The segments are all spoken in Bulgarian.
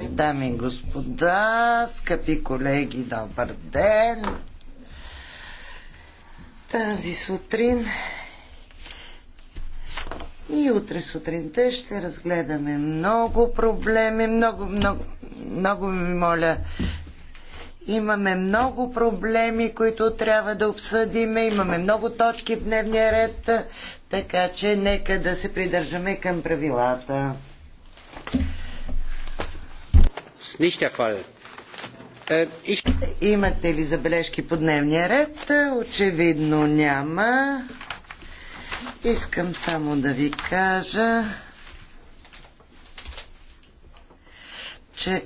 Дами и господа, скъпи колеги, добър ден! Тази сутрин и утре сутринта ще разгледаме много проблеми, много, много, много ви моля. Имаме много проблеми, които трябва да обсъдиме, имаме много точки в дневния ред, така че нека да се придържаме към правилата. Äh, Имате ли забележки по дневния ред? Очевидно няма. Искам само да ви кажа, че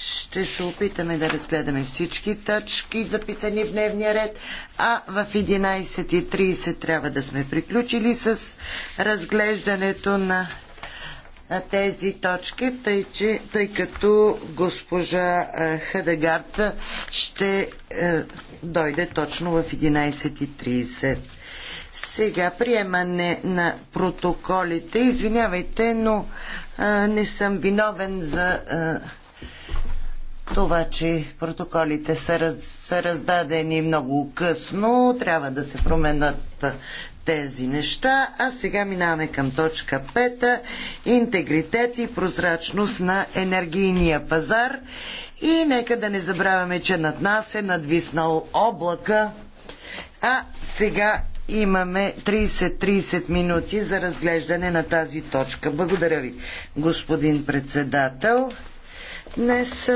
ще се опитаме да разгледаме всички точки, записани в дневния ред, а в 11.30 трябва да сме приключили с разглеждането на тези точки, тъй, че, тъй като госпожа Хадегард ще е, дойде точно в 11.30. Сега приемане на протоколите. Извинявайте, но е, не съм виновен за е, това, че протоколите са, раз, са раздадени много късно. Трябва да се променят тези неща. А сега минаваме към точка 5. Интегритет и прозрачност на енергийния пазар. И нека да не забравяме, че над нас е надвиснал облака. А сега имаме 30-30 минути за разглеждане на тази точка. Благодаря ви, господин председател. Днес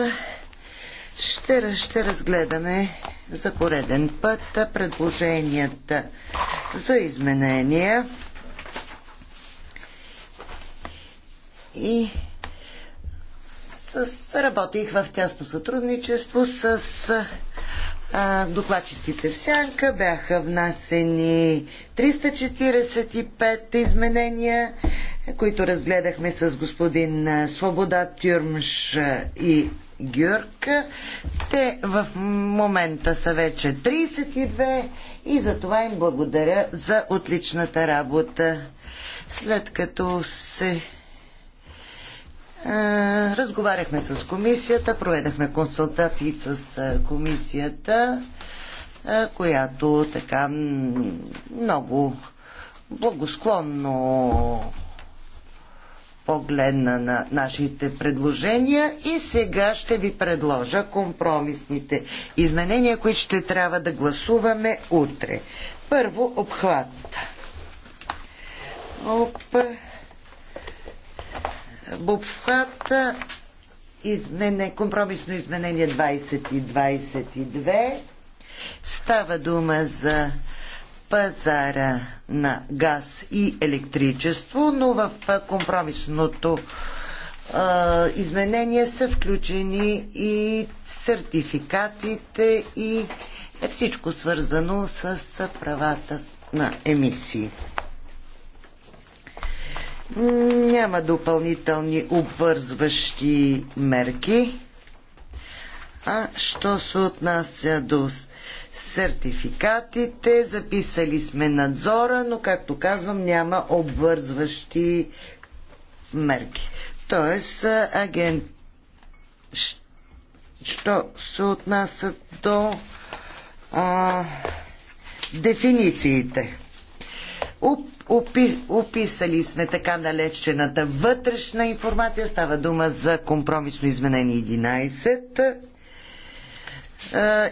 ще, ще разгледаме за пореден път предложенията за изменения и с, работих в тясно сътрудничество с а, докладчиците в Сянка. Бяха внасени 345 изменения, които разгледахме с господин Свобода Тюрмш и Гюрк. Те в момента са вече 32 и за това им благодаря за отличната работа. След като се разговаряхме с комисията, проведахме консултации с комисията, която така много благосклонно погледна на нашите предложения и сега ще ви предложа компромисните изменения, които ще трябва да гласуваме утре. Първо обхват. Оп. Обхват измене, компромисно изменение 2022. Става дума за пазара на газ и електричество, но в компромисното а, изменение са включени и сертификатите и е всичко свързано с правата на емисии. Няма допълнителни обвързващи мерки. А що се отнася до сертификатите, записали сме надзора, но както казвам няма обвързващи мерки. Тоест, агент, що се отнася до а, дефинициите. описали сме така налечената вътрешна информация. Става дума за компромисно изменение 11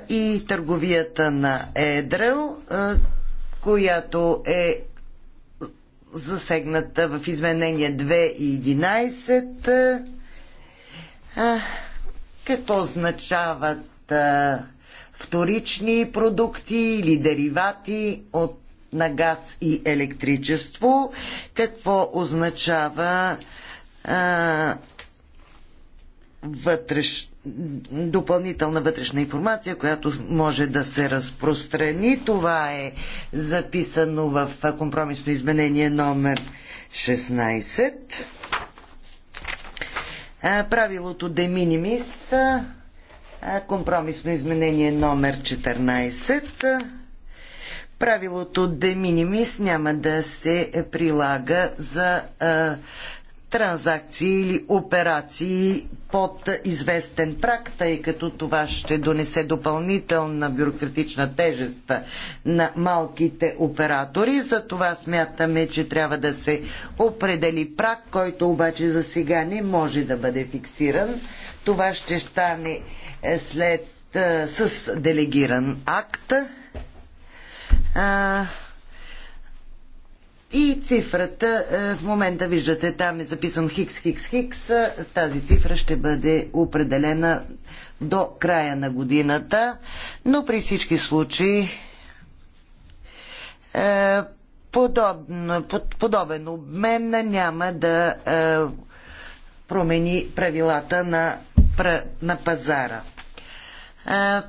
и търговията на Едрел, която е засегната в изменение 2.11. Какво означават вторични продукти или деривати от на газ и електричество, какво означава а, вътреш, допълнителна вътрешна информация, която може да се разпространи. Това е записано в компромисно изменение номер 16. Правилото де минимис, компромисно изменение номер 14. Правилото де минимис няма да се прилага за транзакции или операции под известен прак, тъй като това ще донесе допълнителна бюрократична тежест на малките оператори. За това смятаме, че трябва да се определи прак, който обаче за сега не може да бъде фиксиран. Това ще стане е, след е, с делегиран акт. И цифрата, е, в момента виждате, там е записан хикс, хикс, хикс. Тази цифра ще бъде определена до края на годината, но при всички случаи е, подобен, подобен обмен няма да е, промени правилата на, на пазара.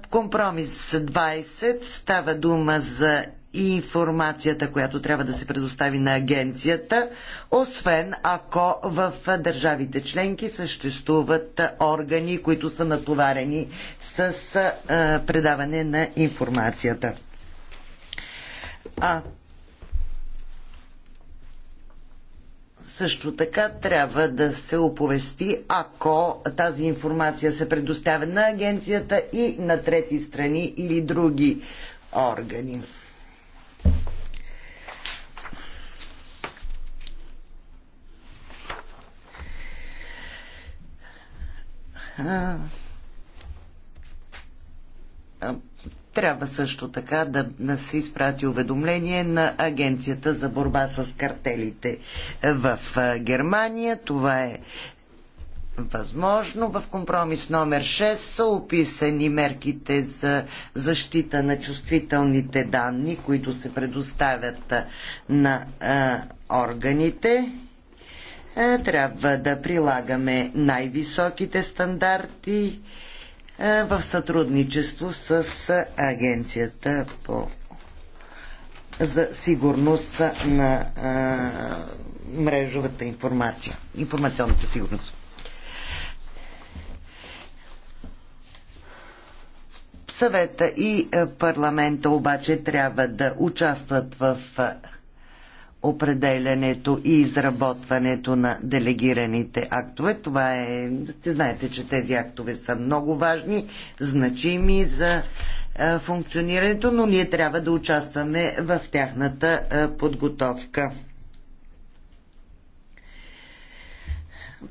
Компромис 20 става дума за и информацията, която трябва да се предостави на агенцията, освен ако в държавите членки съществуват органи, които са натоварени с предаване на информацията. А също така трябва да се оповести, ако тази информация се предоставя на агенцията и на трети страни или други органи трябва също така да, да се изпрати уведомление на Агенцията за борба с картелите в Германия. Това е възможно. В компромис номер 6 са описани мерките за защита на чувствителните данни, които се предоставят на а, органите. А, трябва да прилагаме най-високите стандарти а, в сътрудничество с Агенцията по за сигурност на а, мрежовата информация, информационната сигурност. Съвета и е, парламента обаче трябва да участват в е, определянето и изработването на делегираните актове. Това е, знаете, че тези актове са много важни, значими за е, функционирането, но ние трябва да участваме в тяхната подготовка.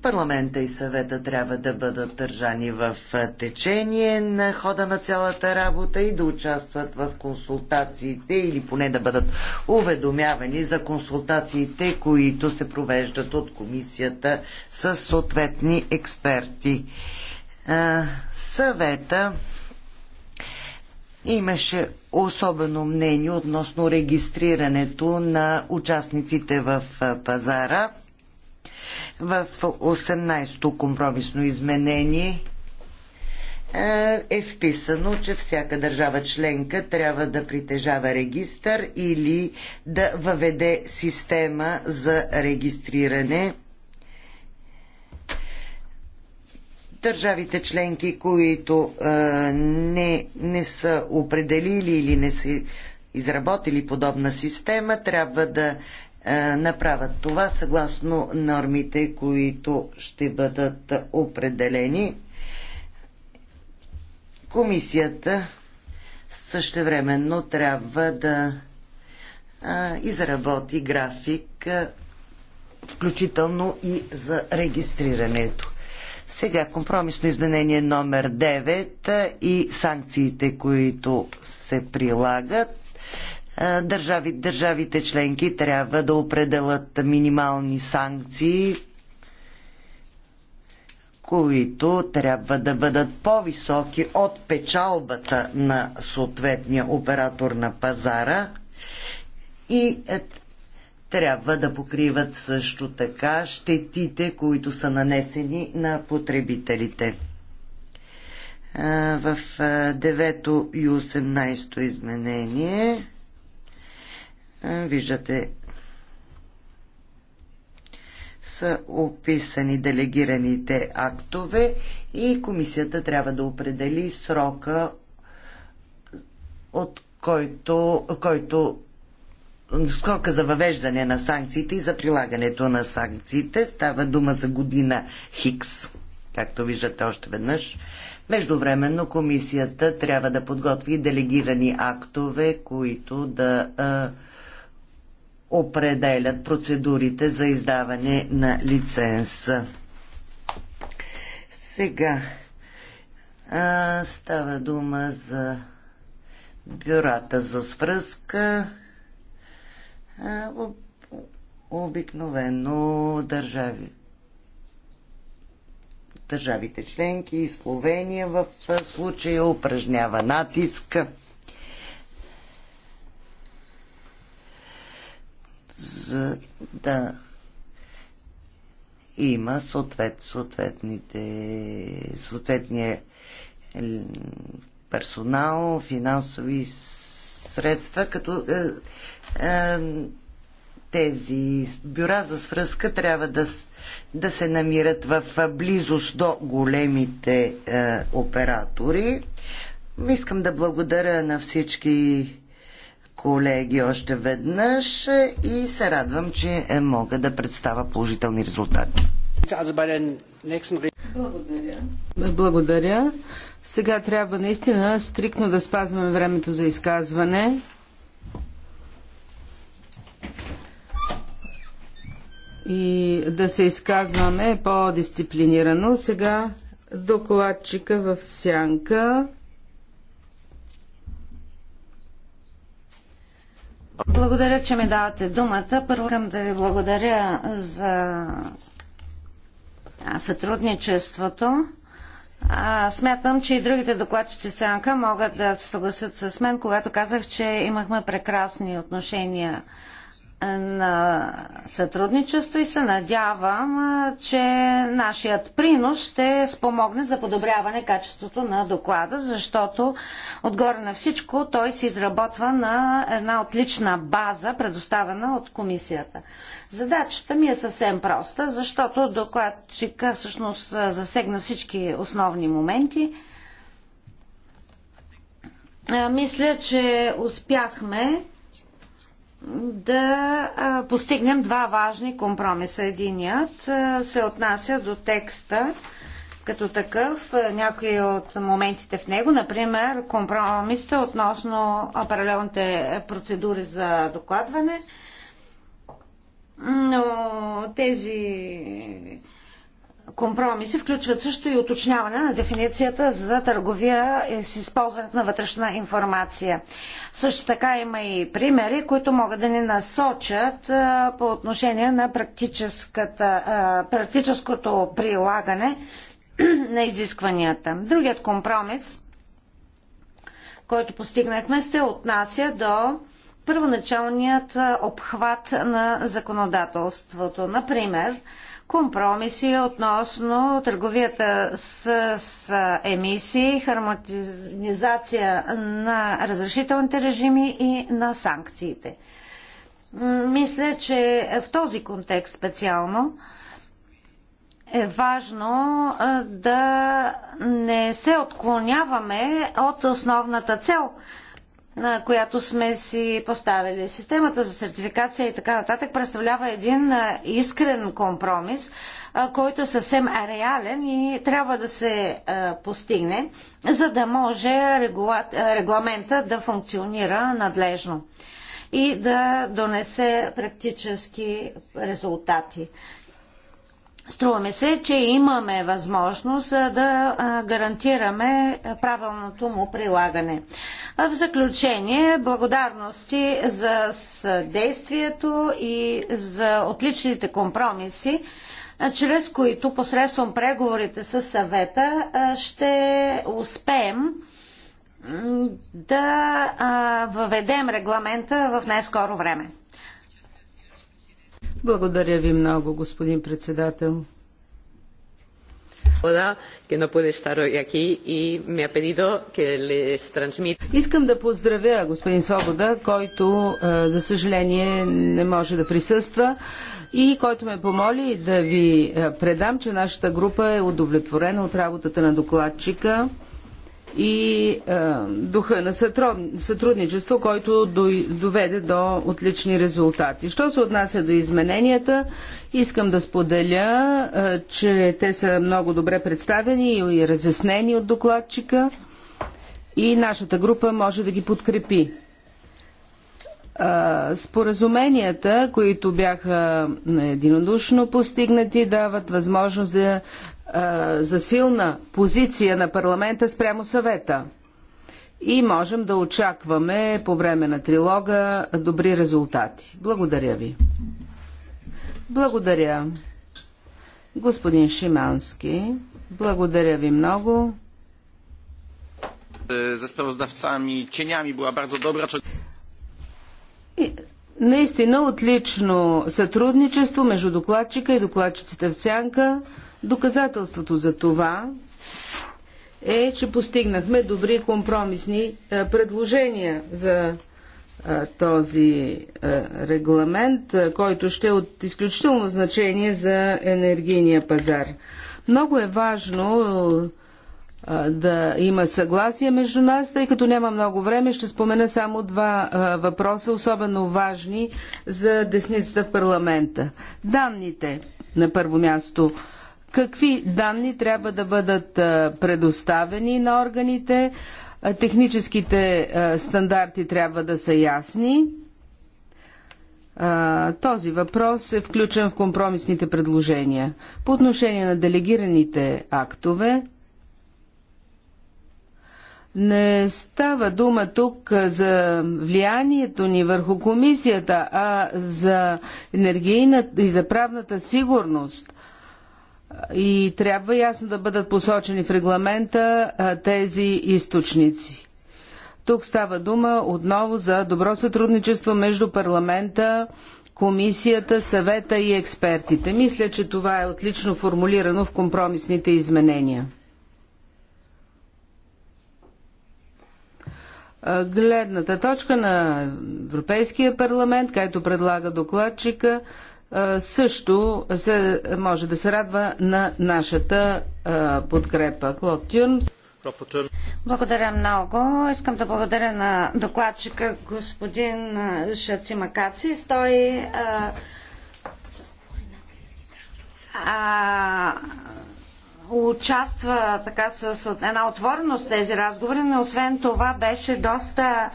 Парламента и съвета трябва да бъдат държани в течение на хода на цялата работа и да участват в консултациите или поне да бъдат уведомявани за консултациите, които се провеждат от комисията с съответни експерти. Съвета имаше особено мнение относно регистрирането на участниците в пазара в 18-то компромисно изменение е, е вписано, че всяка държава членка трябва да притежава регистър или да въведе система за регистриране. Държавите членки, които е, не, не са определили или не са изработили подобна система, трябва да е, направят това съгласно нормите, които ще бъдат определени. Комисията същевременно трябва да е, изработи график, е, включително и за регистрирането. Сега компромисно изменение номер 9 и санкциите, които се прилагат. Е, държави, държавите членки трябва да определят минимални санкции, които трябва да бъдат по-високи от печалбата на съответния оператор на пазара и е, трябва да покриват също така щетите, които са нанесени на потребителите. Е, в 9 и 18 изменение виждате са описани делегираните актове и комисията трябва да определи срока, от който, който срока за въвеждане на санкциите и за прилагането на санкциите. Става дума за година Хикс, както виждате още веднъж. Междувременно комисията трябва да подготви делегирани актове, които да а, определят процедурите за издаване на лиценз. Сега а, става дума за бюрата за свръзка. обикновено държави. Държавите членки и Словения в случая упражнява натиска за да има съответ, съответните, съответния персонал, финансови средства, като е, е, тези бюра за свръзка трябва да, да се намират в е, близост до големите е, оператори. Искам да благодаря на всички колеги още веднъж и се радвам, че мога да представя положителни резултати. Благодаря. Благодаря. Сега трябва наистина стрикно да спазваме времето за изказване. И да се изказваме по-дисциплинирано. Сега докладчика в сянка. Благодаря, че ми давате думата. Първо искам да ви благодаря за сътрудничеството. А, смятам, че и другите докладчици Сянка могат да се съгласят с мен, когато казах, че имахме прекрасни отношения на сътрудничество и се надявам, че нашият принос ще спомогне за подобряване качеството на доклада, защото отгоре на всичко той се изработва на една отлична база, предоставена от комисията. Задачата ми е съвсем проста, защото докладчика всъщност засегна всички основни моменти. Мисля, че успяхме да а, постигнем два важни компромиса. Единият а, се отнася до текста като такъв, някои от моментите в него, например компромисите относно паралелните процедури за докладване, но тези компромиси включват също и уточняване на дефиницията за търговия и с използването на вътрешна информация. Също така има и примери, които могат да ни насочат по отношение на практическото прилагане на изискванията. Другият компромис, който постигнахме, се отнася до първоначалният обхват на законодателството. Например, компромиси относно търговията с, с емисии, хармонизация на разрешителните режими и на санкциите. Мисля, че в този контекст специално е важно да не се отклоняваме от основната цел която сме си поставили. Системата за сертификация и така нататък представлява един искрен компромис, който е съвсем реален и трябва да се постигне, за да може регламента да функционира надлежно и да донесе практически резултати. Струва ми се, че имаме възможност да гарантираме правилното му прилагане. В заключение, благодарности за съдействието и за отличните компромиси, чрез които посредством преговорите с съвета ще успеем да въведем регламента в най-скоро време. Благодаря ви много, господин председател. Е Искам да поздравя господин Свобода, който е, за съжаление не може да присъства и който ме помоли да ви е, предам, че нашата група е удовлетворена от работата на докладчика и е, духа на сътрудничество, който доведе до отлични резултати. Що се отнася до измененията, искам да споделя, е, че те са много добре представени и разяснени от докладчика и нашата група може да ги подкрепи. Е, споразуменията, които бяха единодушно постигнати, дават възможност да силна позиция на парламента спрямо съвета. И можем да очакваме по време на трилога добри резултати. Благодаря ви. Благодаря. Господин Шимански, благодаря ви много. Е, справоздавцами ченями била była добра, че... Наистина отлично сътрудничество между докладчика и докладчиците в сянка. Доказателството за това е, че постигнахме добри компромисни е, предложения за е, този е, регламент, който ще е от изключително значение за енергийния пазар. Много е важно да има съгласие между нас, тъй като няма много време, ще спомена само два въпроса, особено важни за десницата в парламента. Данните на първо място какви данни трябва да бъдат предоставени на органите, техническите стандарти трябва да са ясни. Този въпрос е включен в компромисните предложения. По отношение на делегираните актове, не става дума тук за влиянието ни върху комисията, а за енергийната и за правната сигурност – и трябва ясно да бъдат посочени в регламента тези източници. Тук става дума отново за добро сътрудничество между парламента, комисията, съвета и експертите. Мисля, че това е отлично формулирано в компромисните изменения. Гледната точка на Европейския парламент, който предлага докладчика, също се, може да се радва на нашата подкрепа. Клод Тюрмс. Благодаря много. Искам да благодаря на докладчика господин Шаци Макаци. Той а, а, участва така с една отвореност тези разговори, но освен това беше доста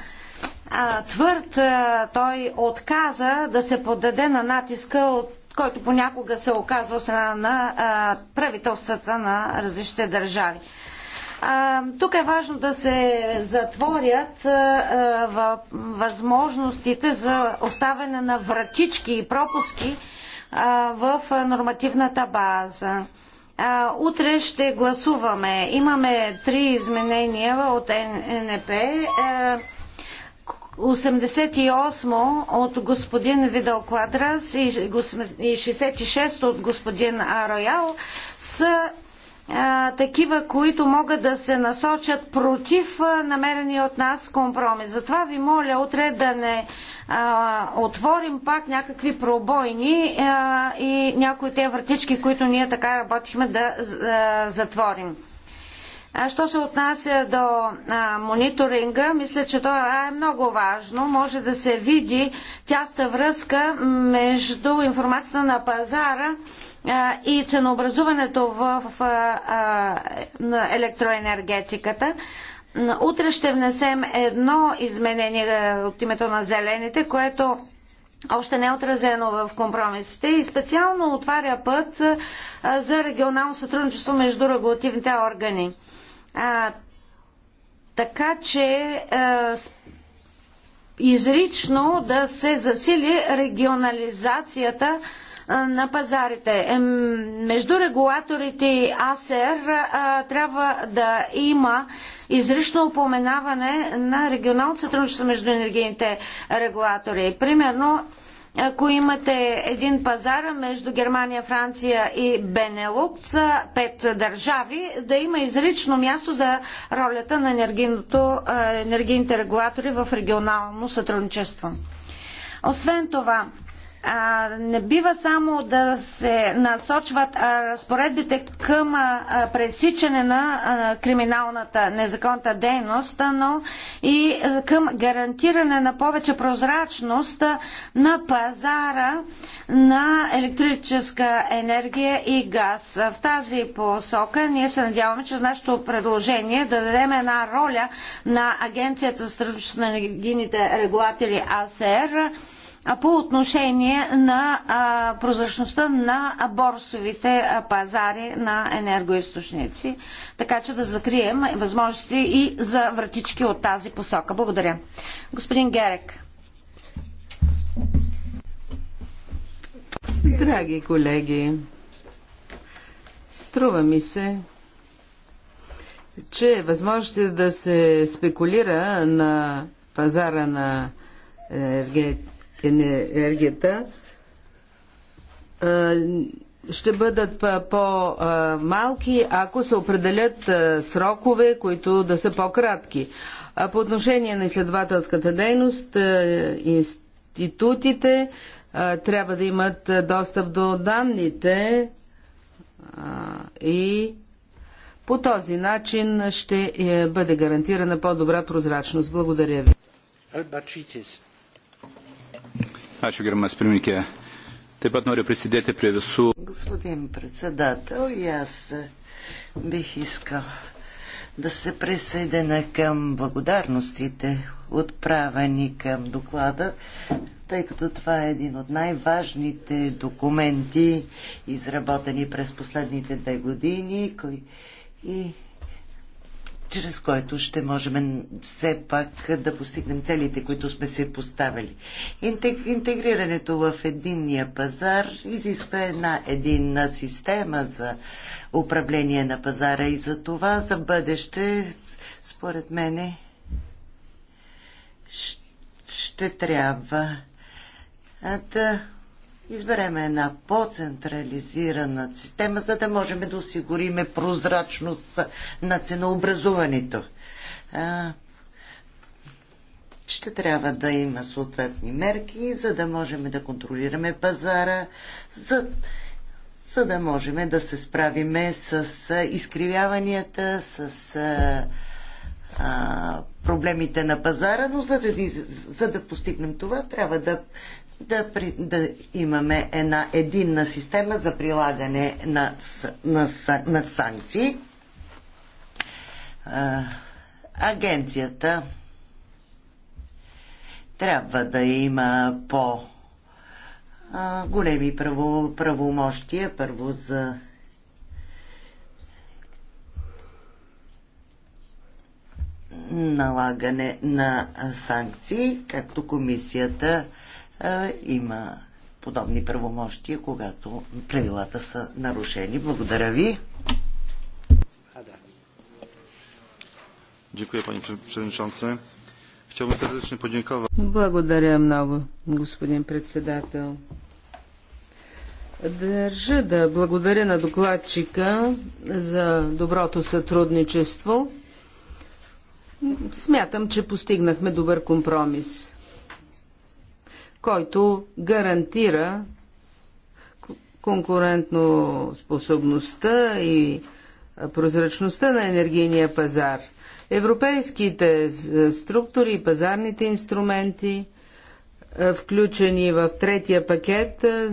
а, твърд, а, той отказа да се поддаде на натиска, от който понякога се оказва от страна на а, правителствата на различните държави. А, тук е важно да се затворят а, възможностите за оставяне на вратички и пропуски а, в нормативната база. А, утре ще гласуваме. Имаме три изменения от НП. А, е, 88 от господин Видал Квадрас и 66 от господин Ароял са а, такива, които могат да се насочат против намерения от нас компромис. Затова ви моля утре да не а, отворим пак някакви пробойни а, и някои те вратички, които ние така работихме да затворим. А що се отнася до а, мониторинга, мисля, че това е много важно. Може да се види тяста връзка между информацията на пазара а, и ценообразуването в, а, електроенергетиката. Утре ще внесем едно изменение е, от името на зелените, което още не е отразено в компромисите и специално отваря път е, за регионално сътрудничество между регулативните органи. А, така че а, изрично да се засили регионализацията на пазарите. Между регулаторите и АСЕР трябва да има изрично упоменаване на регионално сътрудничество между енергийните регулатори. Примерно ако имате един пазар между Германия, Франция и Бенелукс, пет държави, да има изрично място за ролята на енергийните регулатори в регионално сътрудничество. Освен това, а, не бива само да се насочват а, разпоредбите към а, пресичане на а, криминалната незаконната дейност, но и а, към гарантиране на повече прозрачност а, на пазара на електрическа енергия и газ. В тази посока ние се надяваме, че с нашето предложение да дадем една роля на Агенцията за сътрудничество на енергийните регулатори АСЕР по отношение на прозрачността на борсовите пазари на енергоисточници, така че да закрием възможности и за вратички от тази посока. Благодаря. Господин Герек. Драги колеги, струва ми се, че е възможности да се спекулира на пазара на енергетика енергията ще бъдат по-малки, ако се определят срокове, които да са по-кратки. По отношение на изследователската дейност, институтите трябва да имат достъп до данните и по този начин ще е, бъде гарантирана по-добра прозрачност. Благодаря ви. Албачитис. Ačiū, gerbiamas pirmininkė. Taip pat noriu prisidėti prie visų. Господин председател, и аз е, бих искал да се присъединя към благодарностите, отправени към доклада, тъй като това е един от най-важните документи, изработени през последните две години и чрез който ще можем все пак да постигнем целите, които сме се поставили. Интегрирането в единния пазар изисква една единна система за управление на пазара и за това за бъдеще, според мене, ще трябва да изберем една по-централизирана система, за да можем да осигуриме прозрачност на ценообразуването. А, ще трябва да има съответни мерки, за да можем да контролираме пазара, за, за да можем да се справиме с изкривяванията, с а, а, проблемите на пазара, но за да, за да постигнем това, трябва да да, при, да имаме една единна система за прилагане на, на, на санкции. Агенцията трябва да има по големи право, правомощия, първо за налагане на санкции, както комисията има подобни правомощия, когато правилата са нарушени. Благодаря ви. Благодаря много, господин председател. Държа да благодаря на докладчика за доброто сътрудничество. Смятам, че постигнахме добър компромис който гарантира конкурентно способността и прозрачността на енергийния пазар. Европейските структури и пазарните инструменти, е, включени в третия пакет, е,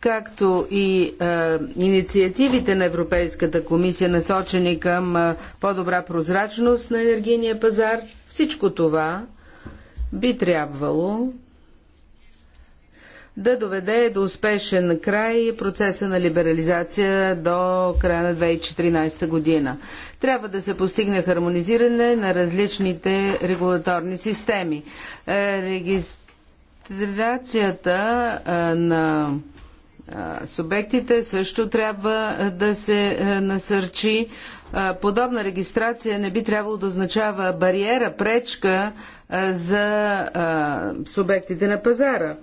както и е, инициативите на Европейската комисия, насочени към е, по-добра прозрачност на енергийния пазар, всичко това би трябвало да доведе до успешен край процеса на либерализация до края на 2014 година. Трябва да се постигне хармонизиране на различните регулаторни системи. Е, регистрацията е, на е, субектите също трябва да се насърчи. Подобна регистрация не би трябвало да означава бариера, пречка за субектите на пазара.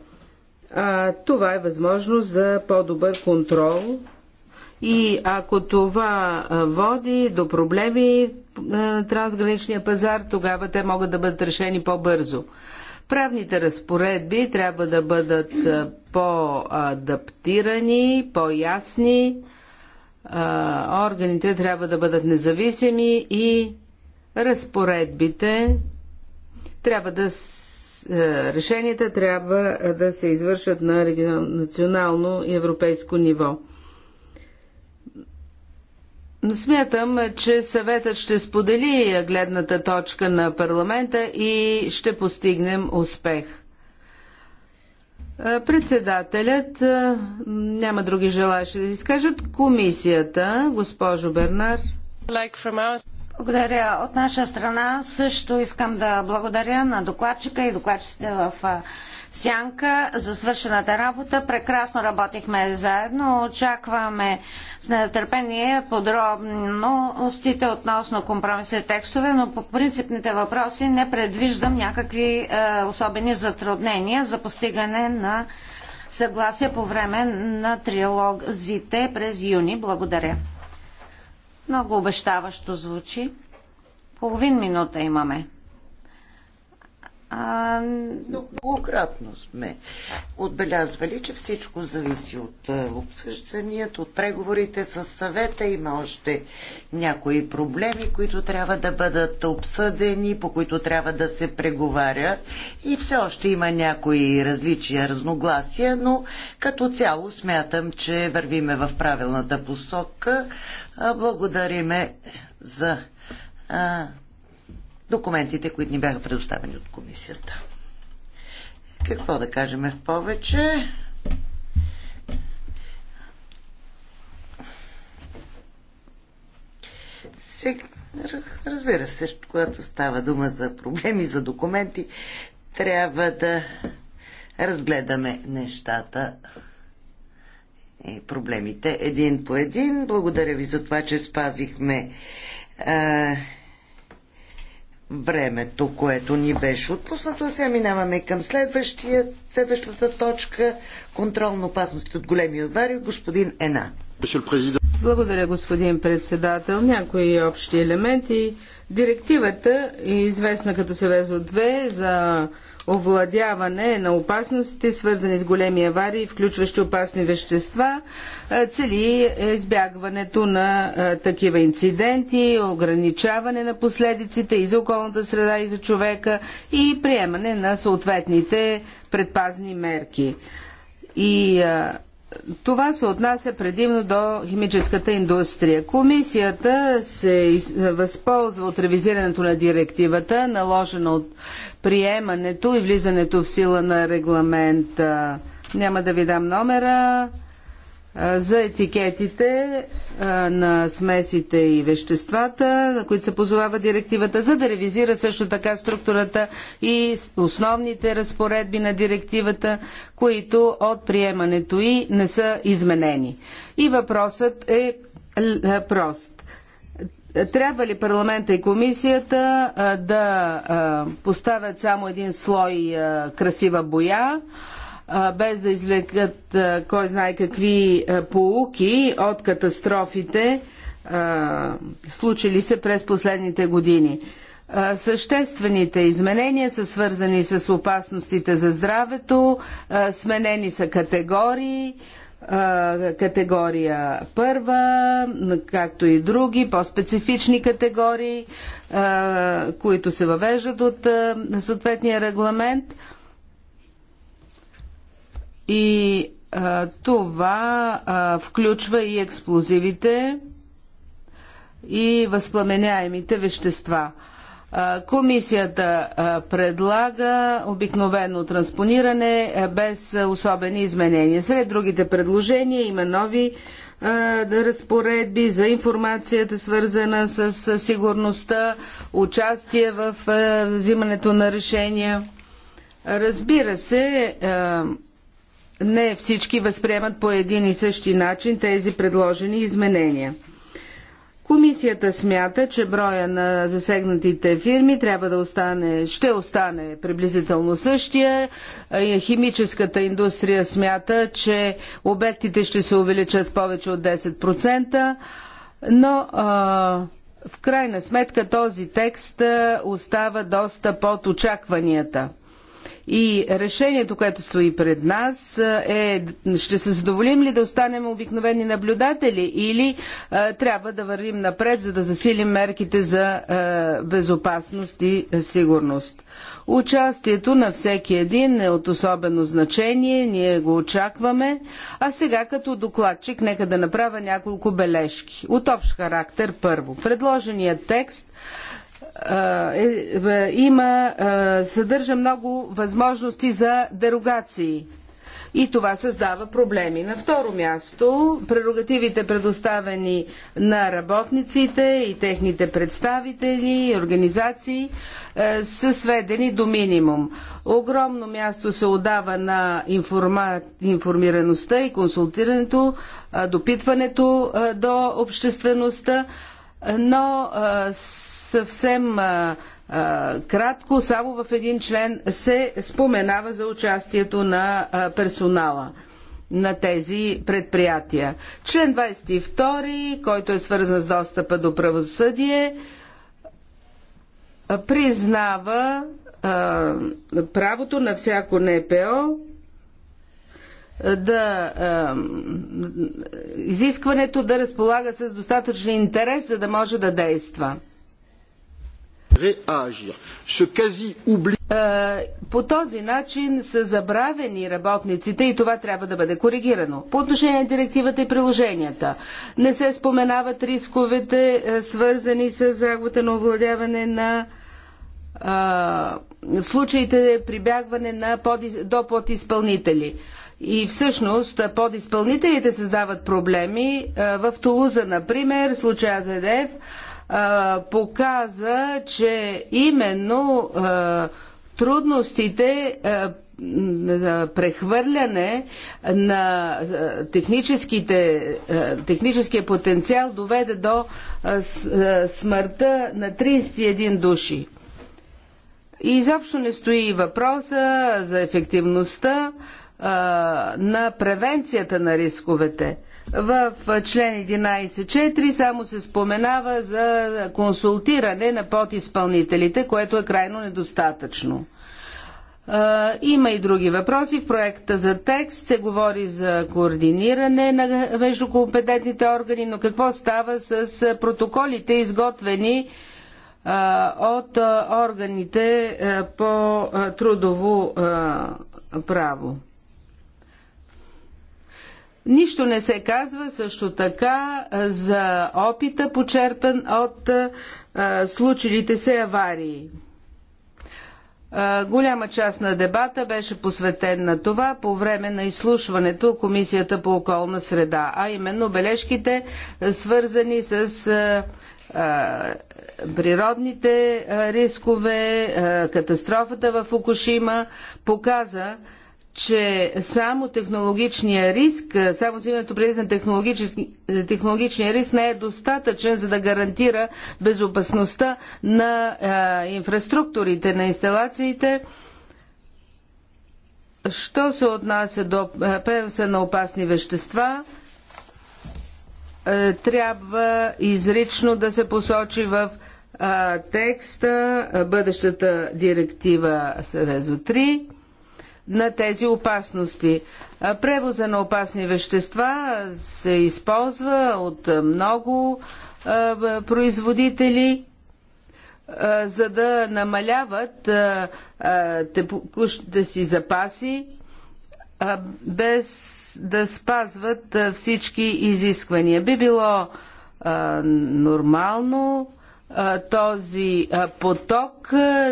А, това е възможност за по-добър контрол и ако това води до проблеми на трансграничния пазар, тогава те могат да бъдат решени по-бързо. Правните разпоредби трябва да бъдат по-адаптирани, по-ясни, органите трябва да бъдат независими и разпоредбите трябва да е, решенията трябва да се извършат на национално и европейско ниво. Смятам, че съветът ще сподели гледната точка на парламента и ще постигнем успех. Е, председателят, е, няма други желаящи да изкажат, комисията, госпожо Бернар. Like благодаря. От наша страна също искам да благодаря на докладчика и докладчите в Сянка за свършената работа. Прекрасно работихме заедно. Очакваме с нетърпение подробностите относно компромисните текстове, но по принципните въпроси не предвиждам някакви е, особени затруднения за постигане на съгласие по време на триалогзите през юни. Благодаря. Много обещаващо звучи. Половин минута имаме. А... Многократно сме отбелязвали, че всичко зависи от е, обсъжданията, от преговорите с съвета. Има още някои проблеми, които трябва да бъдат обсъдени, по които трябва да се преговаря. И все още има някои различия, разногласия, но като цяло смятам, че вървиме в правилната посока. Благодариме за документите, които ни бяха предоставени от комисията. Какво да кажем в повече? разбира се, когато става дума за проблеми, за документи, трябва да разгледаме нещата и проблемите един по един. Благодаря ви за това, че спазихме времето, което ни беше отпуснато. сега минаваме към следващия, следващата точка. Контрол на опасности от големи отвари. Господин Ена. Благодаря, господин председател. Някои общи елементи. Директивата, е известна като се 2, за овладяване на опасностите, свързани с големи аварии, включващи опасни вещества, цели избягването на такива инциденти, ограничаване на последиците и за околната среда, и за човека и приемане на съответните предпазни мерки. И а, това се отнася предимно до химическата индустрия. Комисията се възползва от ревизирането на директивата, наложена от приемането и влизането в сила на регламент. Няма да ви дам номера за етикетите на смесите и веществата, на които се позовава директивата, за да ревизира също така структурата и основните разпоредби на директивата, които от приемането и не са изменени. И въпросът е прост. Трябва ли парламента и комисията да поставят само един слой красива боя? без да извлекат кой знае какви поуки от катастрофите, случили се през последните години. Съществените изменения са свързани с опасностите за здравето, сменени са категории, категория първа, както и други, по-специфични категории, които се въвеждат от съответния регламент – и а, това а, включва и експлозивите и възпламеняемите вещества. А, комисията а, предлага обикновено транспониране а, без особени изменения. Сред другите предложения има нови разпоредби за информацията, свързана с сигурността, участие в взимането на решения. Разбира се, не всички възприемат по един и същи начин тези предложени изменения. Комисията смята, че броя на засегнатите фирми трябва да остане, ще остане приблизително същия. Химическата индустрия смята, че обектите ще се увеличат с повече от 10%, но а, в крайна сметка този текст остава доста под очакванията. И решението, което стои пред нас е ще се задоволим ли да останем обикновени наблюдатели или е, трябва да вървим напред, за да засилим мерките за е, безопасност и сигурност. Участието на всеки един е от особено значение, ние го очакваме, а сега като докладчик нека да направя няколко бележки. От общ характер първо. Предложеният текст е, е, има, съдържа много възможности за дерогации. И това създава проблеми. На второ място, прерогативите предоставени на работниците и техните представители и организации са сведени до минимум. Огромно място се отдава на информа... информираността и консултирането, допитването до обществеността, но съвсем кратко, само в един член се споменава за участието на персонала на тези предприятия. Член 22, който е свързан с достъпа до правосъдие, признава правото на всяко НПО да изискването да разполага с достатъчен интерес, за да може да действа. По този начин са забравени работниците и това трябва да бъде коригирано. По отношение на директивата и приложенията. Не се споменават рисковете, свързани с загубата на овладяване на в случаите прибягване на, до подизпълнители. И всъщност подизпълнителите създават проблеми. Е, в Тулуза, например, случая ЗДФ е, показа, че именно е, трудностите за прехвърляне на техническия потенциал доведе до смъртта на 31 души. И изобщо не стои въпроса за ефективността на превенцията на рисковете. В член 11.4 само се споменава за консултиране на подизпълнителите, което е крайно недостатъчно. Има и други въпроси. В проекта за текст се говори за координиране на между компетентните органи, но какво става с протоколите, изготвени от органите по трудово право? Нищо не се казва също така за опита, почерпен от случилите се аварии. Голяма част на дебата беше посветен на това по време на изслушването Комисията по околна среда, а именно бележките свързани с природните рискове, катастрофата в Фукушима показа, че само технологичния риск, само взимането преди на технологичния риск не е достатъчен, за да гарантира безопасността на инфраструктурите, на инсталациите. Що се отнася до преноса на опасни вещества, трябва изрично да се посочи в текста бъдещата директива съвезо 3 на тези опасности. Превоза на опасни вещества се използва от много производители, за да намаляват текущите си запаси, без да спазват всички изисквания. Би било нормално този поток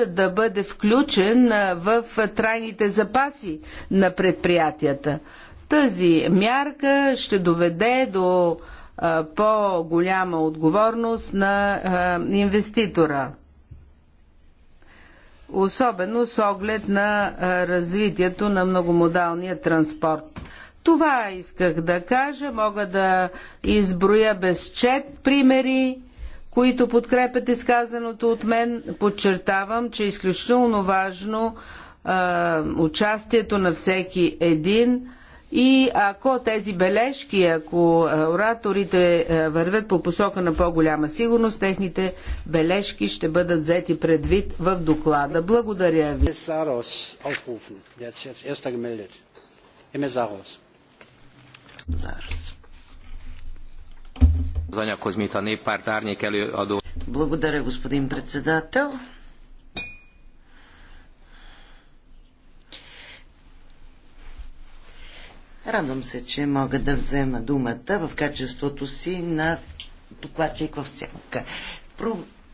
да бъде включен в трайните запаси на предприятията. Тази мярка ще доведе до по-голяма отговорност на инвеститора. Особено с оглед на развитието на многомодалния транспорт. Това исках да кажа. Мога да изброя безчет примери които подкрепят изказаното от мен. Подчертавам, че е изключително важно а, участието на всеки един и ако тези бележки, ако ораторите вървят по посока на по-голяма сигурност, техните бележки ще бъдат взети предвид в доклада. Благодаря ви. Зараз. Благодаря, господин председател. Радвам се, че мога да взема думата в качеството си на докладчик в сянка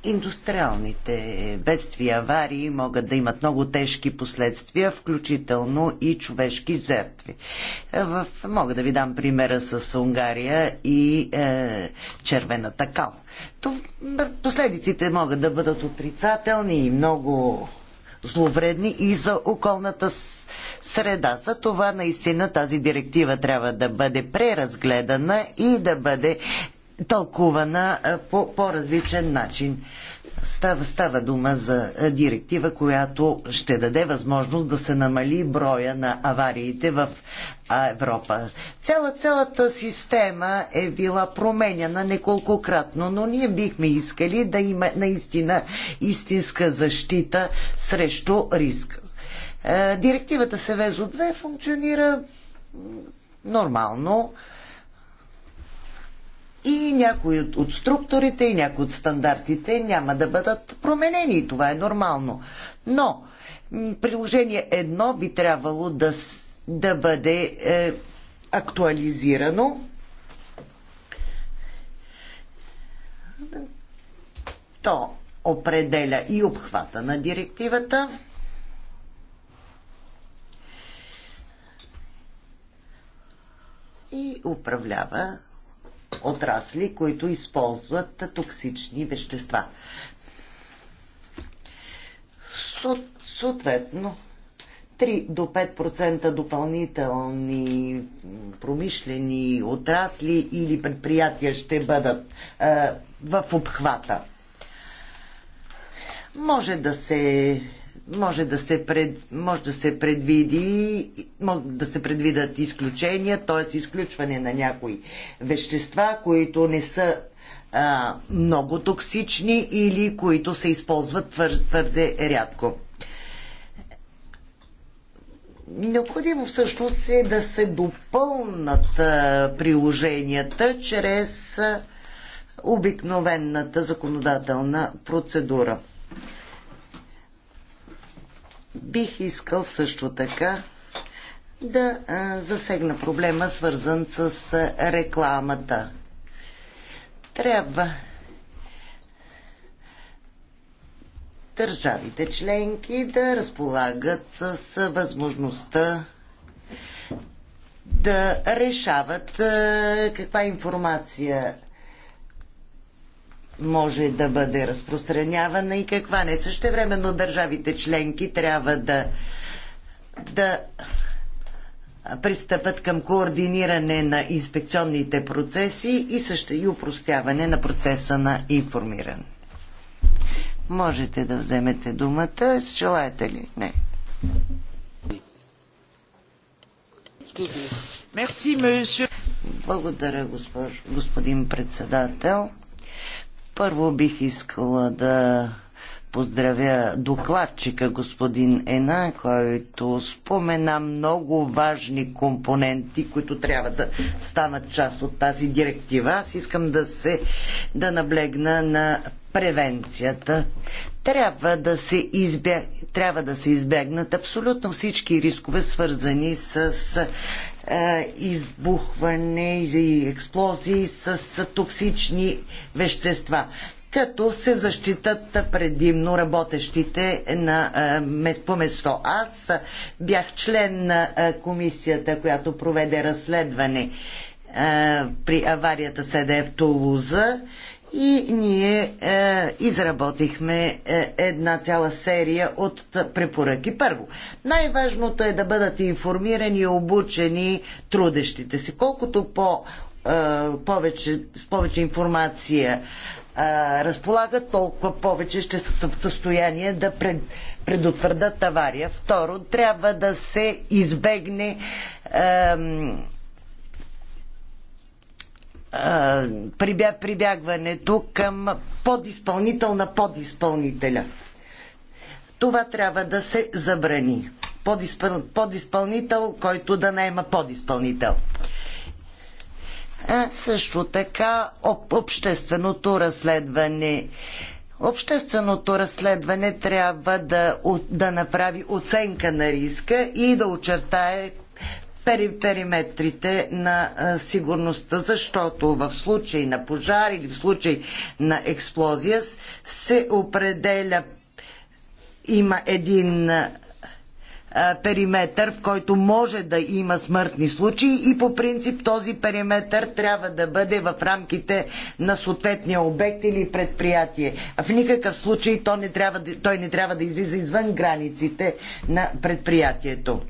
индустриалните бедствия, аварии могат да имат много тежки последствия, включително и човешки жертви. В, мога да ви дам примера с Унгария и е, червената кал. То, последиците могат да бъдат отрицателни и много зловредни и за околната среда. За това наистина тази директива трябва да бъде преразгледана и да бъде тълкувана по, по различен начин. Става, става дума за директива, която ще даде възможност да се намали броя на авариите в Европа. Цяла, цялата система е била променяна неколкократно, но ние бихме искали да има наистина истинска защита срещу риск. Е, директивата Севезо 2 функционира нормално и някои от структурите и някои от стандартите няма да бъдат променени и това е нормално. Но приложение едно би трябвало да, да бъде е, актуализирано. То определя и обхвата на директивата. и управлява отрасли, които използват токсични вещества. Съответно, 3 до 5% допълнителни промишлени отрасли или предприятия ще бъдат е, в обхвата. Може да се може да се, пред, може да се предвиди, може да се предвидат изключения, т.е. изключване на някои вещества, които не са а, много токсични или които се използват твърде, твърде рядко. Необходимо всъщност е да се допълнат а, приложенията чрез а, обикновената законодателна процедура. Бих искал също така да засегна проблема, свързан с рекламата. Трябва държавите членки да разполагат с възможността да решават каква информация може да бъде разпространявана и каква не. Също но държавите членки трябва да, да пристъпят към координиране на инспекционните процеси и също и упростяване на процеса на информиране. Можете да вземете думата. Желаете ли? Не. Благодаря, госпож, господин председател. Първо бих искала да поздравя докладчика господин Ена, който спомена много важни компоненти, които трябва да станат част от тази директива. Аз искам да се да наблегна на превенцията. Трябва да, се избег... трябва да се избегнат абсолютно всички рискове, свързани с е, избухване и експлозии с токсични вещества, като се защитат предимно работещите на, е, по место. Аз бях член на е, комисията, която проведе разследване при аварията СДФ Тулуза и ние е, изработихме е, една цяла серия от препоръки. Първо, най-важното е да бъдат информирани и обучени трудещите се. Колкото по, е, повече, с повече информация е, разполагат, толкова повече ще са в състояние да пред, предотвърдат авария. Второ, трябва да се избегне Е, прибя, прибягването към подизпълнител на подизпълнителя. Това трябва да се забрани. Подизпълнител, който да наема подизпълнител. А също така об... общественото разследване. Общественото разследване трябва да, да направи оценка на риска и да очертае периметрите на сигурността, защото в случай на пожар или в случай на експлозия се определя има един периметър, в който може да има смъртни случаи и по принцип този периметър трябва да бъде в рамките на съответния обект или предприятие. А в никакъв случай той не трябва да, не трябва да излиза извън границите на предприятието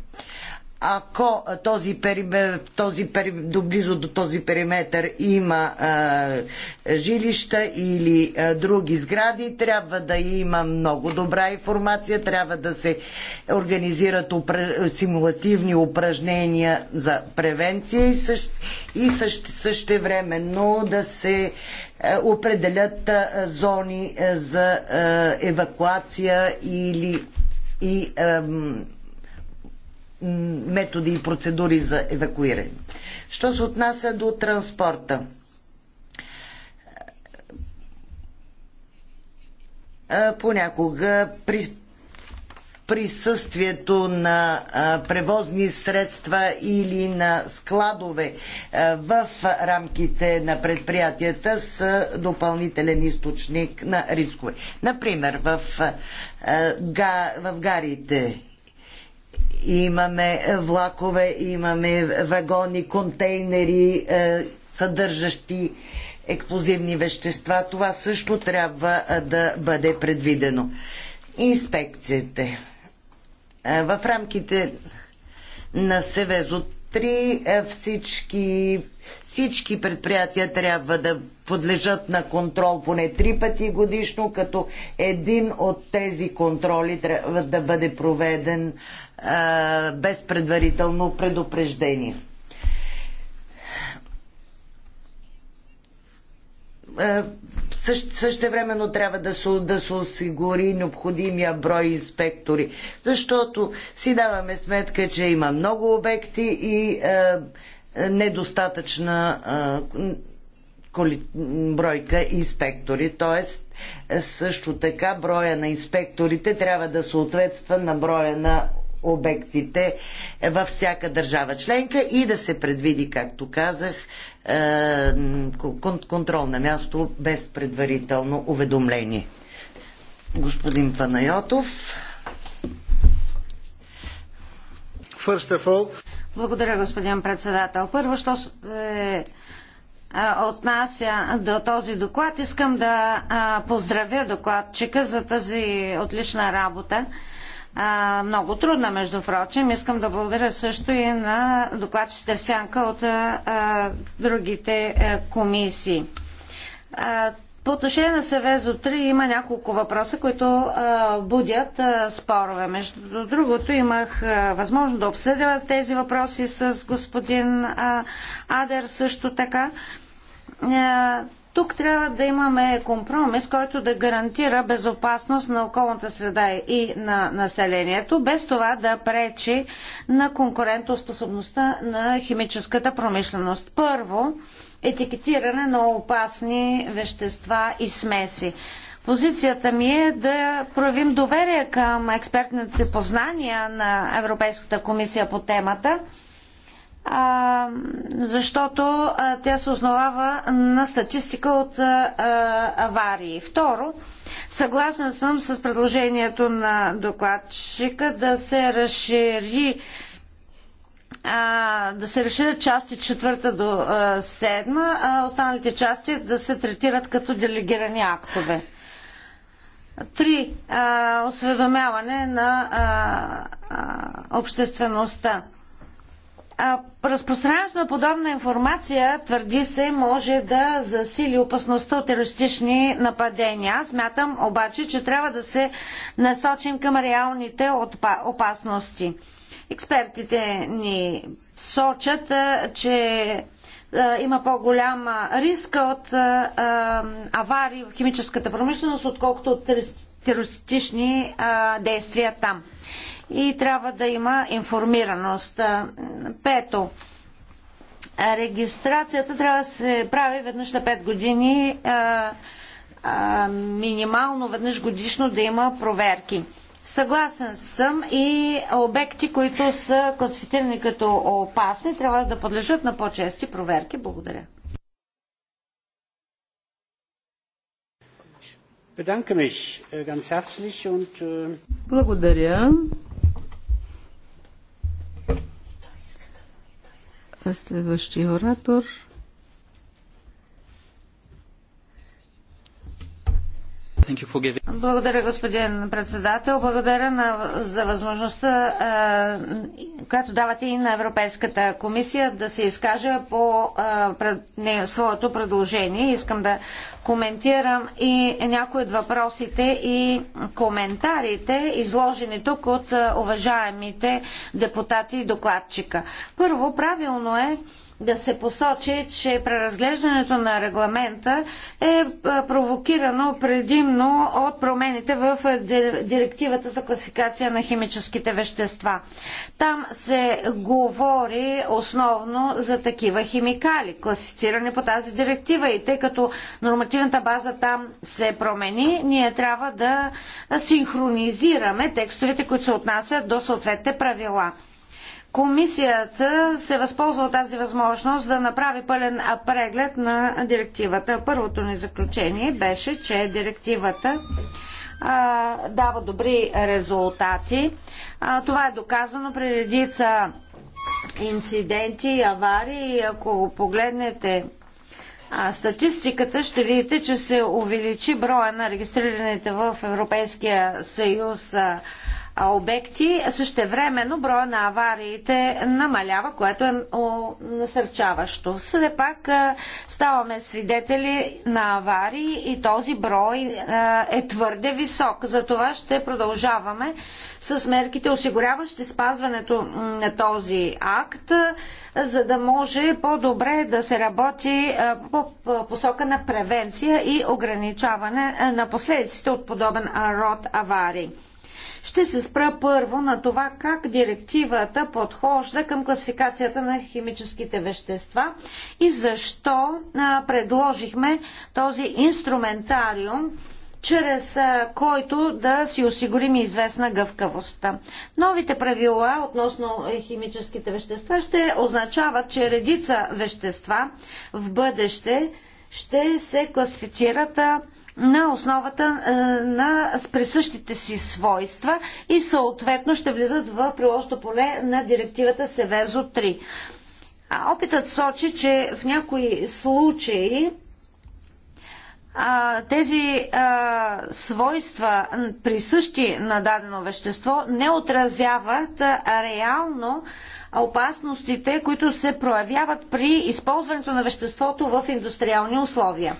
ако този, този до близо до този периметър има жилища или други сгради, трябва да има много добра информация, трябва да се организират симулативни упражнения за превенция и, също, и същевременно да се определят зони за евакуация или и, методи и процедури за евакуиране. Що се отнася до транспорта? Понякога при присъствието на превозни средства или на складове в рамките на предприятията са допълнителен източник на рискове. Например, в, в гарите имаме влакове, имаме вагони, контейнери, е, съдържащи експлозивни вещества. Това също трябва е, да бъде предвидено. Инспекциите. Е, в рамките на Севезо 3 всички, всички предприятия трябва да подлежат на контрол поне три пъти годишно, като един от тези контроли трябва да бъде проведен без предварително предупреждение. Също, същевременно трябва да се, да се осигури необходимия брой инспектори, защото си даваме сметка, че има много обекти и е, недостатъчна е, коли, бройка инспектори. Тоест, също така броя на инспекторите трябва да съответства на броя на обектите във всяка държава членка и да се предвиди, както казах, е, контрол на място без предварително уведомление. Господин Панайотов. All... Благодаря, господин председател. Първо, що се отнася до този доклад, искам да поздравя докладчика за тази отлична работа а, много трудна, между прочим. Искам да благодаря също и на докладчите сянка от а, другите а, комисии. А, по отношение на Севезо 3 има няколко въпроса, които а, будят а, спорове. Между другото, имах а, възможност да обсъдя тези въпроси с господин а, Адер също така. А, тук трябва да имаме компромис, който да гарантира безопасност на околната среда и на населението, без това да пречи на конкурентоспособността на химическата промишленост. Първо, етикетиране на опасни вещества и смеси. Позицията ми е да проявим доверие към експертните познания на Европейската комисия по темата – а, защото а, тя се основава на статистика от а, а, аварии. Второ, съгласен съм с предложението на докладчика да се разшири а, да се разширят части четвърта до седма, а останалите части да се третират като делегирани актове. Три. А, осведомяване на а, а, обществеността. Разпространението на подобна информация, твърди се, може да засили опасността от терористични нападения. Аз мятам обаче, че трябва да се насочим към реалните опасности. Експертите ни сочат, че има по-голям риск от аварии в химическата промишленост, отколкото от терористични действия там и трябва да има информираност. Пето, регистрацията трябва да се прави веднъж на 5 години, а, а, минимално веднъж годишно да има проверки. Съгласен съм и обекти, които са класифицирани като опасни, трябва да подлежат на по-чести проверки. Благодаря. Äh, äh, Благодаря. Следващия оратор Благодаря, господин председател. Благодаря на, за възможността, е, която давате и на Европейската комисия да се изкаже по е, пред, не, своето предложение. Искам да коментирам и някои от въпросите и коментарите, изложени тук от е, уважаемите депутати и докладчика. Първо, правилно е, да се посочи, че преразглеждането на регламента е провокирано предимно от промените в директивата за класификация на химическите вещества. Там се говори основно за такива химикали, класифицирани по тази директива и тъй като нормативната база там се промени, ние трябва да синхронизираме текстовете, които се отнасят до съответните правила. Комисията се възползва от тази възможност да направи пълен преглед на директивата. Първото ни заключение беше, че директивата а, дава добри резултати. А, това е доказано при редица инциденти и аварии. Ако погледнете а, статистиката, ще видите, че се увеличи броя на регистрираните в Европейския съюз а, обекти. също времено броя на авариите намалява, което е насърчаващо. Все пак ставаме свидетели на аварии и този брой е твърде висок. За това ще продължаваме с мерките, осигуряващи спазването на този акт, за да може по-добре да се работи по посока на превенция и ограничаване на последиците от подобен род аварии. Ще се спра първо на това как директивата подхожда към класификацията на химическите вещества и защо предложихме този инструментариум чрез който да си осигурим известна гъвкавост. Новите правила относно химическите вещества ще означават, че редица вещества в бъдеще ще се класифицират на основата е, на присъщите си свойства и съответно ще влизат в приложното поле на директивата Севезо 3. Опитът сочи, че в някои случаи а, тези а, свойства, присъщи на дадено вещество, не отразяват а, реално опасностите, които се проявяват при използването на веществото в индустриални условия.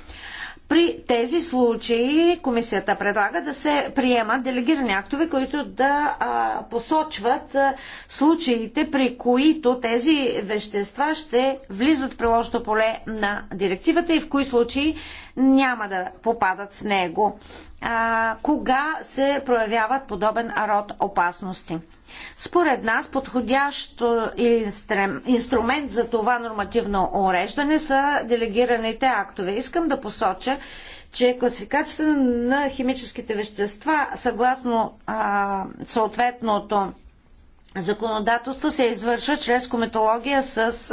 При тези случаи комисията предлага да се приемат делегирани актове, които да а, посочват а, случаите, при които тези вещества ще влизат в приложното поле на директивата и в кои случаи няма да попадат в него а, кога се проявяват подобен род опасности. Според нас подходящ инструмент за това нормативно уреждане са делегираните актове. Искам да посоча, че класификацията на химическите вещества съгласно а, съответното законодателство се извършва чрез кометология с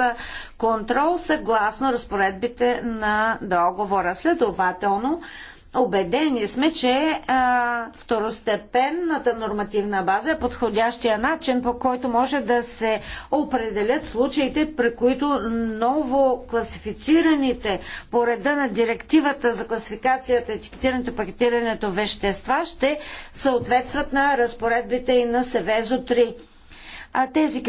контрол съгласно разпоредбите на договора. Следователно, Обедени сме, че а, второстепенната нормативна база е подходящия начин, по който може да се определят случаите, при които ново класифицираните по реда на директивата за класификацията, етикетирането, пакетирането вещества ще съответстват на разпоредбите и на Севезо 3. А тези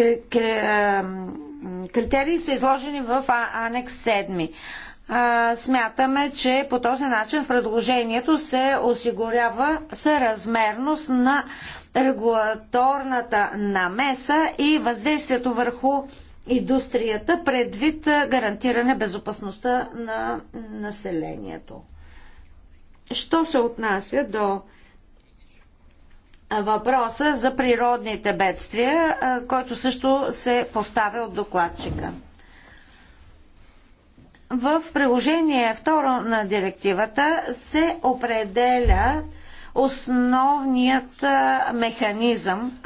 критерии са изложени в а, Анекс 7 смятаме, че по този начин в предложението се осигурява съразмерност на регулаторната намеса и въздействието върху индустрията предвид гарантиране безопасността на населението. Що се отнася до въпроса за природните бедствия, който също се поставя от докладчика? В приложение 2 на директивата се определя основният механизъм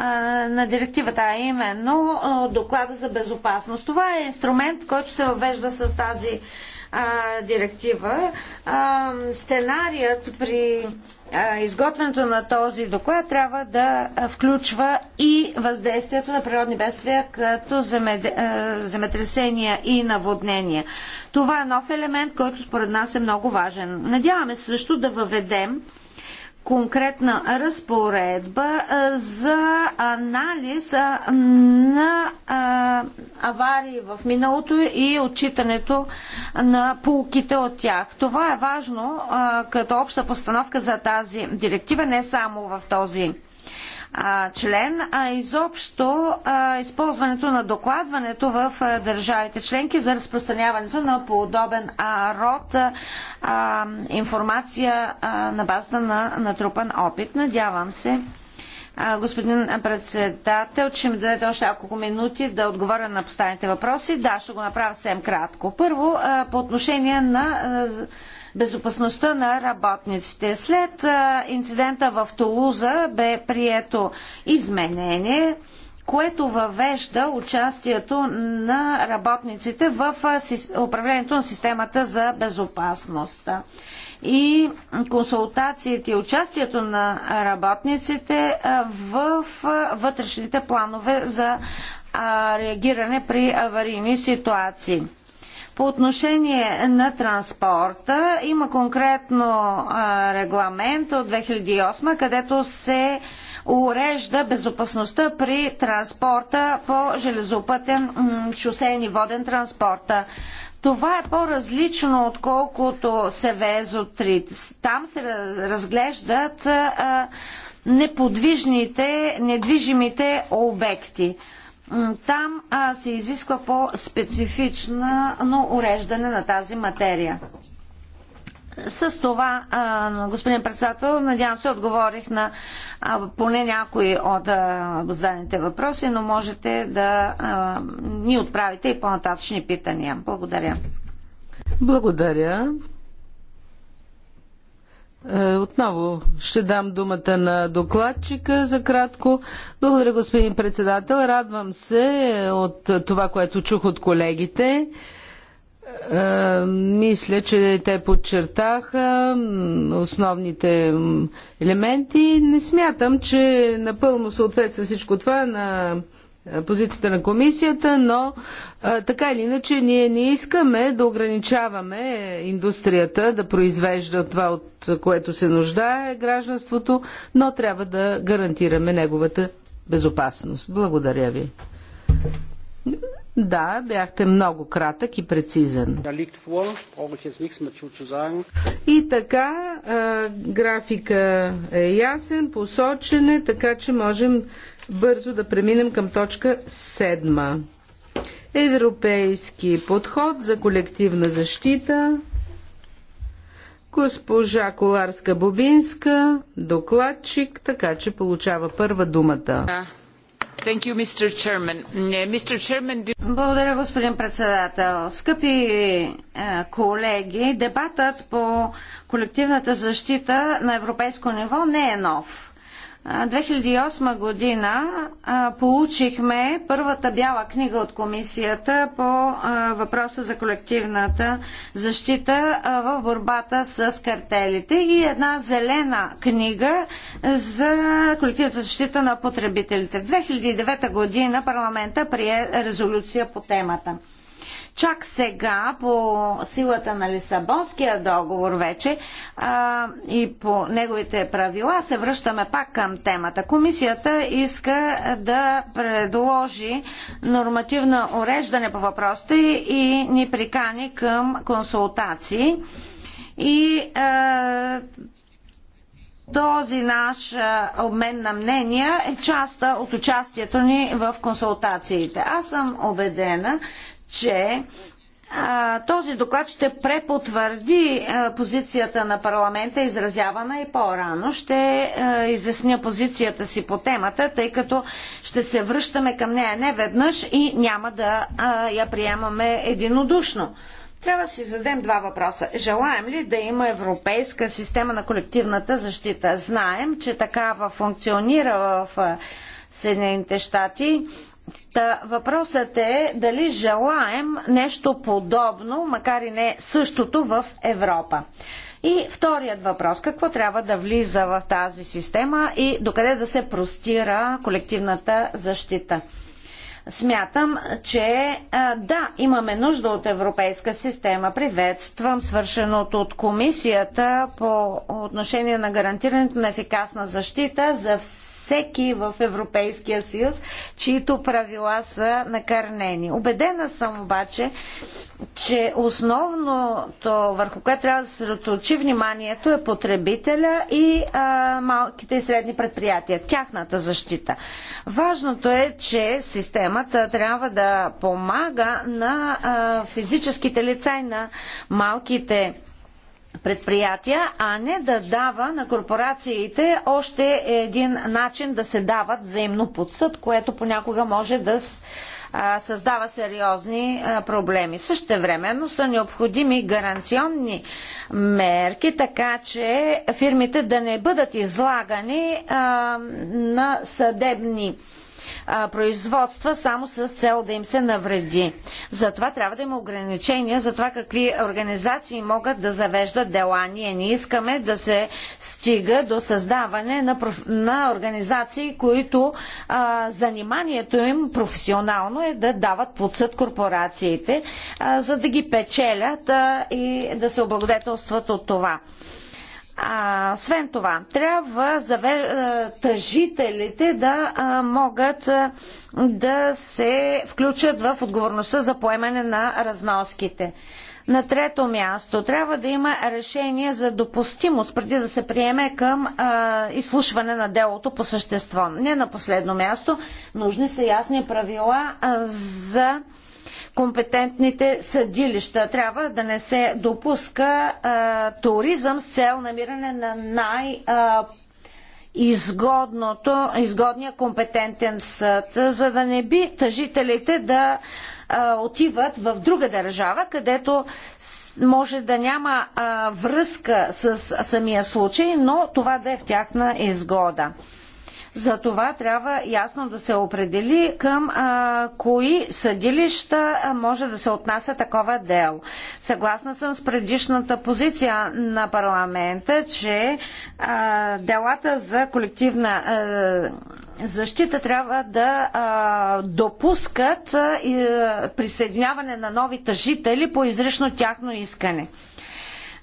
на директивата, а именно доклада за безопасност. Това е инструмент, който се въвежда с тази директива. сценарият при изготвянето на този доклад трябва да включва и въздействието на природни бедствия като земетресения и наводнения. Това е нов елемент, който според нас е много важен. Надяваме се също да въведем конкретна разпоредба за анализ на аварии в миналото и отчитането на полуките от тях. Това е важно като обща постановка за тази директива, не само в този член, а изобщо а, използването на докладването в а, държавите членки за разпространяването на подобен а, род а, а, информация а, на базата на натрупан опит. Надявам се. А, господин председател, че ми дадете още няколко минути да отговоря на поставените въпроси. Да, ще го направя съвсем кратко. Първо, а, по отношение на а, безопасността на работниците. След инцидента в Тулуза бе прието изменение, което въвежда участието на работниците в управлението на системата за безопасност. И консултациите и участието на работниците в вътрешните планове за реагиране при аварийни ситуации. По отношение на транспорта има конкретно регламент от 2008, където се урежда безопасността при транспорта по железопътен шосейен и воден транспорт. Това е по-различно, отколкото се вез от 3. Там се разглеждат неподвижните, недвижимите обекти. Там а, се изисква по-специфична но уреждане на тази материя. С това, господин председател, надявам се отговорих на поне някои от зададените въпроси, но можете да ни отправите и по-нататъчни питания. Благодаря. Благодаря. Е, отново ще дам думата на докладчика за кратко. Благодаря, господин председател. Радвам се от това, което чух от колегите. Е, мисля, че те подчертаха основните елементи. Не смятам, че напълно съответства всичко това на е, позицията на комисията, но е, така или иначе ние не искаме да ограничаваме индустрията да произвежда това, от което се нуждае гражданството, но трябва да гарантираме неговата безопасност. Благодаря ви. Да, бяхте много кратък и прецизен. И така, е, графика е ясен, посочен е, така че можем бързо да преминем към точка 7. Европейски подход за колективна защита. Госпожа Коларска-Бобинска, докладчик, така че получава първа думата. Uh, you, Mr. Mr. Uh, Chairman, do... Благодаря, господин председател. Скъпи е, колеги, дебатът по колективната защита на европейско ниво не е нов. 2008 година получихме първата бяла книга от комисията по въпроса за колективната защита в борбата с картелите и една зелена книга за колективната защита на потребителите. В 2009 година парламента прие резолюция по темата. Чак сега, по силата на Лисабонския договор вече а, и по неговите правила, се връщаме пак към темата. Комисията иска да предложи нормативно уреждане по въпросите и ни прикани към консултации. И а, този наш обмен на мнения е част от участието ни в консултациите. Аз съм убедена, че а, този доклад ще препотвърди а, позицията на парламента, изразявана и по-рано. Ще а, изясня позицията си по темата, тъй като ще се връщаме към нея не веднъж и няма да я приемаме единодушно. Трябва да си зададем два въпроса. Желаем ли да има европейска система на колективната защита? Знаем, че такава функционира в Съединените щати. Та, въпросът е дали желаем нещо подобно, макар и не същото в Европа. И вторият въпрос, какво трябва да влиза в тази система и докъде да се простира колективната защита? Смятам, че да, имаме нужда от европейска система. Приветствам свършеното от комисията по отношение на гарантирането на ефикасна защита за всички всеки в Европейския съюз, чието правила са накърнени. Обедена съм обаче, че основното, върху което трябва да се съсредоточи вниманието е потребителя и а, малките и средни предприятия, тяхната защита. Важното е, че системата трябва да помага на а, физическите лица и на малките предприятия, а не да дава на корпорациите още един начин да се дават взаимно под съд, което понякога може да създава сериозни проблеми. Същевременно са необходими гаранционни мерки, така че фирмите да не бъдат излагани на съдебни а, производства само с цел да им се навреди. Затова трябва да има ограничения за това какви организации могат да завеждат дела. Ние не искаме да се стига до създаване на, проф... на организации, които а, заниманието им професионално е да дават подсъд корпорациите, а, за да ги печелят а, и да се облагодетелстват от това. А, освен това, трябва завер... тъжителите да а, могат а, да се включат в отговорността за поемане на разноските. На трето място, трябва да има решение за допустимост преди да се приеме към а, изслушване на делото по същество. Не на последно място, нужни са ясни правила а, за компетентните съдилища. Трябва да не се допуска а, туризъм с цел намиране на най- а, изгодното, изгодния компетентен съд, за да не би тъжителите да а, отиват в друга държава, където може да няма а, връзка с самия случай, но това да е в тяхна изгода. За това трябва ясно да се определи към а, кои съдилища може да се отнася такова дело. Съгласна съм с предишната позиция на парламента, че а, делата за колективна а, защита трябва да а, допускат а, и, а, присъединяване на новите жители по изрично тяхно искане.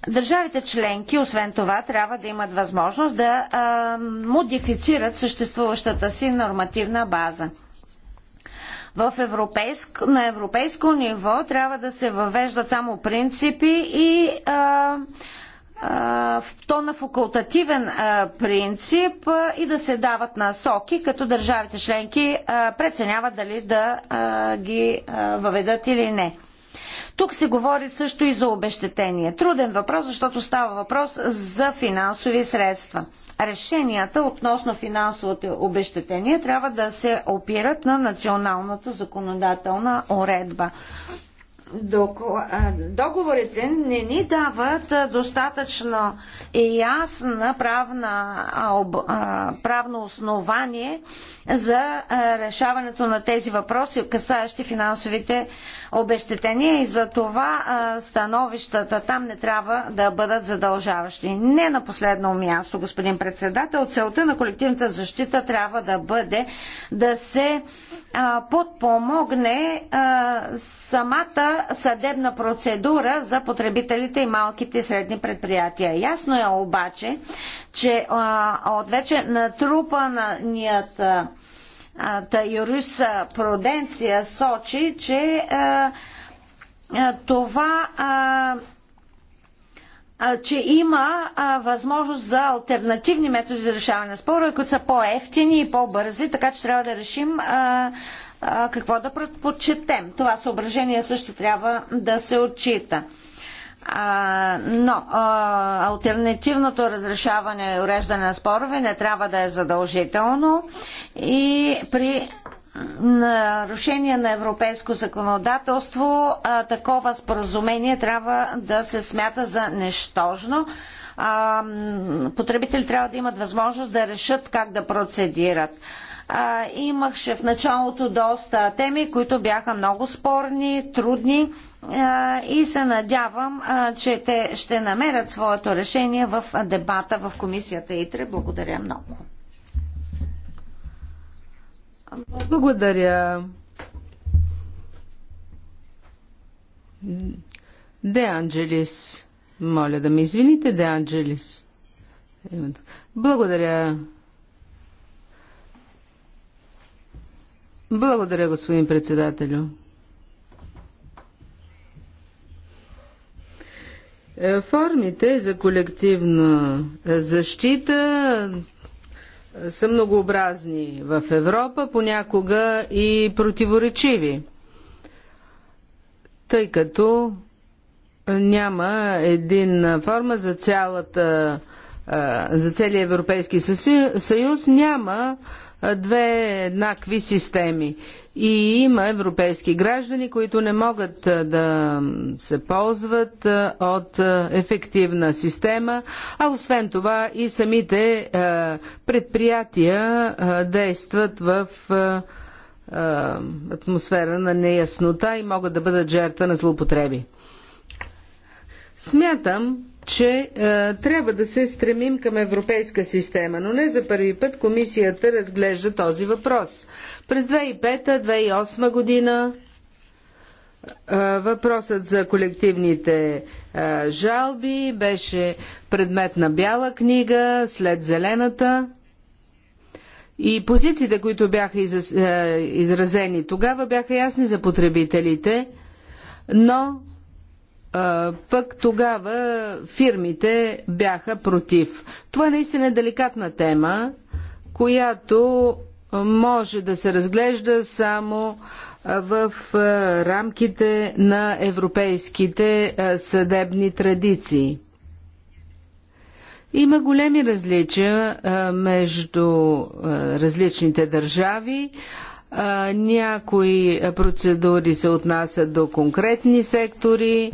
Държавите членки, освен това, трябва да имат възможност да а, модифицират съществуващата си нормативна база. В европейск, на европейско ниво трябва да се въвеждат само принципи и а, в то на факултативен принцип и да се дават насоки, като държавите членки преценяват дали да ги въведат или не. Тук се говори също и за обещетение. Труден въпрос, защото става въпрос за финансови средства. Решенията относно финансовите обещетение трябва да се опират на националната законодателна уредба договорите не ни дават достатъчно ясна правна, правно основание за решаването на тези въпроси, касаещи финансовите обещетения и за това становищата там не трябва да бъдат задължаващи. Не на последно място, господин председател, целта на колективната защита трябва да бъде да се подпомогне самата съдебна процедура за потребителите и малките и средни предприятия. Ясно е обаче, че от вече натрупаният а, юриспруденция сочи, че това че има възможност за альтернативни методи за решаване на спорове, които са по-ефтини и по-бързи, така че трябва да решим а, какво да предпочетем. Това съображение също трябва да се отчита. А, но а, альтернативното разрешаване и уреждане на спорове не трябва да е задължително и при нарушение на европейско законодателство а, такова споразумение трябва да се смята за нещожно. А, потребители трябва да имат възможност да решат как да процедират имаше в началото доста теми, които бяха много спорни, трудни и се надявам, че те ще намерят своето решение в дебата в комисията ИТРЕ. Благодаря много. Благодаря. Де Анджелис. Моля да ме извините, Де Анджелис. Благодаря, Благодаря, господин председателю. Е, формите за колективна е, защита е, са многообразни в Европа, понякога и противоречиви, тъй като няма един форма за цялата за целия Европейски съюз, няма две еднакви системи. И има европейски граждани, които не могат да се ползват от ефективна система, а освен това и самите предприятия действат в атмосфера на неяснота и могат да бъдат жертва на злоупотреби. Смятам, че е, трябва да се стремим към европейска система, но не за първи път комисията разглежда този въпрос. През 2005-2008 година е, въпросът за колективните е, жалби беше предмет на бяла книга след зелената. И позициите, които бяха е, изразени тогава, бяха ясни за потребителите, но пък тогава фирмите бяха против. Това е наистина е деликатна тема, която може да се разглежда само в рамките на европейските съдебни традиции. Има големи различия между различните държави. Някои процедури се отнасят до конкретни сектори,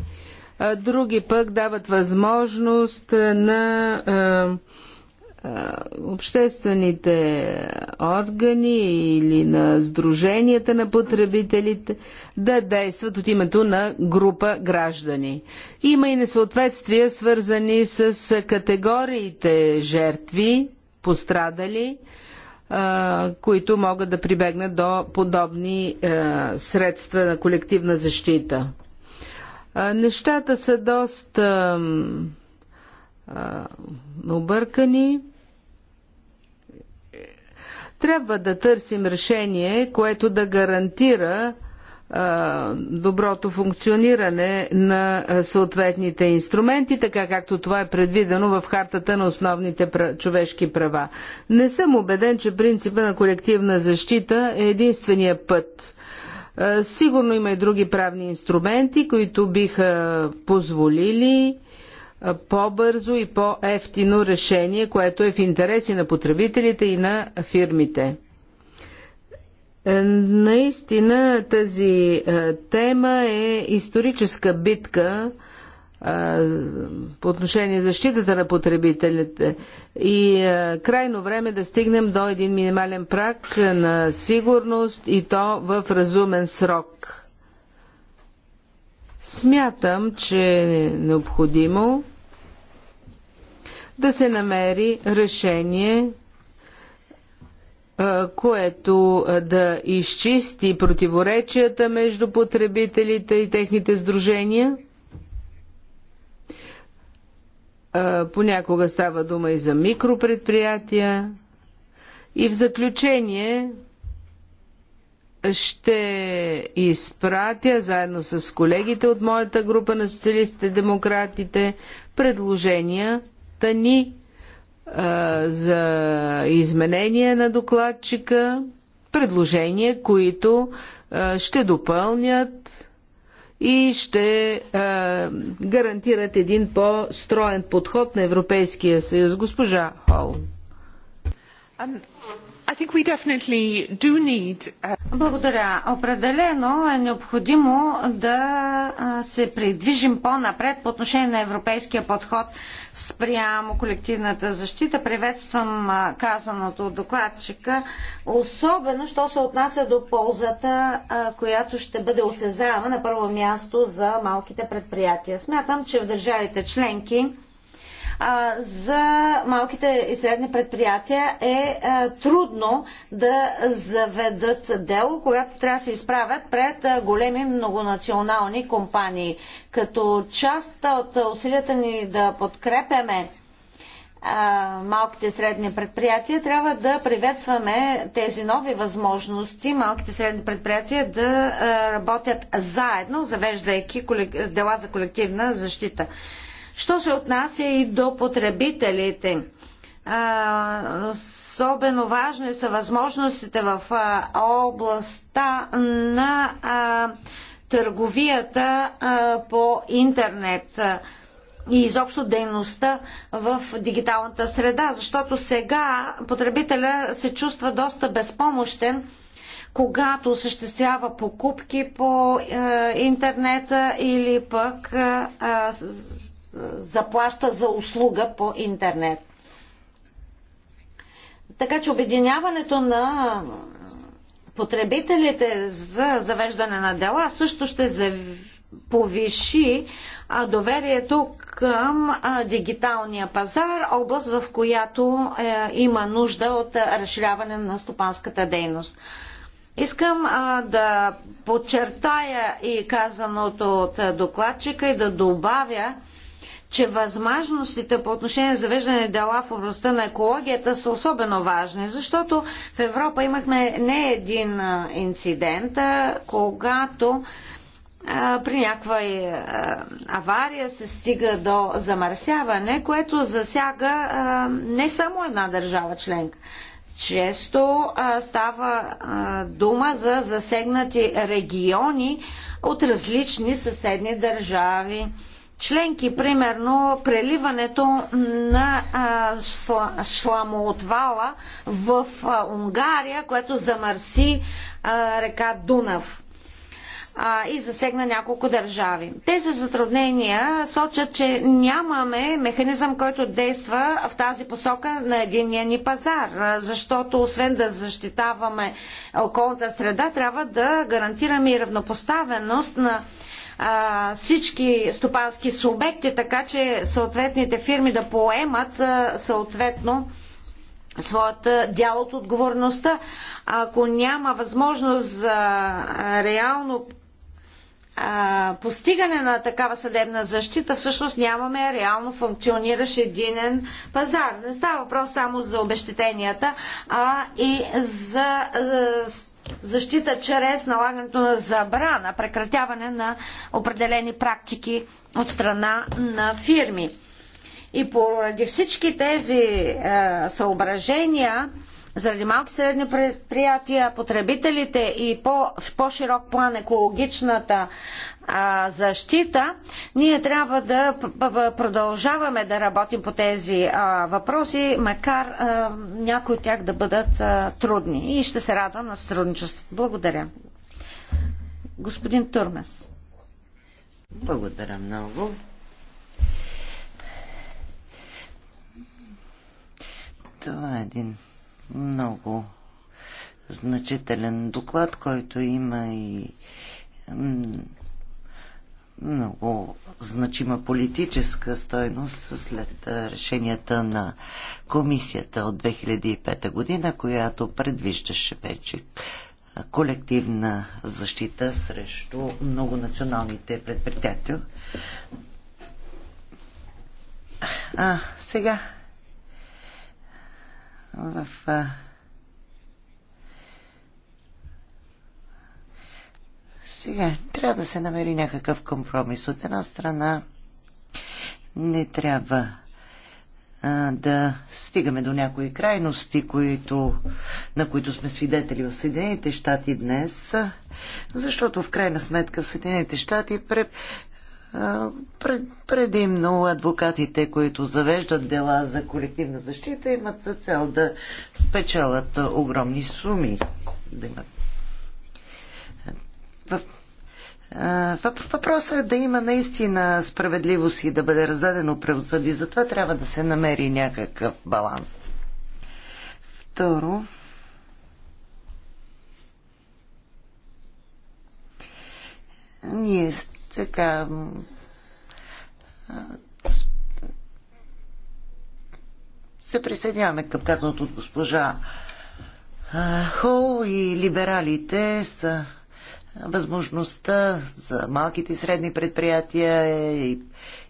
други пък дават възможност на обществените органи или на сдруженията на потребителите да действат от името на група граждани. Има и несъответствия, свързани с категориите жертви, пострадали, които могат да прибегнат до подобни средства на колективна защита. Нещата са доста объркани. Трябва да търсим решение, което да гарантира доброто функциониране на съответните инструменти, така както това е предвидено в хартата на основните човешки права. Не съм убеден, че принципа на колективна защита е единствения път е, сигурно има и други правни инструменти, които биха позволили е, по-бързо и по-ефтино решение, което е в интереси на потребителите и на фирмите. Е, наистина тази тема е историческа битка, по отношение защитата на потребителите и крайно време да стигнем до един минимален прак на сигурност и то в разумен срок. Смятам, че е необходимо да се намери решение, което да изчисти противоречията между потребителите и техните сдружения – понякога става дума и за микропредприятия. И в заключение ще изпратя заедно с колегите от моята група на социалистите демократите предложенията ни а, за изменение на докладчика, предложения, които а, ще допълнят и ще е, гарантират един по-строен подход на Европейския съюз. Госпожа Холм. Uh, Благодаря. Определено е необходимо да се придвижим по-напред по отношение на европейския подход спрямо колективната защита. Приветствам казаното от докладчика, особено що се отнася до ползата, която ще бъде осезаема на първо място за малките предприятия. Смятам, че в държавите членки а, за малките и средни предприятия е а, трудно да заведат дело, когато трябва да се изправят пред а, големи многонационални компании. Като част от усилията ни да подкрепяме малките и средни предприятия, трябва да приветстваме тези нови възможности малките и средни предприятия да работят заедно, завеждайки дела за колективна защита. Що се отнася и до потребителите? Особено важни са възможностите в областта на търговията по интернет и изобщо дейността в дигиталната среда, защото сега потребителя се чувства доста безпомощен, когато осъществява покупки по е, интернета или пък е, заплаща за услуга по интернет. Така че обединяването на потребителите за завеждане на дела също ще повиши доверието към дигиталния пазар, област в която е, има нужда от разширяване на стопанската дейност. Искам а, да подчертая и казаното от докладчика и да добавя, че възможностите по отношение на завеждане дела в областта на екологията са особено важни, защото в Европа имахме не един инцидент, когато при някаква е, авария се стига до замърсяване, което засяга не само една държава членка. Често става дума за засегнати региони от различни съседни държави членки, примерно преливането на а, шламоотвала в а, Унгария, което замърси а, река Дунав и засегна няколко държави. Тези затруднения сочат, че нямаме механизъм, който действа в тази посока на единния ни пазар, защото освен да защитаваме околната среда, трябва да гарантираме и равнопоставеност на а, всички стопански субекти, така че съответните фирми да поемат а, съответно своята дял от отговорността. Ако няма възможност за реално постигане на такава съдебна защита, всъщност нямаме реално функциониращ единен пазар. Не става въпрос само за обещетенията, а и за, за защита чрез налагането на забрана, прекратяване на определени практики от страна на фирми. И поради всички тези е, съображения, заради малки средни предприятия, потребителите и по, в по-широк план екологичната а, защита, ние трябва да продължаваме да работим по тези а, въпроси, макар а, някои от тях да бъдат а, трудни. И ще се радвам на сътрудничеството. Благодаря. Господин Турмес. Благодаря много. Това е един много значителен доклад, който има и много значима политическа стойност след решенията на комисията от 2005 година, която предвиждаше вече колективна защита срещу многонационалните предприятия. А, сега в сега, трябва да се намери някакъв компромис. От една страна не трябва а, да стигаме до някои крайности, които, на които сме свидетели в Съединените щати днес, защото в крайна сметка в Съединените щати предимно адвокатите, които завеждат дела за колективна защита, имат за цел да спечелят огромни суми. Да имат. Въпросът е да има наистина справедливост и да бъде раздадено правосъдие. Затова трябва да се намери някакъв баланс. Второ. Ние така се присъединяваме към казаното от госпожа Хоу и либералите са възможността за малките и средни предприятия и,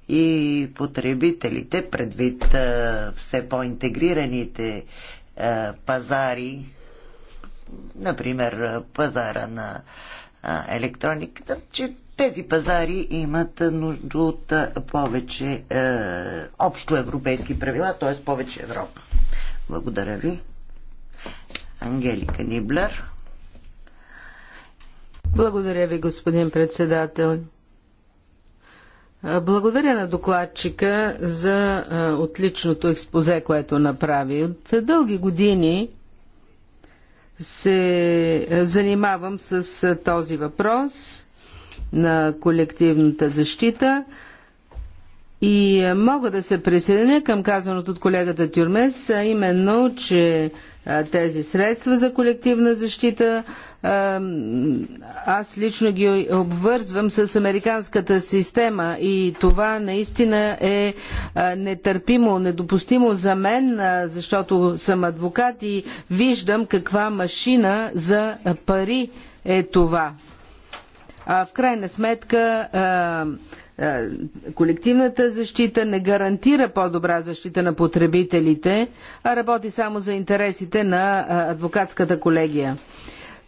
и потребителите, предвид все по-интегрираните пазари, например пазара на електрониката, че тези пазари имат нужда от повече е, общо европейски правила, т.е. повече Европа. Благодаря ви. Ангелика Ниблер. Благодаря ви, господин председател. Благодаря на докладчика за отличното експозе, което направи. От дълги години се занимавам с този въпрос на колективната защита. И е, мога да се присъединя към казаното от колегата Тюрмес, а именно, че тези средства за колективна защита аз лично ги обвързвам с американската система и това наистина е нетърпимо, недопустимо за мен, защото съм адвокат и виждам каква машина за пари е това. А в крайна сметка колективната защита не гарантира по-добра защита на потребителите, а работи само за интересите на адвокатската колегия.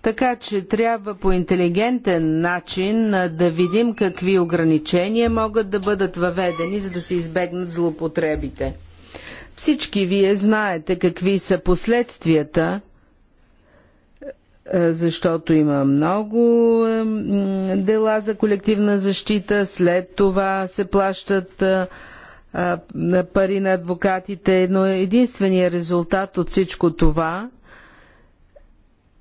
Така че трябва по интелигентен начин да видим какви ограничения могат да бъдат въведени, за да се избегнат злоупотребите. Всички вие знаете какви са последствията е, защото има много е, дела за колективна защита, след това се плащат е, пари на адвокатите, но единственият резултат от всичко това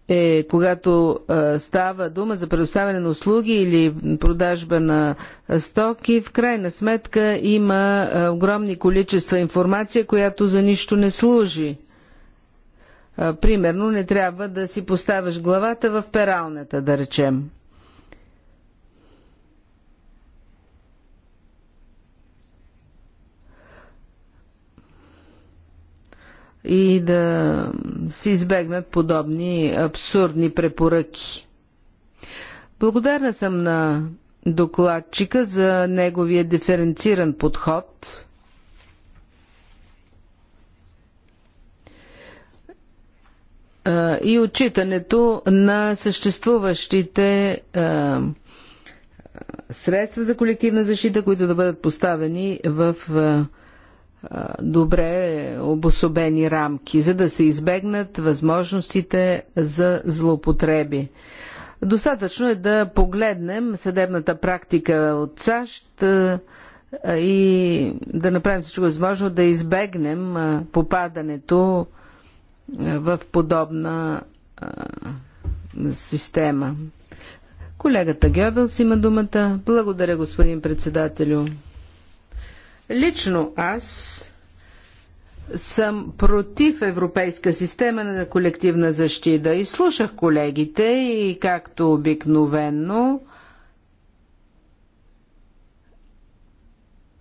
е, когато става дума за предоставяне на услуги или продажба на стоки, в крайна сметка има огромни количества информация, която за нищо не служи. Примерно не трябва да си поставяш главата в пералната, да речем. И да се избегнат подобни абсурдни препоръки. Благодарна съм на докладчика за неговия диференциран подход и отчитането на съществуващите средства за колективна защита, които да бъдат поставени в добре обособени рамки, за да се избегнат възможностите за злоупотреби. Достатъчно е да погледнем съдебната практика от САЩ и да направим всичко възможно да избегнем попадането в подобна система. Колегата Гебелс има думата. Благодаря, господин председателю. Лично аз съм против европейска система на колективна защита. И слушах колегите и както обикновенно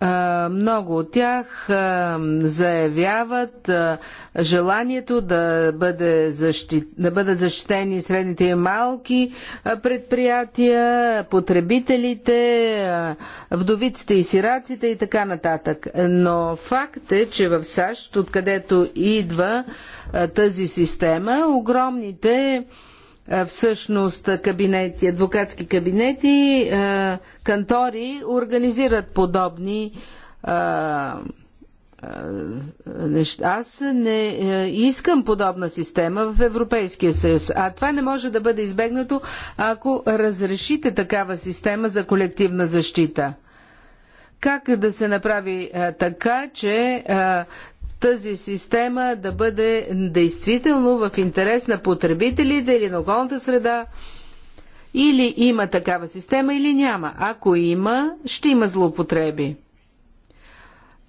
Е, много от тях е, заявяват е, желанието да, бъде защит... да бъдат защитени средните и малки предприятия, потребителите, вдовиците и сираците и така нататък. Но факт е, че в САЩ, откъдето идва тази система, огромните всъщност кабинети, адвокатски кабинети кантори организират подобни а, неща. Аз не искам подобна система в Европейския съюз, а това не може да бъде избегнато, ако разрешите такава система за колективна защита. Как да се направи а, така, че а, тази система да бъде действително в интерес на потребителите или на околната среда? Или има такава система, или няма. Ако има, ще има злоупотреби.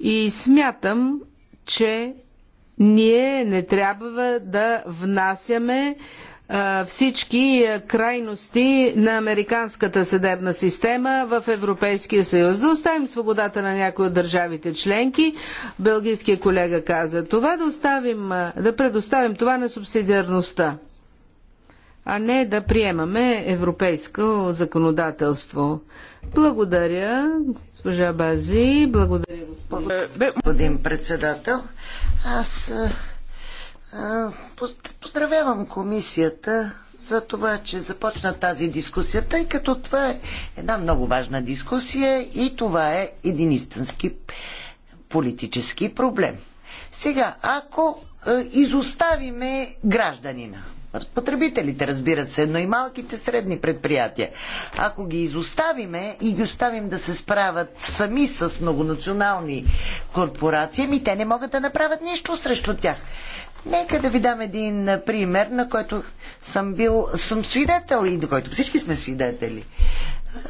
И смятам, че ние не трябва да внасяме всички крайности на американската съдебна система в Европейския съюз. Да оставим свободата на някои от държавите членки. Белгийския колега каза това, да, оставим, да предоставим това на субсидиарността а не да приемаме европейско законодателство. Благодаря, госпожа Бази. Благодаря, господин председател. Аз а, поздравявам комисията за това, че започна тази дискусия, тъй като това е една много важна дискусия и това е един истински политически проблем. Сега, ако а, изоставиме гражданина, потребителите, разбира се, но и малките средни предприятия. Ако ги изоставиме и ги оставим да се справят сами с многонационални корпорации, ми те не могат да направят нищо срещу тях. Нека да ви дам един пример, на който съм бил, съм свидетел и на който всички сме свидетели.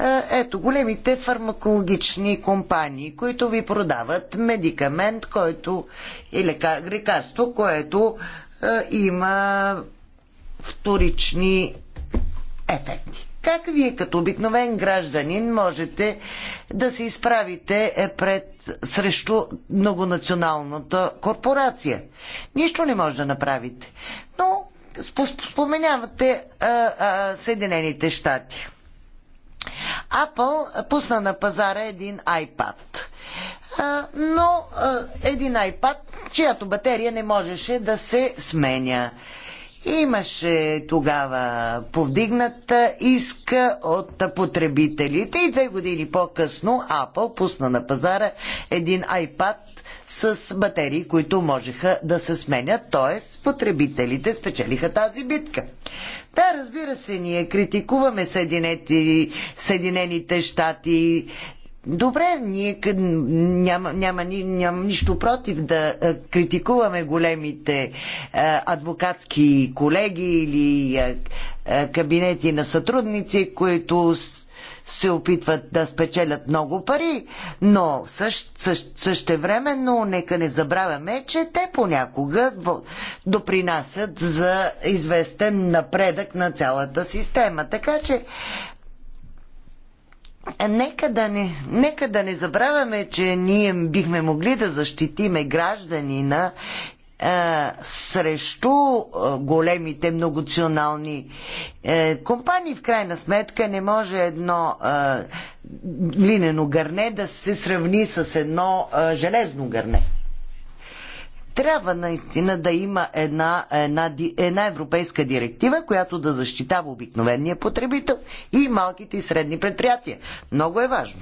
Е, ето, големите фармакологични компании, които ви продават медикамент, който или лекарство, което е, има вторични ефекти. Как вие като обикновен гражданин можете да се изправите е, пред срещу многонационалната корпорация? Нищо не може да направите. Но споменявате а, е, а, е, Съединените щати. Apple пусна на пазара един iPad. А, но а, един iPad, чиято батерия не можеше да се сменя. Имаше тогава повдигната иска от потребителите и две години по-късно Apple пусна на пазара един iPad с батерии, които можеха да се сменят, т.е. потребителите спечелиха тази битка. Да, разбира се, ние критикуваме Съединените щати, Добре, ние няма, няма, няма нищо против да е, критикуваме големите е, адвокатски колеги или е, кабинети на сътрудници, които се опитват да спечелят много пари, но също време, но нека не забравяме, че те понякога допринасят за известен напредък на цялата система. Така че е, нека да, не, нека да не забравяме, че ние бихме могли да защитиме гражданина е, срещу е, големите многоционални компании. В крайна сметка не може едно линено гърне да се сравни с едно железно гърне трябва наистина да има една, една, една европейска директива, която да защитава обикновения потребител и малките и средни предприятия. Много е важно.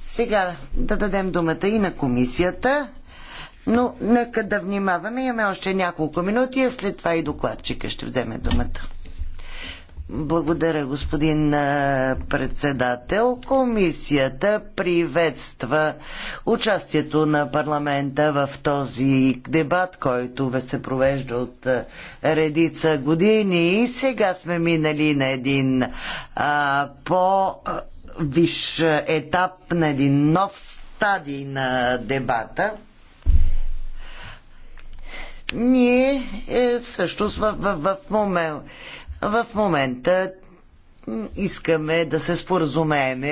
Сега да дадем думата и на комисията, но нека да внимаваме. Имаме още няколко минути, а след това и докладчика ще вземе думата. Благодаря, господин председател. Комисията приветства участието на парламента в този дебат, който се провежда от редица години и сега сме минали на един а, по-виш етап, на един нов стадий на дебата ние е, всъщност в, в, в, момента в момента искаме да се споразумеем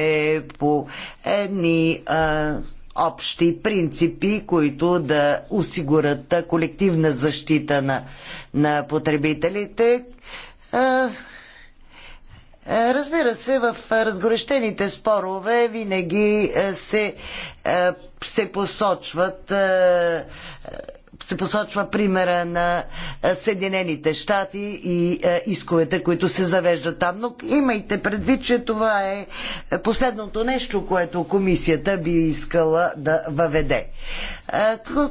по едни а, общи принципи, които да осигурят колективна защита на, на потребителите. А, Разбира се, в разгорещените спорове винаги се, се посочват се посочва примера на е, Съединените щати и е, исковете, които се завеждат там. Но имайте предвид, че това е последното нещо, което комисията би искала да въведе. Е,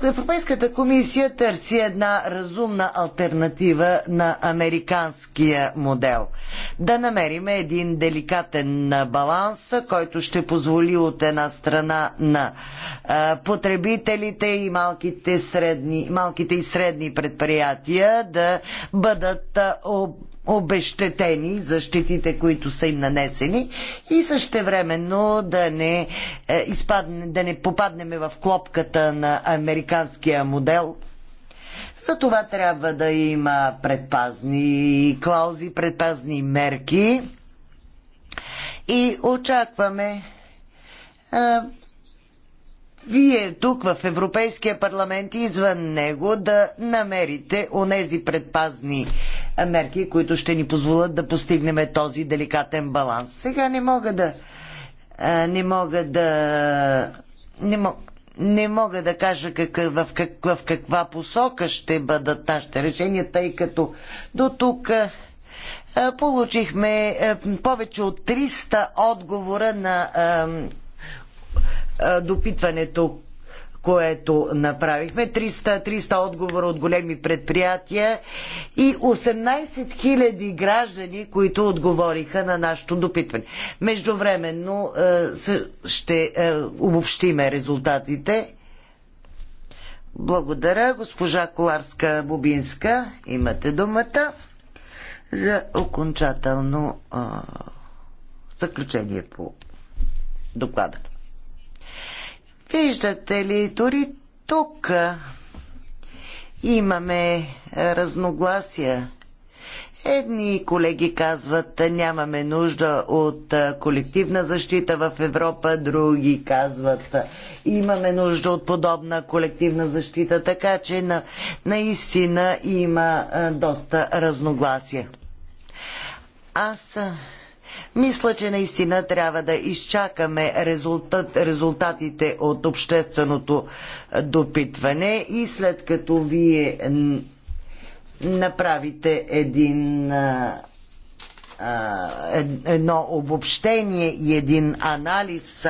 Европейската комисия търси една разумна альтернатива на американския модел. Да намерим един деликатен баланс, който ще позволи от една страна на потребителите и малките средни малките и средни предприятия да бъдат обещетени за щетите, които са им нанесени и същевременно да не, е, изпадне, да не попаднеме в клопката на американския модел, за това трябва да има предпазни клаузи, предпазни мерки. И очакваме вие тук в Европейския парламент и извън него да намерите онези предпазни мерки, които ще ни позволят да постигнем този деликатен баланс. Сега не мога да не мога да не мога не мога да кажа какъв, в, как, в каква посока ще бъдат нашите решения, тъй като до тук получихме повече от 300 отговора на допитването, което направихме. 300, 300 отговора от големи предприятия и 18 000 граждани, които отговориха на нашето допитване. Междувременно ще обобщиме резултатите. Благодаря. Госпожа Коларска-Бубинска, имате думата за окончателно заключение по доклада. Виждате ли, дори тук имаме е, разногласия. Едни колеги казват, нямаме нужда от е, колективна защита в Европа, други казват, имаме нужда от подобна колективна защита, така че на, наистина има е, доста разногласия. Аз мисля, че наистина трябва да изчакаме резултат, резултатите от общественото е, допитване и след като вие направите един а, е, едно обобщение и един анализ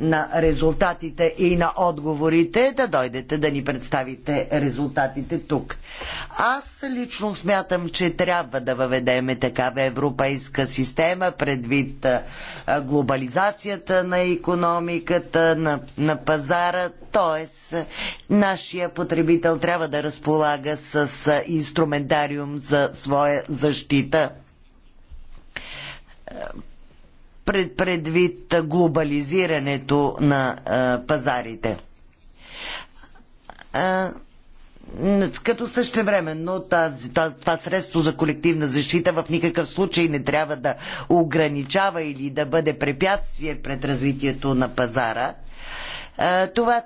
на резултатите и на отговорите, да дойдете да ни представите резултатите тук. Аз лично смятам, че трябва да въведеме такава европейска система предвид глобализацията на економиката, на, на пазара, т.е. нашия потребител трябва да разполага с инструментариум за своя защита пред предвид глобализирането на а, пазарите. А, като същевременно тази, тази, това средство за колективна защита в никакъв случай не трябва да ограничава или да бъде препятствие пред развитието на пазара. А, това,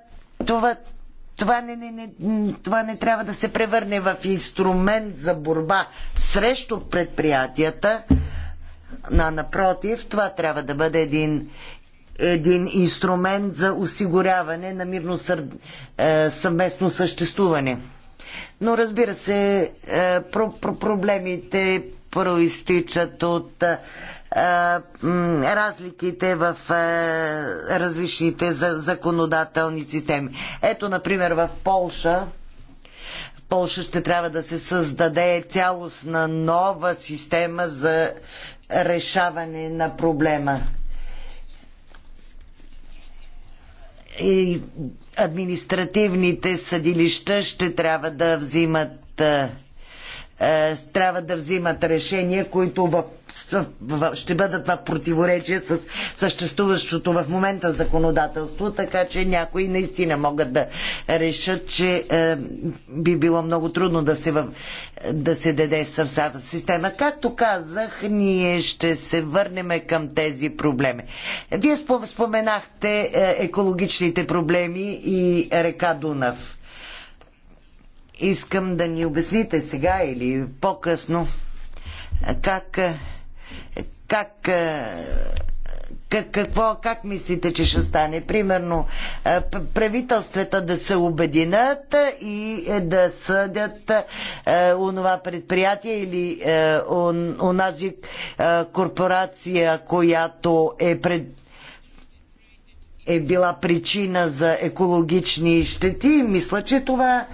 това, това не, не, не, това не трябва да се превърне в инструмент за борба срещу предприятията, на напротив, това трябва да бъде един един инструмент за осигуряване на мирно сър... Е, съвместно съществуване. Но разбира се, е, про- про- проблемите проистичат от е, разликите в различните законодателни системи. Ето, например, в Полша Полша ще трябва да се създаде цялостна нова система за решаване на проблема. И административните съдилища ще трябва да взимат е, трябва да взимат решения, които в, в, ще бъдат в противоречие с съществуващото в момента законодателство, така че някои наистина могат да решат, че е, би било много трудно да се, в, да се даде съвсада система. Както казах, ние ще се върнем към тези проблеми. Вие споменахте е, екологичните проблеми и река Дунав Искам да ни обясните сега или по-късно как, как как, какво, как мислите, че ще стане? Примерно, правителствата да се обединят и да съдят е, онова предприятие или е, он, онази е, корпорация, която е пред е била причина за екологични щети, мисля, че това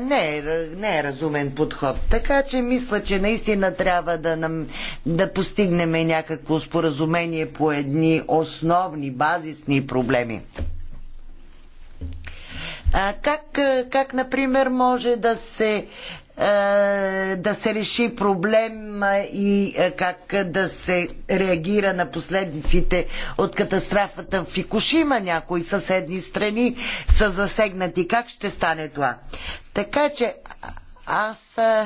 не е, не е разумен подход. Така че мисля, че наистина трябва да, нам, да постигнем някакво споразумение по едни основни, базисни проблеми. А как, как, например, може да се е, да се реши проблем и е, как да се реагира на последиците от катастрофата в Фикушима. Някои съседни страни са засегнати. Как ще стане това? Така че аз е,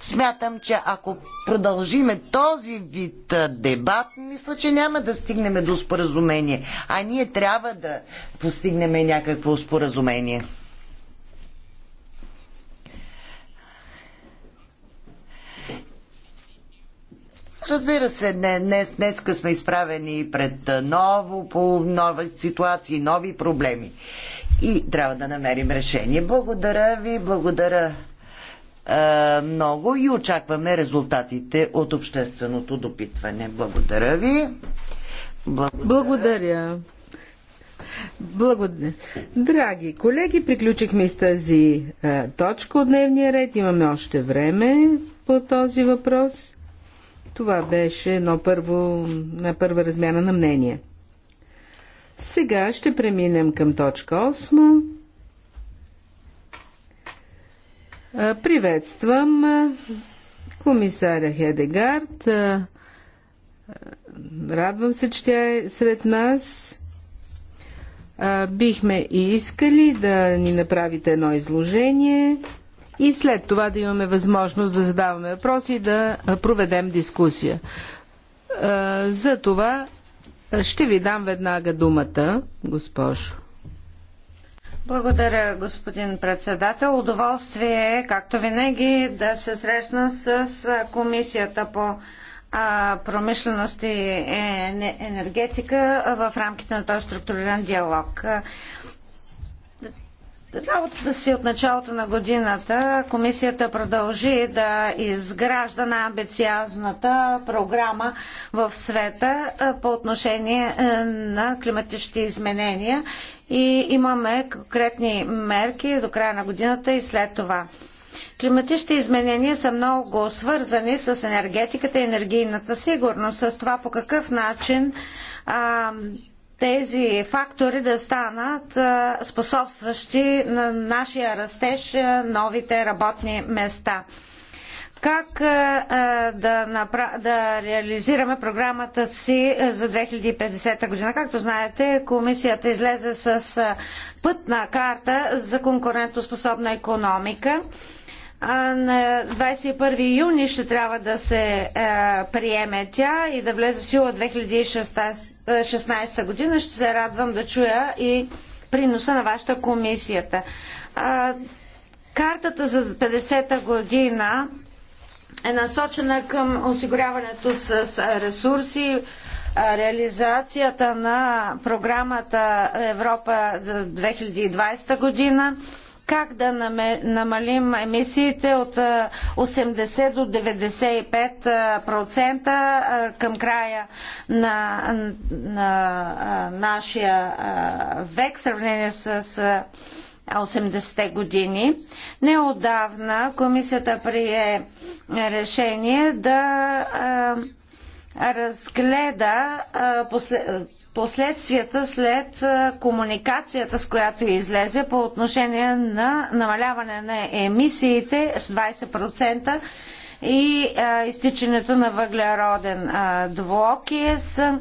смятам, че ако продължиме този вид дебат, мисля, че няма да стигнем до споразумение. А ние трябва да постигнем някакво споразумение. Разбира се, днес, днеска сме изправени пред ново, по нова ситуация, нови проблеми. И трябва да намерим решение. Благодаря ви, благодаря е, много и очакваме резултатите от общественото допитване. Благодаря ви. Благодаря. Благодаря. Благодаря. Драги колеги, приключихме с тази е, точка от дневния ред. Имаме още време по този въпрос. Това беше едно първо, на първа размяна на мнение. Сега ще преминем към точка 8. Приветствам комисаря Хедегард. Радвам се, че тя е сред нас. Бихме и искали да ни направите едно изложение и след това да имаме възможност да задаваме въпроси и да проведем дискусия. За това ще ви дам веднага думата, госпожо. Благодаря, господин председател. Удоволствие е, както винаги, да се срещна с Комисията по промишленост и е, енергетика в рамките на този структуриран диалог работата си от началото на годината комисията продължи да изгражда на амбициозната програма в света по отношение на климатичните изменения и имаме конкретни мерки до края на годината и след това. Климатичните изменения са много свързани с енергетиката и енергийната сигурност, с това по какъв начин а, тези фактори да станат способстващи на нашия растеж новите работни места. Как да, направ... да реализираме програмата си за 2050 година? Както знаете, комисията излезе с пътна карта за конкурентоспособна економика на 21 юни ще трябва да се е, приеме тя и да влезе в сила 2016 е, година. Ще се радвам да чуя и приноса на вашата комисията. Картата за 50-та година е насочена към осигуряването с ресурси, е, реализацията на програмата Европа 2020 година как да намалим емисиите от 80 до 95% към края на, на нашия век, в сравнение с 80-те години. Неодавна комисията прие решение да разгледа последствията след комуникацията, с която излезе по отношение на намаляване на емисиите с 20% и а, изтичането на въглероден двуокис. Е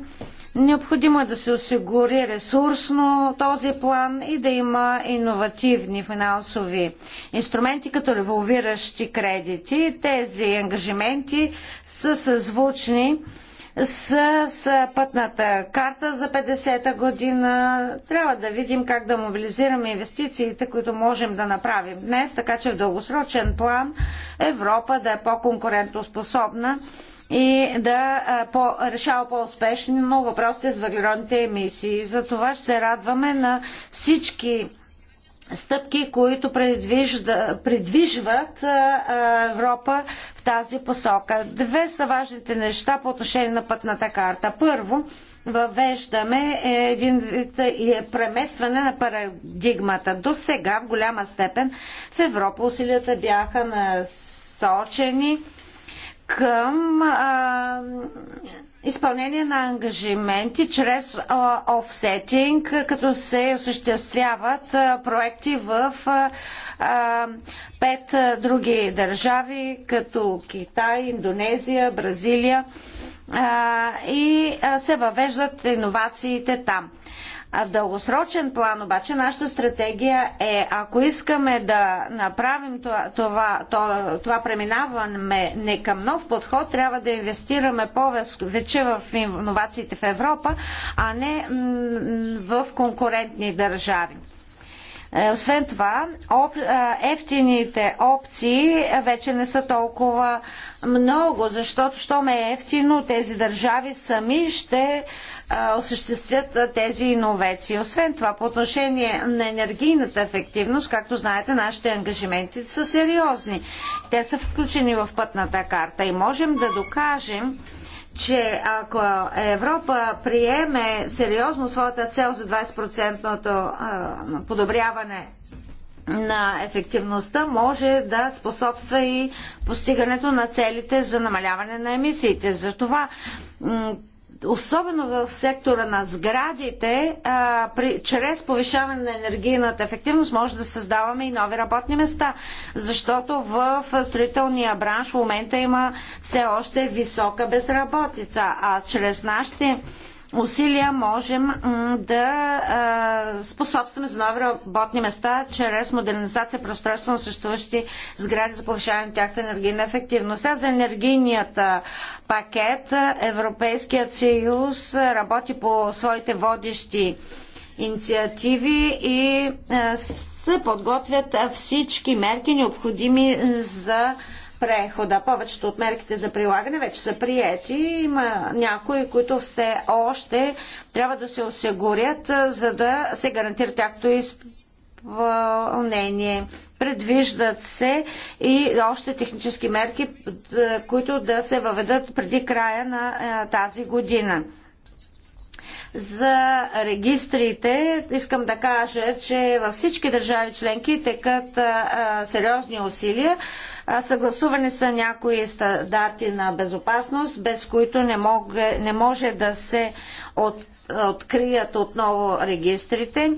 необходимо е да се осигури ресурсно този план и да има иновативни финансови инструменти, като револвиращи кредити. Тези ангажименти са съзвучни с, с пътната карта за 50-та година. Трябва да видим как да мобилизираме инвестициите, които можем да направим днес, така че в дългосрочен план Европа да е по-конкурентоспособна и да по, решава по-успешно въпросите с въглеродните емисии. За това ще се радваме на всички стъпки, които предвижват Европа в тази посока. Две са важните неща по отношение на пътната карта. Първо, въвеждаме един вид преместване на парадигмата. До сега в голяма степен в Европа усилията бяха насочени към а, изпълнение на ангажименти чрез офсетинг, като се осъществяват а, проекти в а, пет а, други държави, като Китай, Индонезия, Бразилия а, и а, се въвеждат иновациите там. А в дългосрочен план обаче нашата стратегия е, ако искаме да направим това, това, това, това преминаване не към нов подход, трябва да инвестираме повече в иновациите в Европа, а не в конкурентни държави. Е, освен това, оп, е, ефтините опции вече не са толкова много, защото що ме е ефтино, тези държави сами ще е, осъществят тези иновации. Освен това, по отношение на енергийната ефективност, както знаете, нашите ангажименти са сериозни. Те са включени в пътната карта и можем да докажем, че ако Европа приеме сериозно своята цел за 20 подобряване на ефективността, може да способства и постигането на целите за намаляване на емисиите. Затова особено в сектора на сградите, а, при, чрез повишаване на енергийната ефективност може да създаваме и нови работни места, защото в строителния бранш в момента има все още висока безработица, а чрез нашите усилия можем да способстваме за нови работни места чрез модернизация пространство на съществуващи сгради за повишаване на тяхната енергийна ефективност. за енергийният пакет Европейският съюз работи по своите водещи инициативи и се подготвят всички мерки необходими за прехода. Повечето от мерките за прилагане вече са приети. Има някои, които все още трябва да се осигурят, за да се гарантира тяхто изпълнение. Предвиждат се и още технически мерки, които да се въведат преди края на тази година. За регистрите искам да кажа, че във всички държави членки текат сериозни усилия. Съгласувани са някои стандарти на безопасност, без които не, мог, не може да се от, открият отново регистрите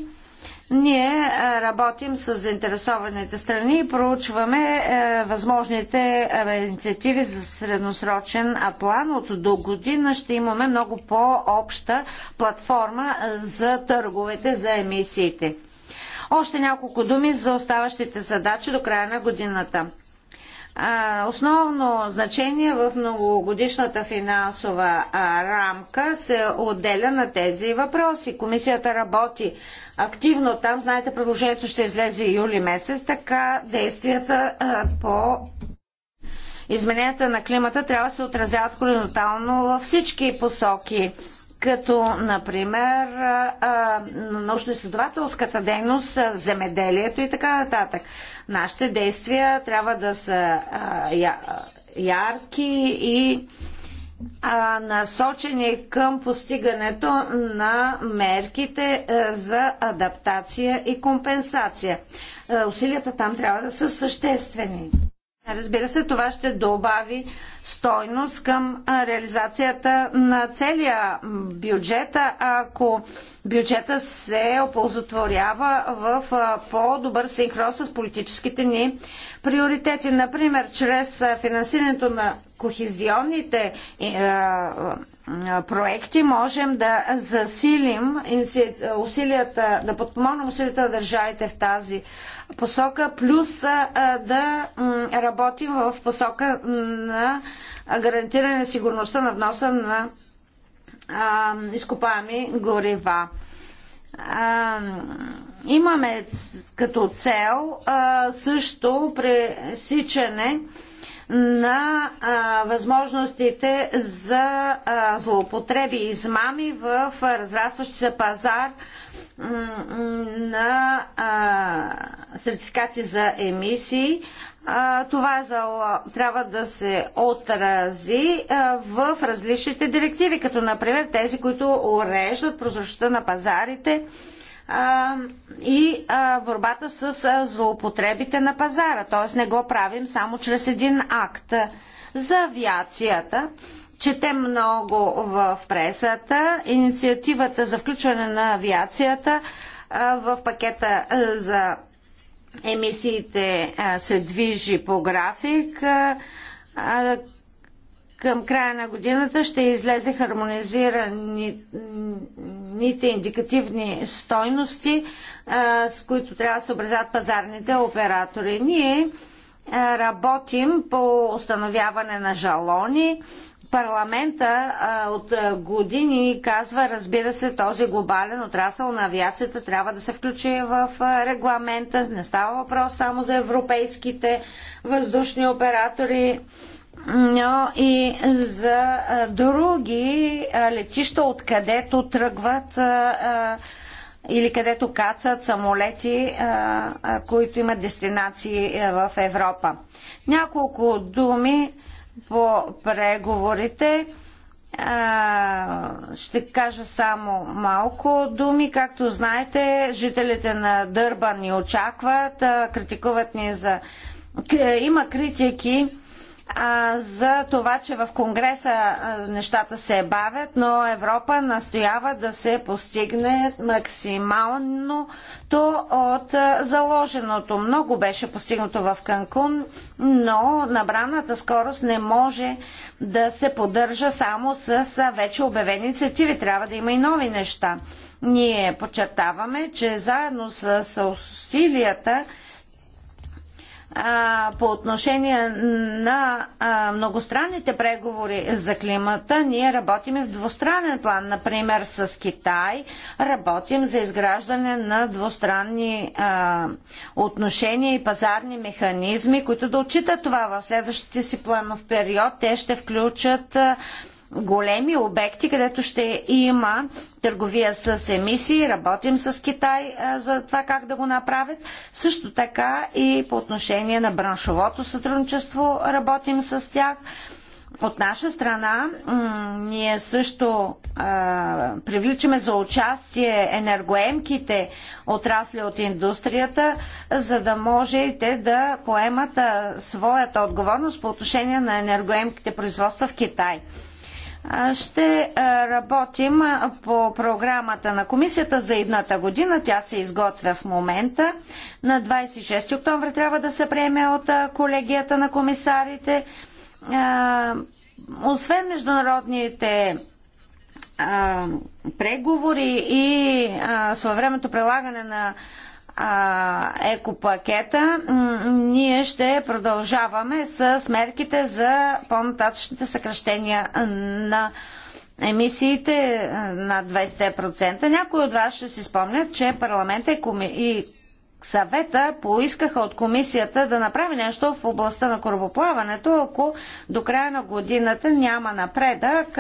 ние работим с заинтересованите страни и проучваме възможните инициативи за средносрочен план. От до година ще имаме много по-обща платформа за търговете за емисиите. Още няколко думи за оставащите задачи до края на годината. Основно значение в многогодишната финансова рамка се отделя на тези въпроси. Комисията работи активно там. Знаете, предложението ще излезе юли месец, така действията по измененията на климата трябва да се отразяват хоризонтално във всички посоки като, например, научно-изследователската дейност, земеделието и така нататък. Нашите действия трябва да са ярки и насочени към постигането на мерките за адаптация и компенсация. Усилията там трябва да са съществени. Е, разбира се, това ще добави стойност към реализацията на целия бюджет, ако бюджета се оползотворява в по-добър синхрон с политическите ни приоритети. Например, чрез финансирането на кохезионните проекти можем да засилим усилията, да подпомогнем усилията на държавите в тази посока, плюс да работим в посока на гарантиране на сигурността на вноса на изкопаеми горива. Имаме като цел също пресичане на а, възможностите за а, злоупотреби и измами в разрастващия се пазар на а, сертификати за емисии. А, това е за, трябва да се отрази а, в различните директиви, като например тези, които уреждат прозрачността на пазарите, а, и борбата с злоупотребите на пазара. Т.е. не го правим само чрез един акт. За авиацията чете много в пресата. Инициативата за включване на авиацията в пакета за емисиите се движи по график към края на годината ще излезе хармонизираните индикативни стойности, с които трябва да се образят пазарните оператори. Ние работим по установяване на жалони. Парламента от години казва, разбира се, този глобален отрасъл на авиацията трябва да се включи в регламента. Не става въпрос само за европейските въздушни оператори но и за други летища, откъдето тръгват или където кацат самолети, които имат дестинации в Европа. Няколко думи по преговорите. Ще кажа само малко думи. Както знаете, жителите на Дърба ни очакват, критикуват ни за... Има критики а, за това, че в Конгреса а, нещата се бавят, но Европа настоява да се постигне максималното от а, заложеното. Много беше постигнато в Канкун, но набраната скорост не може да се поддържа само с вече обявени инициативи. Трябва да има и нови неща. Ние подчертаваме, че заедно с усилията а, по отношение на а, многостранните преговори за климата, ние работим и в двустранен план. Например, с Китай работим за изграждане на двустранни а, отношения и пазарни механизми, които да отчитат това в следващите си планов период. Те ще включат големи обекти, където ще има търговия с емисии. Работим с Китай за това как да го направят. Също така и по отношение на браншовото сътрудничество работим с тях. От наша страна ние също а, привличаме за участие енергоемките отрасли от индустрията, за да може и те да поемат а, своята отговорност по отношение на енергоемките производства в Китай. Ще работим по програмата на комисията за едната година. Тя се изготвя в момента. На 26 октомври трябва да се приеме от колегията на комисарите. Освен международните преговори и своевременното прилагане на екопакета, ние ще продължаваме с мерките за по-нататъчните съкръщения на емисиите е, на 20%. Някои от вас ще си спомнят, че парламента и, коми... и съвета поискаха от комисията да направи нещо в областта на корабоплаването, ако до края на годината няма напредък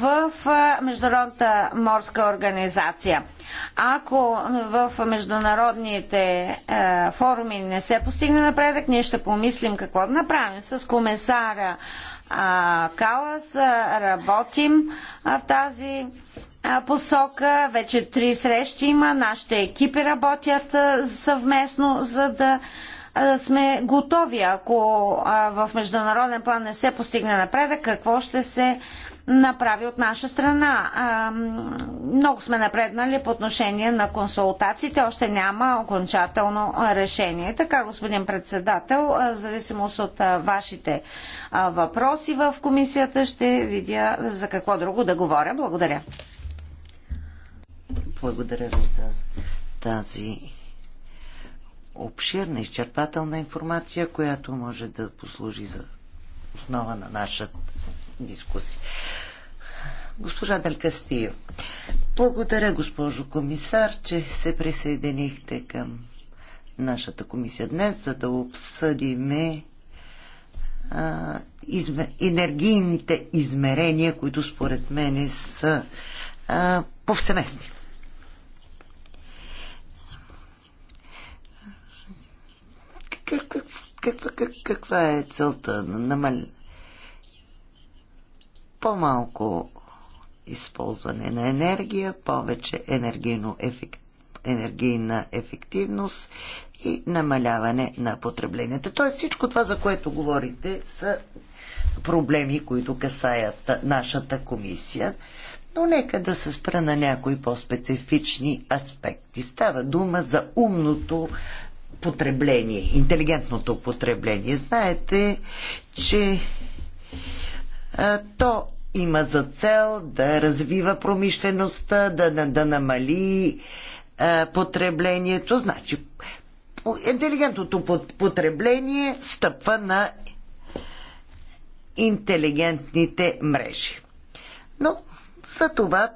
в Международната морска организация. Ако в международните е, форуми не се постигне напредък, ние ще помислим какво да направим. С комесара е, Калас работим в тази посока. Вече три срещи има. Нашите екипи работят съвместно, за да сме готови. Ако в международен план не се постигне напредък, какво ще се направи от наша страна. Много сме напреднали по отношение на консултациите, още няма окончателно решение. Така, господин председател, в зависимост от вашите въпроси в комисията, ще видя за какво друго да говоря. Благодаря. Благодаря ви за тази обширна, изчерпателна информация, която може да послужи за основа на нашата дискусия. Госпожа Далькастио, благодаря, госпожо комисар, че се присъединихте към нашата комисия днес, за да обсъдиме изме, енергийните измерения, които според мен са а, повсеместни. как, как, каква, как, каква е целта? Намал... По-малко използване на енергия, повече енергийно ефик... енергийна ефективност и намаляване на потреблението. Тоест всичко това, за което говорите, са проблеми, които касаят нашата комисия. Но нека да се спра на някои по-специфични аспекти. Става дума за умното потребление, интелигентното потребление. Знаете, че то има за цел да развива промишлеността, да, да, да намали а, потреблението. Значи, интелигентното потребление стъпва на интелигентните мрежи. Но за това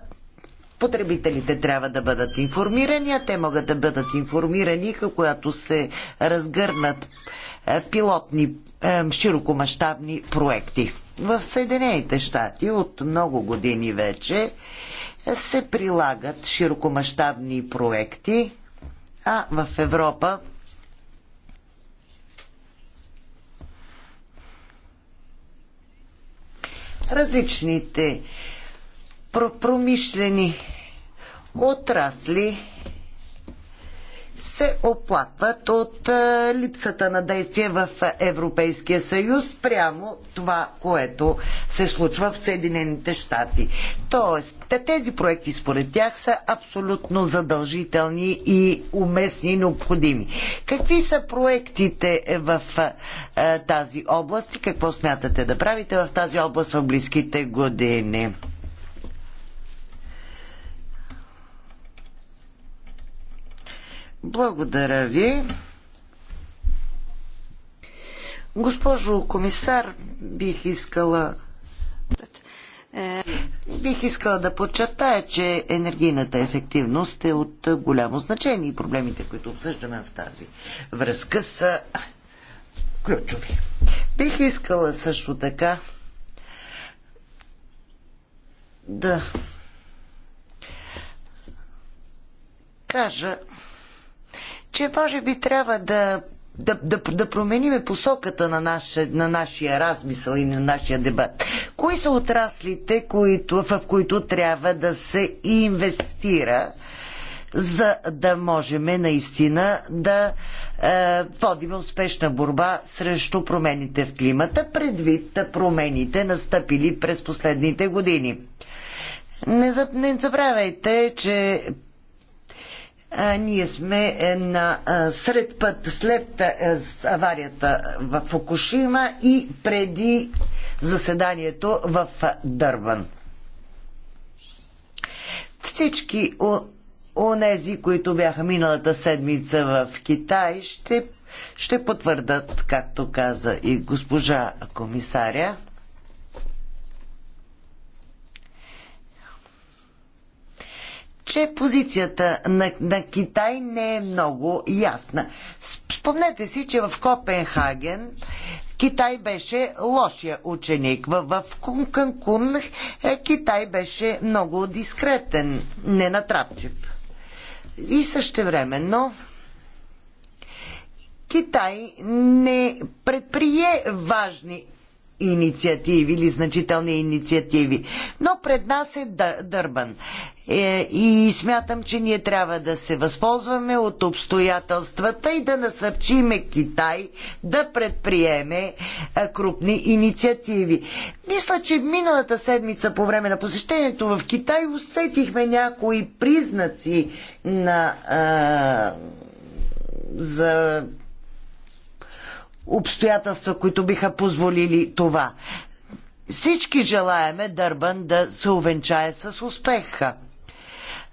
Потребителите трябва да бъдат информирани, а те могат да бъдат информирани, когато се разгърнат е, пилотни е, широкомащабни проекти. В Съединените щати от много години вече се прилагат широкомащабни проекти, а в Европа различните промишлени отрасли се оплакват от е, липсата на действие в Европейския съюз прямо това, което се случва в Съединените щати. Тоест, тези проекти според тях са абсолютно задължителни и уместни и необходими. Какви са проектите в е, тази област и какво смятате да правите в тази област в близките години? Благодаря ви. Госпожо комисар, бих искала Бих искала да подчертая, че енергийната ефективност е от голямо значение и проблемите, които обсъждаме в тази връзка са ключови. Бих искала също така да кажа че може би трябва да, да, да, да промениме посоката на, наше, на нашия размисъл и на нашия дебат. Кои са отраслите, които, в които трябва да се инвестира, за да можем наистина да е, водим успешна борба срещу промените в климата, предвид промените настъпили през последните години? Не, забравяйте, че ние сме е, на сред път след е, аварията в Фукушима и преди заседанието в Дърбан. Всички онези, които бяха миналата седмица в Китай, ще, ще потвърдат, както каза и госпожа комисаря, че позицията на, на Китай не е много ясна. Спомнете си, че в Копенхаген Китай беше лошия ученик. В, в Канкун е, Китай беше много дискретен, ненатрапчив. И същевременно Китай не предприе важни инициативи или значителни инициативи. Но пред нас е Дърбан. Е, и смятам, че ние трябва да се възползваме от обстоятелствата и да насърчиме Китай да предприеме е, крупни инициативи. Мисля, че миналата седмица по време на посещението в Китай усетихме някои признаци на, а, е, за обстоятелства, които биха позволили това. Всички желаеме Дърбан да се увенчае с успеха.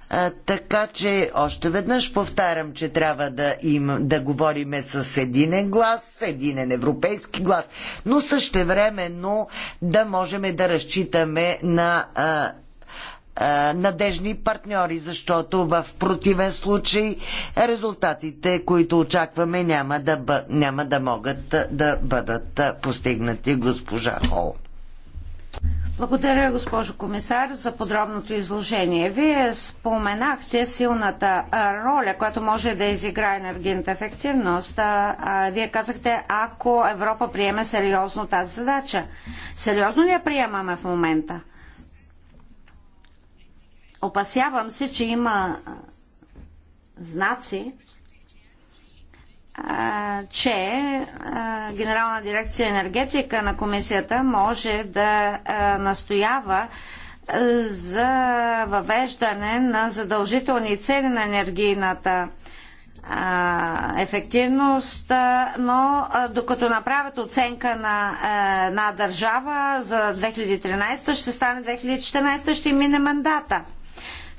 А, така че още веднъж повтарям, че трябва да, им, да говориме с единен глас, единен европейски глас, но същевременно да можем да разчитаме на а, е, надежни партньори, защото в противен случай резултатите, които очакваме, няма да, бъ... няма да могат да бъдат постигнати, госпожа Хол. Благодаря, госпожо комисар, за подробното изложение. Вие споменахте силната роля, която може да изиграе енергийната ефективност. Вие казахте, ако Европа приеме сериозно тази задача. Сериозно ли я приемаме в момента? Опасявам се, че има знаци, че Генерална дирекция енергетика на комисията може да настоява за въвеждане на задължителни цели на енергийната ефективност, но докато направят оценка на една държава за 2013, ще стане 2014, ще мине мандата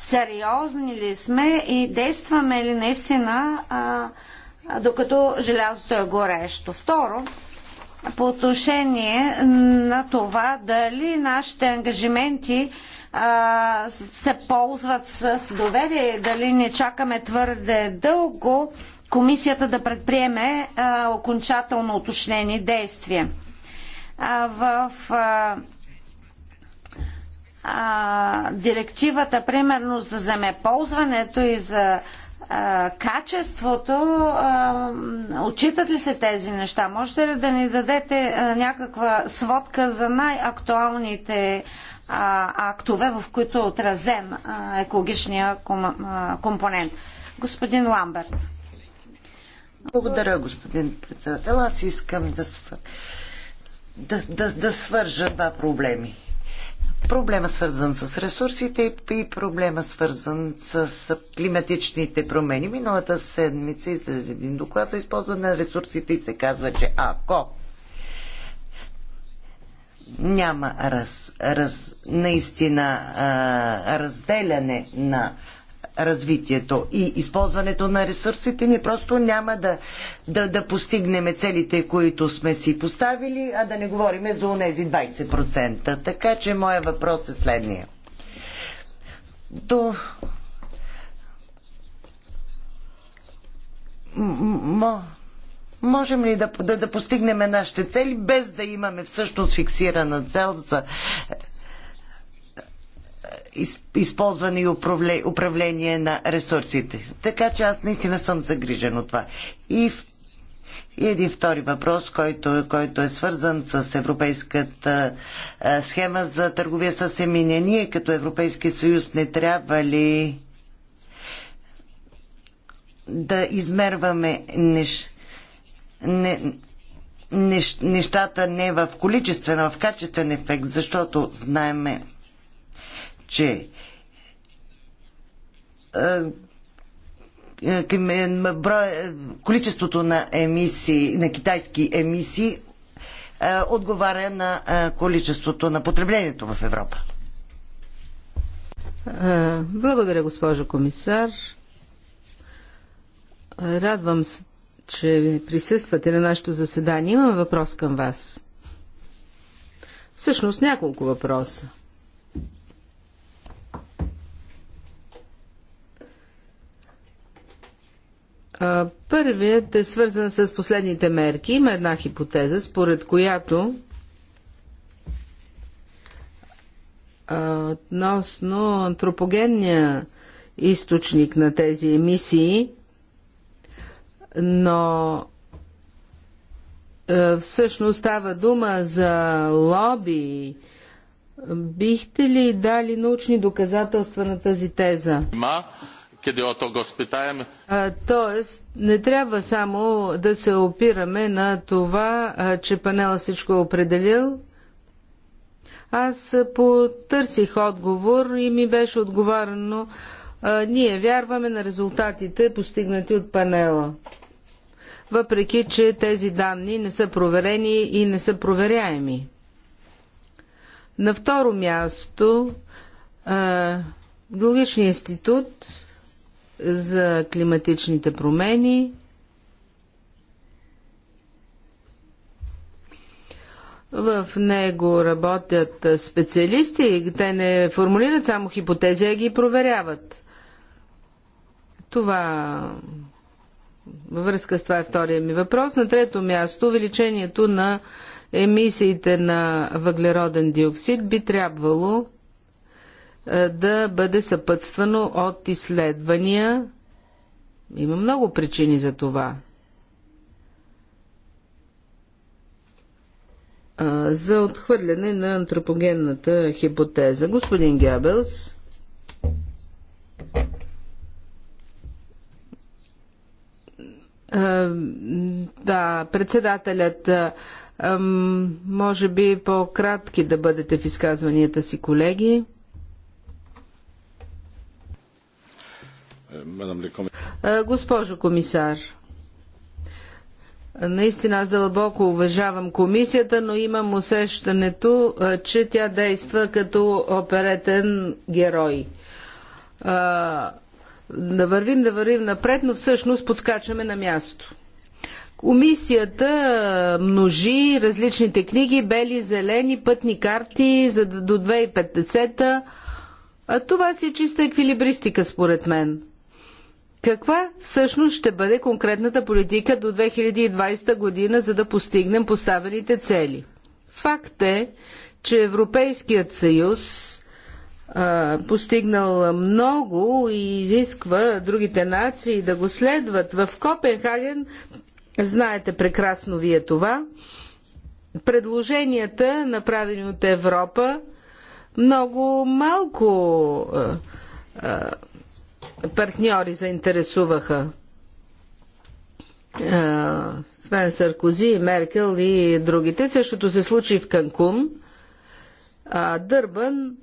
сериозни ли сме и действаме ли наистина а, докато желязото е горещо. Второ, по отношение на това дали нашите ангажименти а, се ползват с доверие, дали не чакаме твърде дълго комисията да предприеме а, окончателно уточнени действия. А, в а, а, директивата, примерно за земеползването и за а, качеството, а, отчитат ли се тези неща? Можете ли да ни дадете а, някаква сводка за най-актуалните актове, в които е отразен а, екологичния ком, а, компонент? Господин Ламберт. Благодаря, господин председател. Аз искам да, свър... да, да, да свържа два проблеми проблема свързан с ресурсите и проблема свързан с климатичните промени. Миналата седмица излезе един доклад за използване на ресурсите и се казва, че ако няма раз, раз, наистина а, разделяне на развитието и използването на ресурсите ни, просто няма да, да, да постигнем целите, които сме си поставили, а да не говорим за онези 20%. Така че моя въпрос е следния. До... М- можем ли да, да, да постигнем нашите цели, без да имаме всъщност фиксирана цел за използване и управление на ресурсите. Така че аз наистина съм загрижен от това. И, и един втори въпрос, който, който е свързан с европейската схема за търговия с еминия. Ние като Европейски съюз не трябва ли да измерваме неш... не, нещ, нещата не в количествен, а в качествен ефект, защото знаеме че е, количеството на емисии, на китайски емисии отговаря на количеството на потреблението в Европа. Благодаря, госпожо комисар. Радвам се, че присъствате на нашето заседание. Имам въпрос към вас. Всъщност няколко въпроса. Първият е свързан с последните мерки. Има една хипотеза, според която относно антропогенния източник на тези емисии, но всъщност става дума за лоби. Бихте ли дали научни доказателства на тази теза? kiedy o to go spytałem. Тоест, не трябва само да се опираме на това, че панела всичко е определил. Аз потърсих отговор и ми беше отговарено, ние вярваме на резултатите, постигнати от панела. Въпреки, че тези данни не са проверени и не са проверяеми. На второ място, геологичния институт за климатичните промени. В него работят специалисти. Те не формулират само хипотези, а ги проверяват. Това във връзка с това е втория ми въпрос. На трето място, увеличението на емисиите на въглероден диоксид би трябвало е, да бъде съпътствано от изследвания. Има много причини за това. За отхвърляне на антропогенната хипотеза. Господин Гебелс. Да, председателят може би по-кратки да бъдете в изказванията си, колеги. Госпожо комисар, наистина аз дълбоко уважавам комисията, но имам усещането, че тя действа като оперетен герой. Да вървим, да вървим напред, но всъщност подскачаме на място. Комисията множи различните книги, бели, зелени, пътни карти за до 2050. А това си е чиста еквилибристика, според мен. Каква всъщност ще бъде конкретната политика до 2020 година, за да постигнем поставените цели? Факт е, че Европейският съюз а, постигнал много и изисква другите нации да го следват. В Копенхаген, знаете прекрасно вие това, предложенията, направени от Европа, много малко а, а, партньори заинтересуваха. Свен Саркози, Меркел и другите. Същото се случи в Канкун. А Дърбан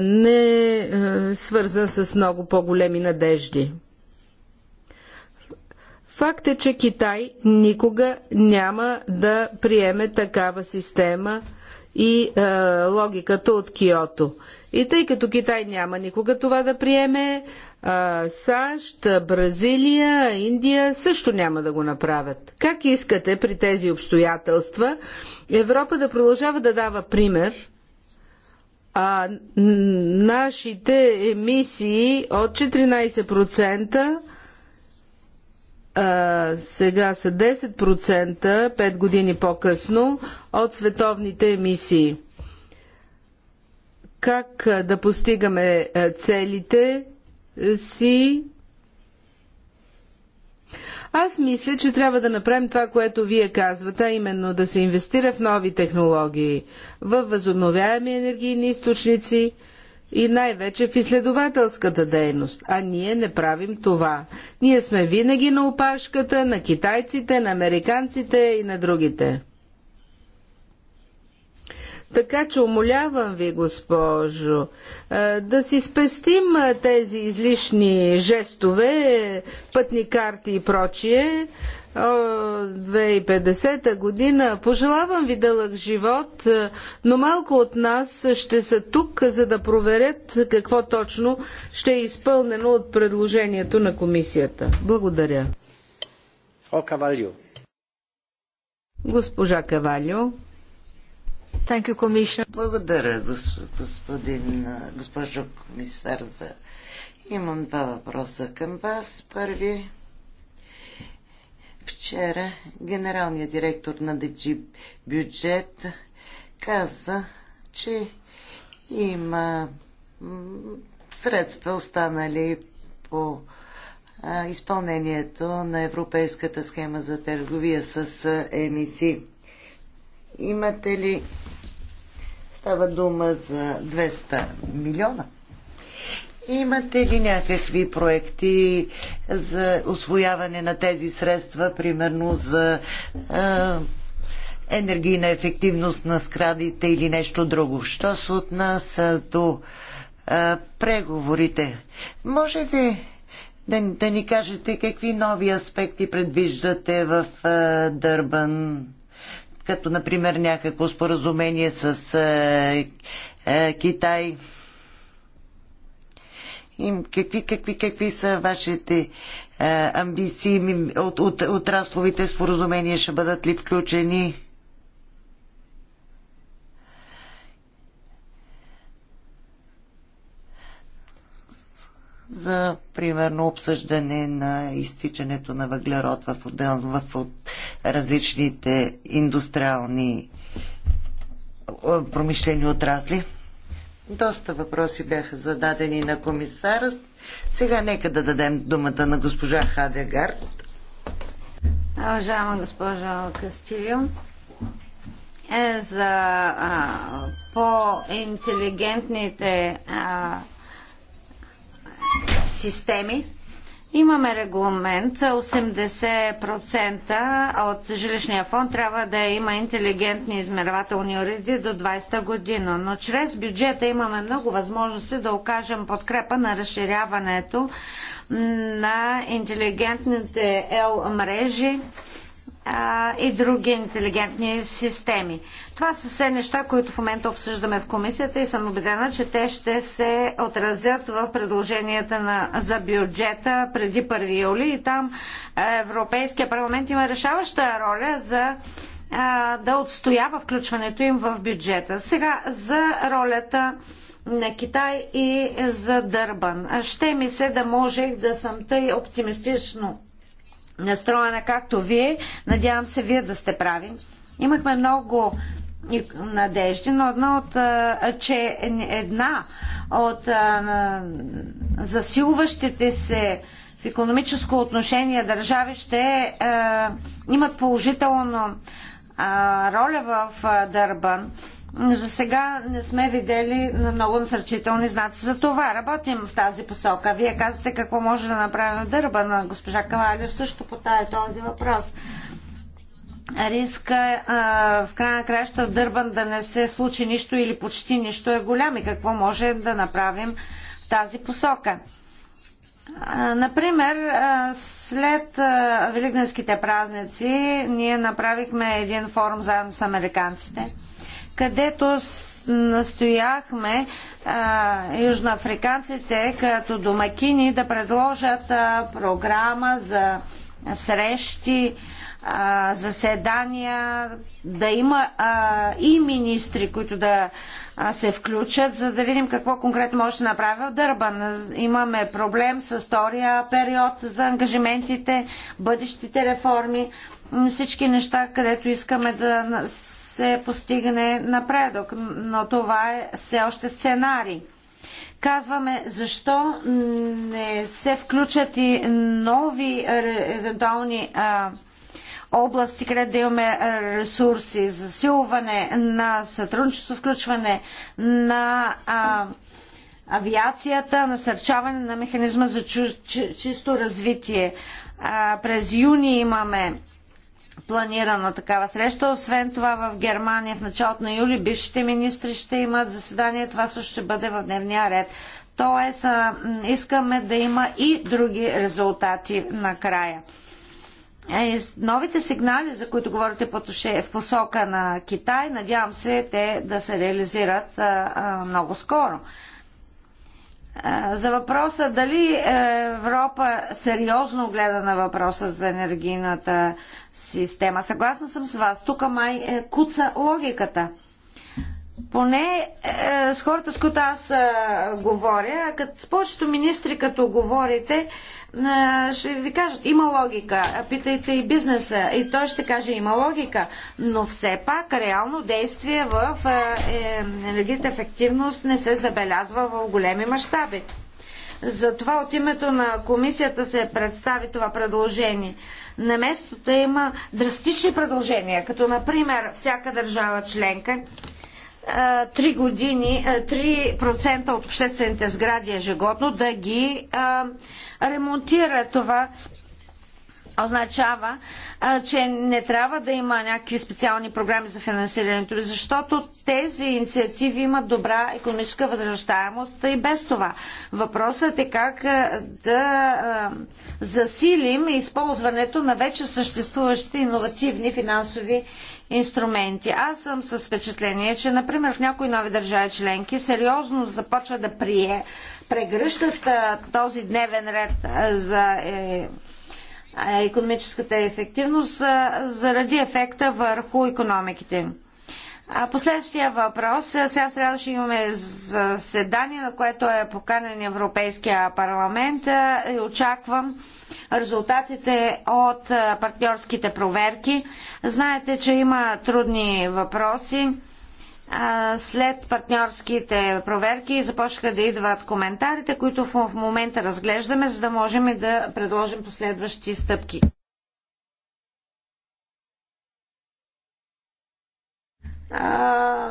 не е свързан с много по-големи надежди. Факт е, че Китай никога няма да приеме такава система и е, логиката от Киото. И тъй като Китай няма никога това да приеме, САЩ, Бразилия, Индия също няма да го направят. Как искате при тези обстоятелства Европа да продължава да дава пример, а нашите емисии от 14% а, сега са 10% 5 години по-късно от световните емисии как да постигаме целите си. Аз мисля, че трябва да направим това, което вие казвате, а именно да се инвестира в нови технологии, в възобновяеми енергийни източници и най-вече в изследователската дейност. А ние не правим това. Ние сме винаги на опашката на китайците, на американците и на другите. Така че умолявам ви, госпожо, да си спестим тези излишни жестове, пътни карти и прочие. 2050 година. Пожелавам ви дълъг живот, но малко от нас ще са тук, за да проверят какво точно ще е изпълнено от предложението на комисията. Благодаря. Госпожа Кавалио. You, Благодаря, господин, госпожо комисар. За... Имам два въпроса към вас. Първи. Вчера генералният директор на Диджи бюджет каза, че има средства останали по изпълнението на Европейската схема за търговия с емисии. Имате ли Става дума за 200 милиона. Имате ли някакви проекти за освояване на тези средства, примерно за енергийна ефективност на скрадите или нещо друго? Що се отнася до преговорите? Може ли да, да ни кажете какви нови аспекти предвиждате в Дърбан? като например някакво споразумение с е, е, Китай. И какви, какви, какви са вашите е, амбиции от, от, отрасловите споразумения? Ще бъдат ли включени? за, примерно, обсъждане на изтичането на въглерод в, отделно, в от различните индустриални промишлени отрасли. Доста въпроси бяха зададени на комисара. Сега нека да дадем думата на госпожа Хадегард. Уважаема госпожа Кастилио, е за по-интелигентните системи. Имаме регламент, 80% от жилищния фонд трябва да има интелигентни измервателни уреди до 20-та година, но чрез бюджета имаме много възможности да окажем подкрепа на разширяването на интелигентните L мрежи а, и други интелигентни системи. Това са все неща, които в момента обсъждаме в комисията и съм убедена, че те ще се отразят в предложенията на, за бюджета преди 1 юли и там Европейския парламент има решаваща роля за а, да отстоява включването им в бюджета. Сега за ролята на Китай и за Дърбан. Ще ми се да можех да съм тъй оптимистично настроена както вие. Надявам се вие да сте прави. Имахме много надежди, но едно от, че една от засилващите се в економическо отношение държави ще е, имат положително роля в Дърбан. За сега не сме видели на много насърчителни знаци за това. Работим в тази посока. Вие казвате какво може да направим дърба на госпожа Кавалев също по тази този въпрос. Риска е, а, в края на краща дърбан да не се случи нищо или почти нищо е голям и какво може да направим в тази посока. Например, след Великденските празници ние направихме един форум заедно с американците – където настояхме южноафриканците като домакини да предложат програма за срещи, заседания, да има и министри, които да се включат, за да видим какво конкретно може да се направи в Дърбан. Имаме проблем с втория период за ангажиментите, бъдещите реформи, всички неща, където искаме да се постигне напредък, но това е все още сценарий. Казваме защо не се включат и нови евентуални а, области, където да имаме ресурси, засилване на сътрудничество, включване на а, авиацията, насърчаване на механизма за чу, чисто развитие. А, през юни имаме планирана такава среща. Освен това в Германия в началото на юли бившите министри ще имат заседание. Това също ще бъде в дневния ред. Тоест, искаме да има и други резултати накрая. Е, новите сигнали, за които говорите в посока на Китай, надявам се те да се реализират много скоро. За въпроса дали е, Европа сериозно гледа на въпроса за енергийната система. Съгласна съм с вас. Тук май е, куца логиката. Поне е, с хората, с които аз е, говоря, като, с повечето министри, като говорите, е, ще ви кажат, има логика. Питайте и бизнеса. И той ще каже, има логика. Но все пак реално действие в е, е, енергийната ефективност не се забелязва в големи мащаби. Затова от името на комисията се представи това предложение. На местото има драстични предложения, като например всяка държава членка три години 3% от обществените сгради ежегодно да ги а, ремонтира. Това означава, а, че не трябва да има някакви специални програми за финансирането, защото тези инициативи имат добра економическа възвръщаемост и без това. Въпросът е как а, да засилим използването на вече съществуващи иновативни финансови инструменти. Аз съм с впечатление, че, например, в някои нови държави членки сериозно започва да прие, прегръщат а, този дневен ред а, за е, економическата ефективност а, заради ефекта върху економиките. А последващия въпрос. Сега в ще имаме заседание, на което е поканен Европейския парламент и очаквам резултатите от партньорските проверки. Знаете, че има трудни въпроси. След партньорските проверки започнаха да идват коментарите, които в момента разглеждаме, за да можем и да предложим последващи стъпки. А,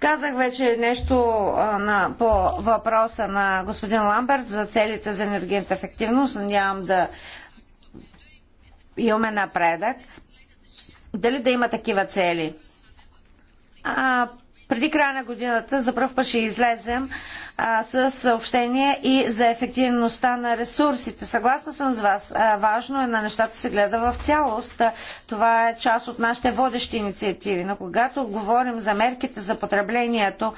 казах вече нещо а, на, по въпроса на господин Ламберт за целите за енергийната ефективност. Надявам да имаме напредък. Дали да има такива цели? А, преди края на годината за първ път ще излезем а, с съобщение и за ефективността на ресурсите. Съгласна съм с вас. А, важно е на нещата се гледа в цялост. А, това е част от нашите водещи инициативи. Но когато говорим за мерките за потреблението,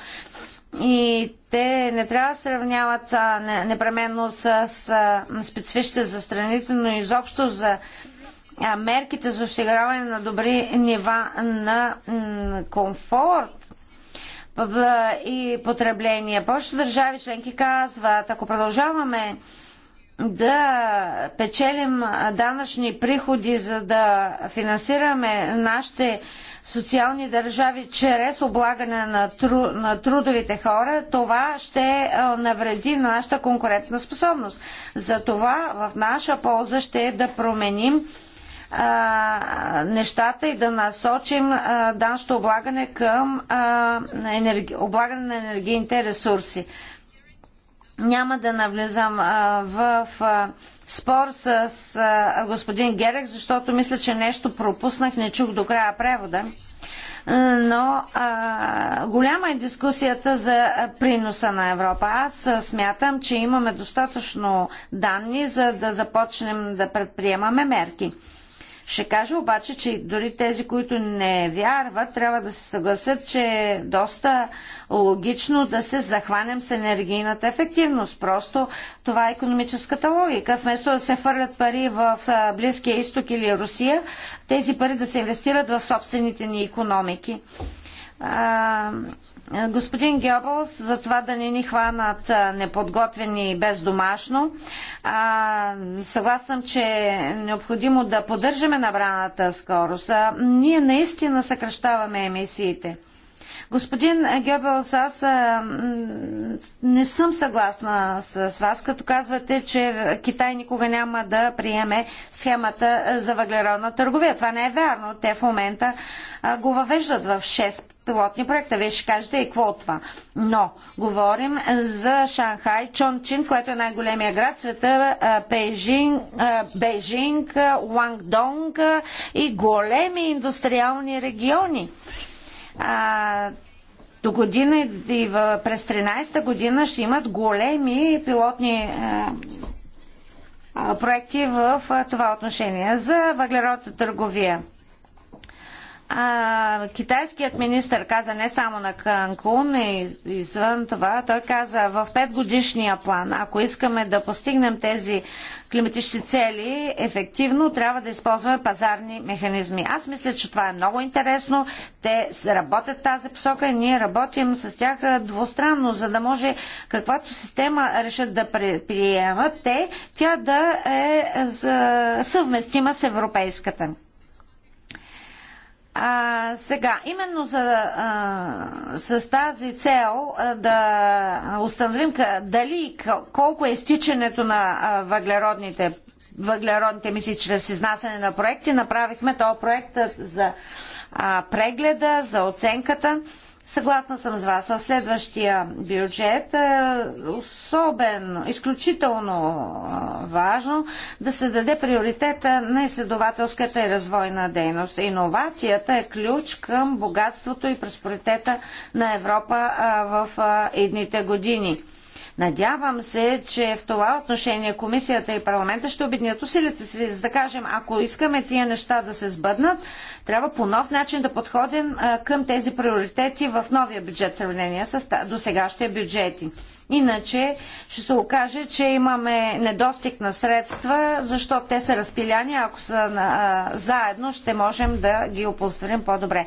и те не трябва да сравняват а, не, непременно с, с специфичните за страните, но изобщо за мерките за осигуряване на добри нива на комфорт и потребление. Повечето държави членки казват, ако продължаваме да печелим данъчни приходи, за да финансираме нашите социални държави чрез облагане на, тру, на трудовите хора, това ще навреди на нашата конкурентна способност. Затова в наша полза ще е да променим а, нещата и да насочим данщо облагане към а, енерги... облагане на енергийните ресурси. Няма да навлизам а, в а, спор с а, господин Герек, защото мисля, че нещо пропуснах, не чух до края превода. Но а, голяма е дискусията за приноса на Европа. Аз смятам, че имаме достатъчно данни, за да започнем да предприемаме мерки. Ще кажа обаче, че дори тези, които не вярват, трябва да се съгласят, че е доста логично да се захванем с енергийната ефективност. Просто това е економическата логика. Вместо да се фърлят пари в Близкия изток или Русия, тези пари да се инвестират в собствените ни економики. Е, господин Геобълс, за това да не ни хванат е, неподготвени и бездомашно. А, съгласна, че е необходимо да поддържаме набраната скорост. А, е, ние наистина съкръщаваме емисиите. Господин Гебелс, аз не съм съгласна с вас, като казвате, че Китай никога няма да приеме схемата за въглеродна търговия. Това не е вярно. Те в момента го въвеждат в 6 пилотни проекта. Вие ще кажете и какво от това. Но говорим за Шанхай, Чончин, което е най-големия град в света, Бейжинг, Бейжинг Уангдонг и големи индустриални региони а, до година и в, през 13-та година ще имат големи пилотни а, а, проекти в а, това отношение за въглеродната търговия а, китайският министр каза не само на Канкун, и извън това, той каза в петгодишния план, ако искаме да постигнем тези климатични цели ефективно, трябва да използваме пазарни механизми. Аз мисля, че това е много интересно. Те работят тази посока и ние работим с тях двустранно, за да може каквато система решат да приемат те, тя да е съвместима с европейската. А, сега, именно за, а, с тази цел а, да установим дали колко е изтичането на а, въглеродните, въглеродните мисии чрез изнасяне на проекти, направихме този проект за а, прегледа, за оценката Съгласна съм с вас. В следващия бюджет е особен, изключително е, важно да се даде приоритета на изследователската и развойна дейност. Иновацията е ключ към богатството и проспоритета на Европа е, в е, едните години. Надявам се, че в това отношение комисията и парламента ще обеднят усилите. си, за да кажем, ако искаме тия неща да се сбъднат, трябва по нов начин да подходим а, към тези приоритети в новия бюджет в сравнение с досегащите бюджети. Иначе ще се окаже, че имаме недостиг на средства, защото те са разпиляни. Ако са а, заедно, ще можем да ги опозорим по-добре.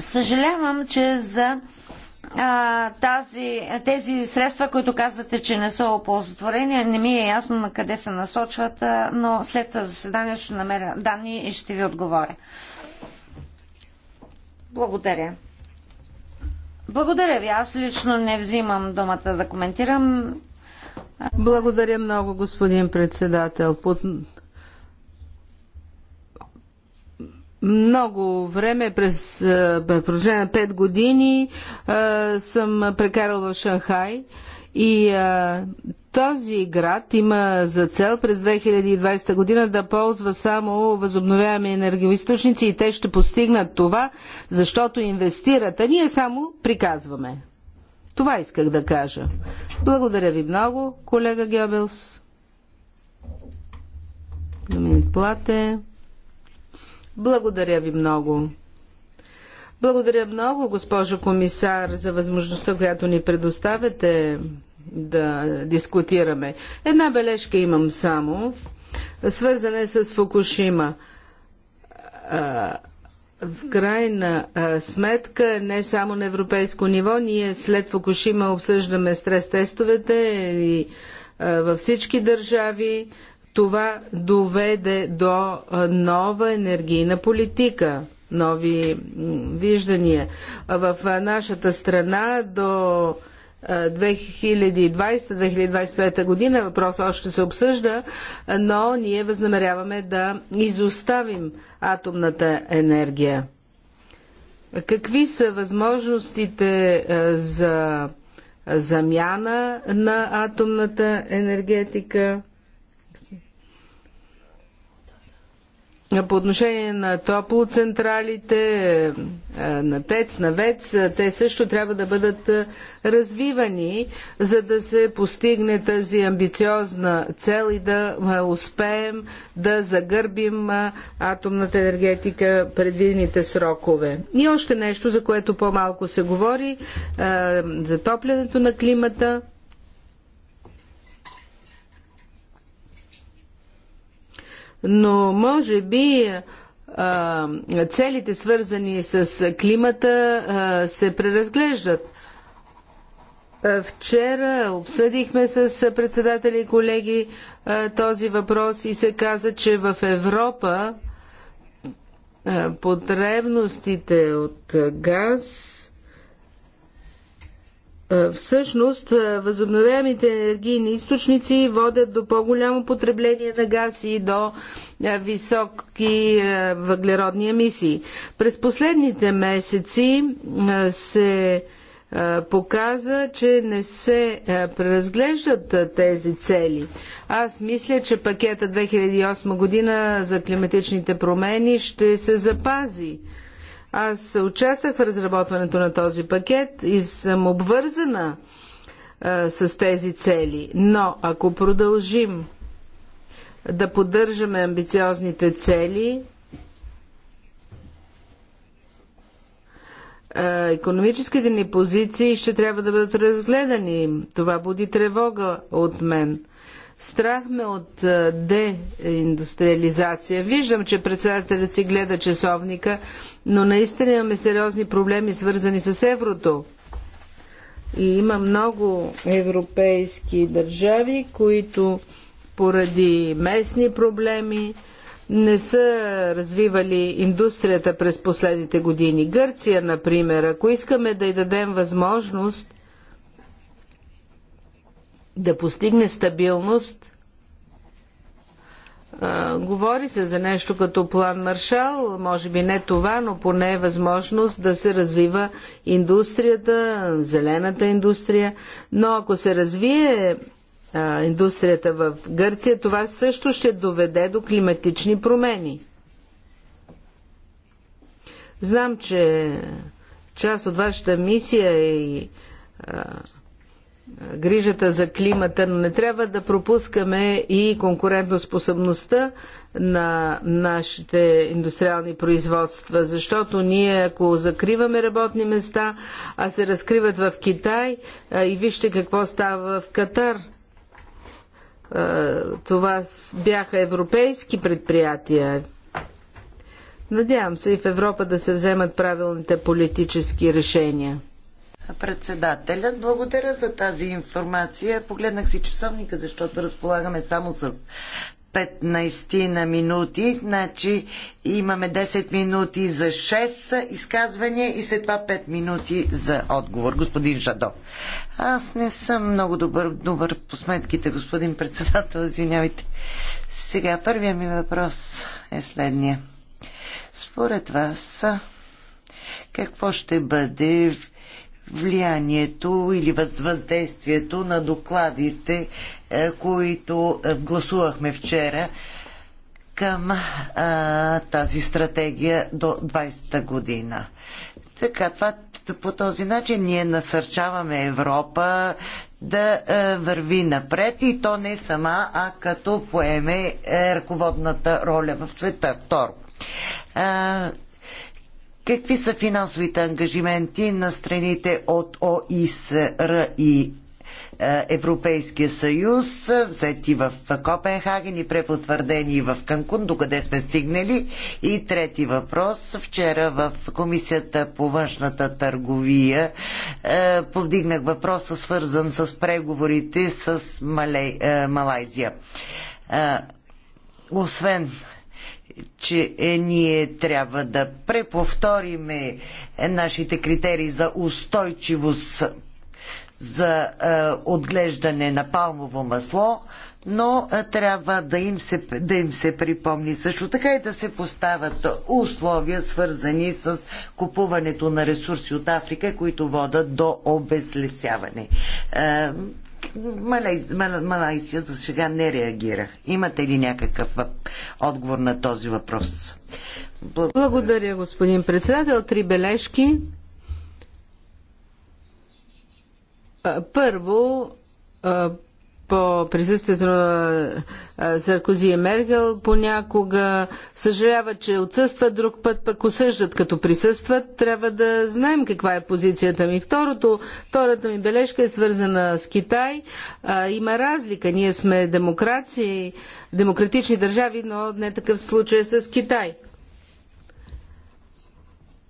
Съжалявам, че за а, тази, тези средства, които казвате, че не са оползотворени, не ми е ясно на къде се насочват, а, но след заседанието ще намеря данни и ще ви отговоря. Благодаря. Благодаря ви. Аз лично не взимам думата да коментирам. Благодаря много, господин председател. Под много време, през е, продължение на 5 години, е, съм прекарал в Шанхай и а, е, този град има за цел през 2020 година да ползва само възобновяеми енергоисточници и те ще постигнат това, защото инвестират, а ние само приказваме. Това исках да кажа. Благодаря ви много, колега Гебелс. Доминик Плате. Благодаря ви много. Благодаря много, госпожо комисар, за възможността, която ни предоставяте да дискутираме. Една бележка имам само, свързана е с Фукушима. В крайна сметка, не само на европейско ниво, ние след Фукушима обсъждаме стрес-тестовете и във всички държави това доведе до нова енергийна политика, нови виждания. В нашата страна до 2020-2025 година въпрос още се обсъжда, но ние възнамеряваме да изоставим атомната енергия. Какви са възможностите за замяна на атомната енергетика? По отношение на топлоцентралите, е, на ТЕЦ, на ВЕЦ, е, те също трябва да бъдат е, развивани, за да се постигне тази амбициозна цел и да успеем да загърбим атомната енергетика предвидените срокове. И още нещо, за което по-малко се говори, затоплянето на климата. но може би целите свързани с климата се преразглеждат. Вчера обсъдихме с председатели и колеги този въпрос и се каза, че в Европа потребностите от газ е, всъщност, е, възобновяемите енергийни източници водят до по-голямо потребление на газ и до е, високи въглеродни емисии. През последните месеци се показа, че не се преразглеждат тези цели. Аз мисля, че пакета 2008 година за климатичните промени ще се запази аз участвах в разработването на този пакет и съм обвързана а, с тези цели. Но ако продължим да поддържаме амбициозните цели, економическите ни позиции ще трябва да бъдат разгледани. Това буди тревога от мен. Страх ме от деиндустриализация. Виждам, че председателят си гледа часовника, но наистина имаме сериозни проблеми, свързани с еврото. И има много европейски държави, които поради местни проблеми не са развивали индустрията през последните години. Гърция, например, ако искаме да й дадем възможност да постигне стабилност. говори се за нещо като план Маршал, може би не това, но поне е възможност да се развива индустрията, зелената индустрия. Но ако се развие индустрията в Гърция, това също ще доведе до климатични промени. Знам, че част от вашата мисия е и грижата за климата, но не трябва да пропускаме и конкурентоспособността на нашите индустриални производства, защото ние ако закриваме работни места, а се разкриват в Китай и вижте какво става в Катар. Това бяха европейски предприятия. Надявам се и в Европа да се вземат правилните политически решения. Председателят, благодаря за тази информация. Погледнах си часовника, защото разполагаме само с 15 на минути, значи имаме 10 минути за 6 изказвания и след това 5 минути за отговор. Господин Жадо. Аз не съм много добър, добър по сметките, господин председател, извинявайте. Сега първият ми въпрос е следния. Според вас, какво ще бъде влиянието или въздействието на докладите, е, които е, гласувахме вчера към а, е, тази стратегия до 20-та година. Така, това, по този начин ние насърчаваме Европа да а, върви напред и то не сама, а като поеме ръководната роля в света. Второ, А, Какви са финансовите ангажименти на страните от ОИСР и е, Европейския съюз, взети в Копенхаген и препотвърдени в Канкун, докъде сме стигнали. И трети въпрос. Вчера в Комисията по външната търговия е, повдигнах въпроса, свързан с преговорите с Малей, е, Малайзия. освен че е, ние трябва да преповториме нашите критерии за устойчивост за е, отглеждане на палмово масло, но е, трябва да им, се, да им се припомни също така и да се поставят условия, свързани с купуването на ресурси от Африка, които водат до обезлесяване. Е, Малайзия за сега не реагира. Имате ли някакъв отговор на този въпрос? Благодаря, Благодаря господин председател. Три бележки. Първо, по присъствието на Саркози и Мергел понякога съжаляват, че отсъстват, друг път пък осъждат като присъстват. Трябва да знаем каква е позицията ми. Второто, втората ми бележка е свързана с Китай. А, има разлика. Ние сме демокрации, демократични държави, но не такъв случай е с Китай.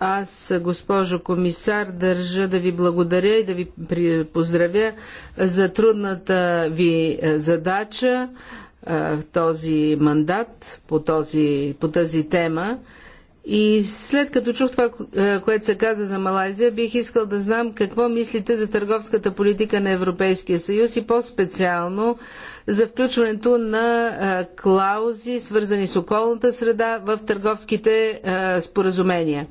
Аз, госпожо комисар, държа да ви благодаря и да ви поздравя за трудната ви е, задача е, в този мандат по, този, по тази тема. И след като чух това, е, което се каза за Малайзия, бих искал да знам какво мислите за търговската политика на Европейския съюз и по-специално за включването на клаузи, свързани с околната среда в търговските споразумения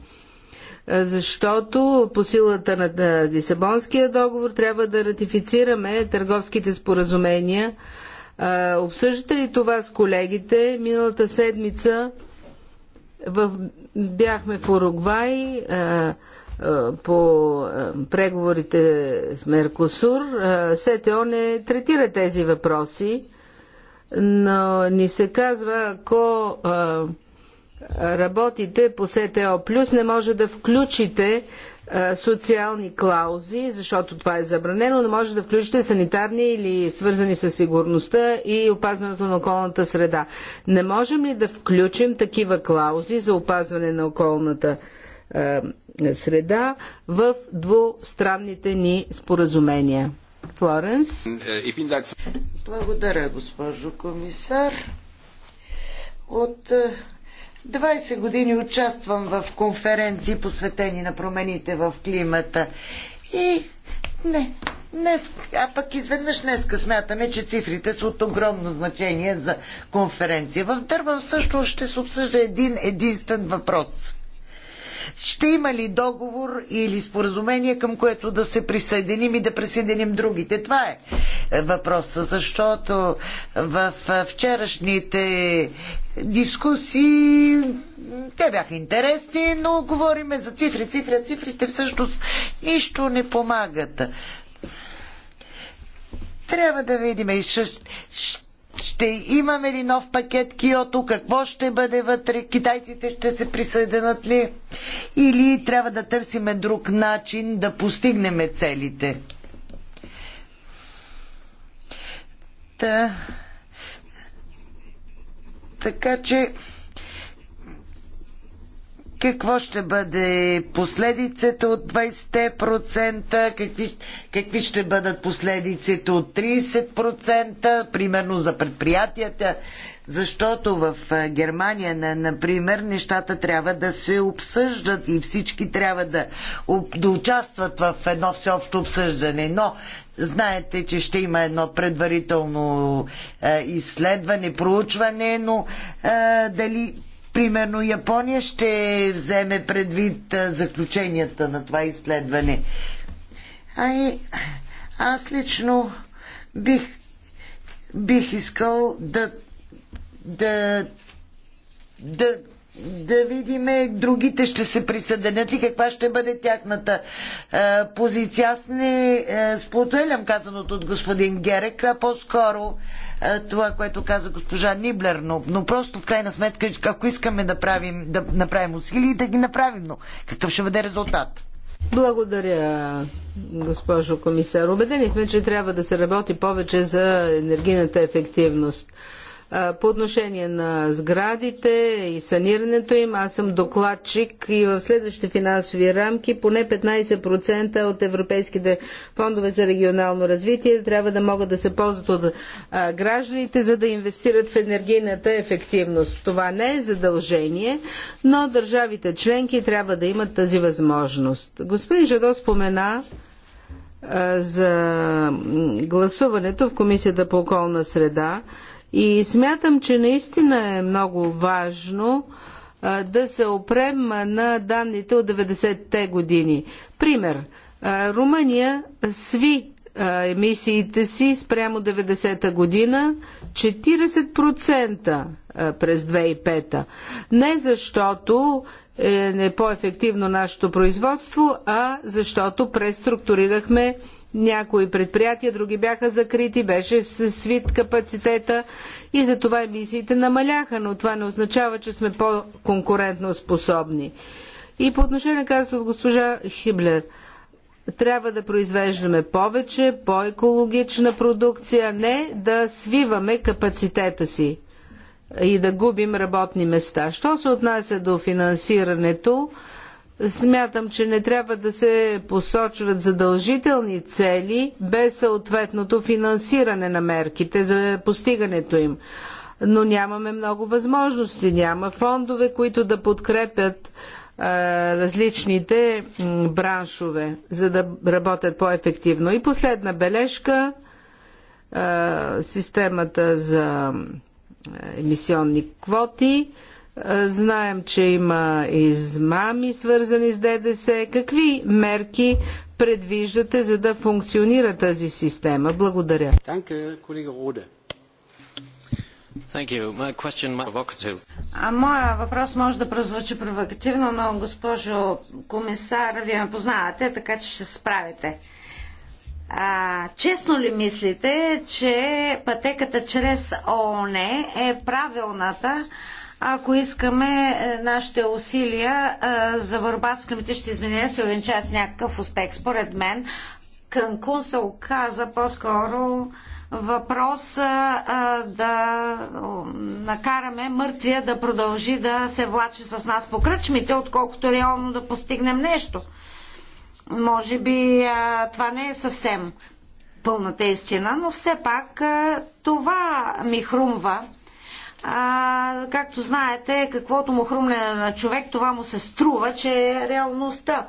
защото по силата на Лисабонския договор трябва да ратифицираме търговските споразумения. Обсъждате ли това с колегите? Миналата седмица в... бяхме в Уругвай по преговорите с Меркосур. СТО не третира тези въпроси, но ни се казва, ако работите по СТО Плюс, не може да включите е, социални клаузи, защото това е забранено, но може да включите санитарни или свързани с сигурността и опазването на околната среда. Не можем ли да включим такива клаузи за опазване на околната е, среда в двустранните ни споразумения? Флоренс? Благодаря, госпожо комисар. От е, 20 години участвам в конференции, посветени на промените в климата. И не, днес, а пък изведнъж днеска смятаме, че цифрите са от огромно значение за конференция. В Дърбан също ще се обсъжда един единствен въпрос. Ще има ли договор или споразумение, към което да се присъединим и да присъединим другите? Това е въпроса, защото в вчерашните дискусии. Те бяха интересни, но говориме за цифри, цифри, цифрите всъщност нищо не помагат. Трябва да видим и ще, ще имаме ли нов пакет Киото, какво ще бъде вътре, китайците ще се присъединят ли или трябва да търсиме друг начин да постигнем целите. Та... Да. Така че какво ще бъде последиците от 20%, какви, какви ще бъдат последиците от 30%, примерно за предприятията, защото в Германия, например, нещата трябва да се обсъждат и всички трябва да, да участват в едно всеобщо обсъждане. Но Знаете, че ще има едно предварително е, изследване, проучване, но е, дали примерно Япония ще вземе предвид е, заключенията на това изследване? Ай, аз лично бих, бих искал да, да, да да видим е, другите ще се присъединят и каква ще бъде тяхната е, позиция. Аз не е, споделям казаното от господин Герек, а по-скоро е, това, което каза госпожа Ниблер, но, но просто в крайна сметка, ако искаме да, правим, да направим усилия, да ги направим, но какъв ще бъде резултат? Благодаря, госпожо комисар. Обедени сме, че трябва да се работи повече за енергийната ефективност. По отношение на сградите и санирането им, аз съм докладчик и в следващите финансови рамки поне 15% от европейските фондове за регионално развитие трябва да могат да се ползват от гражданите, за да инвестират в енергийната ефективност. Това не е задължение, но държавите членки трябва да имат тази възможност. Господин Жадо спомена за гласуването в Комисията по околна среда. И смятам, че наистина е много важно да се опрем на данните от 90-те години. Пример. Румъния сви емисиите си спрямо 90-та година 40% през 2005-та. Не защото е, е по-ефективно нашето производство, а защото преструктурирахме някои предприятия, други бяха закрити, беше свит капацитета и затова емисиите намаляха, но това не означава, че сме по-конкурентно способни. И по отношение казва от госпожа Хиблер, трябва да произвеждаме повече, по-екологична продукция, не да свиваме капацитета си и да губим работни места. Що се отнася до финансирането, Смятам, че не трябва да се посочват задължителни цели без съответното финансиране на мерките за постигането им. Но нямаме много възможности, няма фондове, които да подкрепят е, различните браншове, за да работят по-ефективно. И последна бележка е, системата за е, емисионни квоти. Е, знаем, че има измами, свързани с ДДС. Какви мерки предвиждате, за да функционира тази система? Благодаря. А моя въпрос може да прозвучи провокативно, но госпожо комисар, вие ме познавате, така че ще се справите. А, честно ли мислите, че пътеката чрез ООН е правилната, ако искаме е, нашите усилия е, за борба с климатичните изменения се увенчат с някакъв успех. Според мен, Канкун се оказа по-скоро въпрос а, е, да накараме мъртвия да продължи да се влачи с нас по кръчмите, отколкото реално да постигнем нещо. Може би а, това не е съвсем пълната истина, но все пак а, това ми хрумва а, както знаете, каквото му хрумне на човек, това му се струва, че е реалността.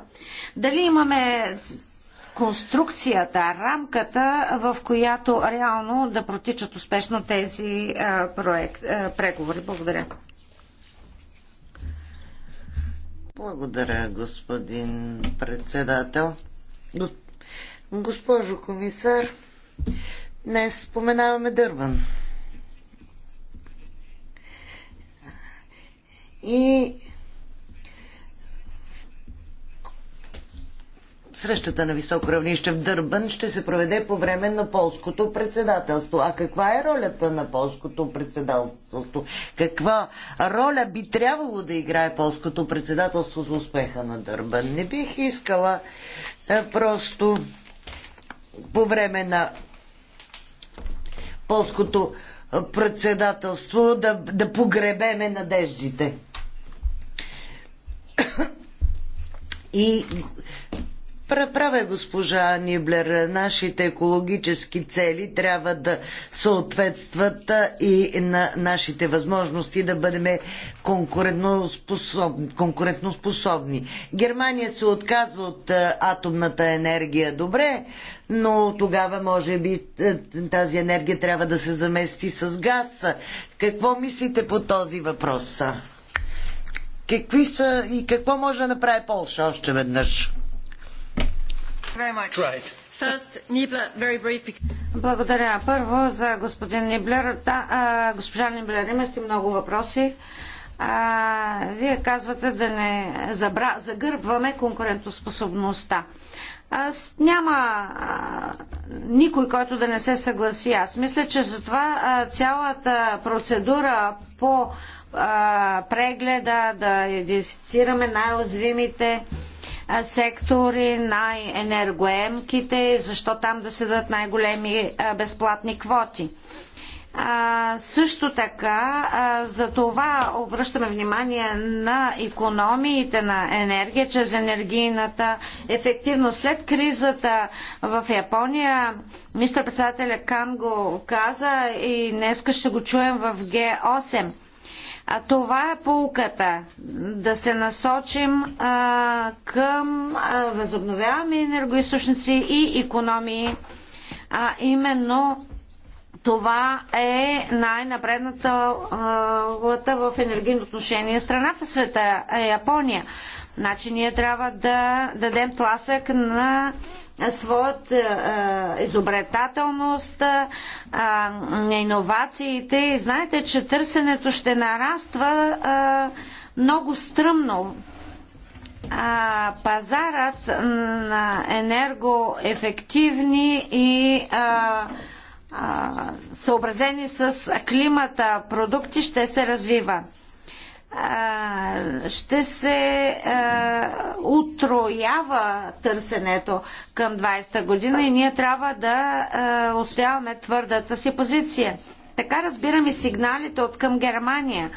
Дали имаме конструкцията, рамката, в която реално да протичат успешно тези а, проект, а, преговори. Благодаря. Благодаря, господин председател. Госпожо комисар, днес споменаваме Дърбан. И срещата на високо равнище в Дърбан ще се проведе по време на полското председателство. А каква е ролята на полското председателство? Каква роля би трябвало да играе полското председателство за успеха на Дърбън? Не бих искала е, просто по време на полското е, председателство да, да погребеме надеждите. И е госпожа Ниблер, нашите екологически цели трябва да съответстват и на нашите възможности да бъдем конкурентоспособни. Германия се отказва от атомната енергия добре, но тогава може би е, тази енергия трябва да се замести с газ. Какво мислите по този въпрос? какви са и какво може да направи Полша още веднъж? Благодаря. Първо за господин Ниблер. Да, а, госпожа Ниблер, имате много въпроси. А, вие казвате да не забра, загърбваме конкурентоспособността. Аз няма а, никой, който да не се съгласи. Аз мисля, че затова цялата процедура по а, прегледа, да идентифицираме най-озвимите сектори, най-енергоемките, защо там да се дадат най-големи безплатни квоти. А, също така, а, за това обръщаме внимание на економиите на енергия чрез енергийната ефективност. След кризата в Япония, мистер председателя Канго каза и днеска ще го чуем в Г8. А това е полката Да се насочим а, към а, възобновяваме енергоисточници и економии, а именно това е най-напредната лата в енергийно отношение страна в света, е Япония. Значи ние трябва да дадем тласък на своят е, изобретателност, е, иновациите. Знаете, че търсенето ще нараства е, много стръмно. А, пазарът на енергоефективни и а, съобразени с климата продукти ще се развива. Ще се утроява търсенето към 20-та година и ние трябва да отстояваме твърдата си позиция. Така разбирам и сигналите от към Германия.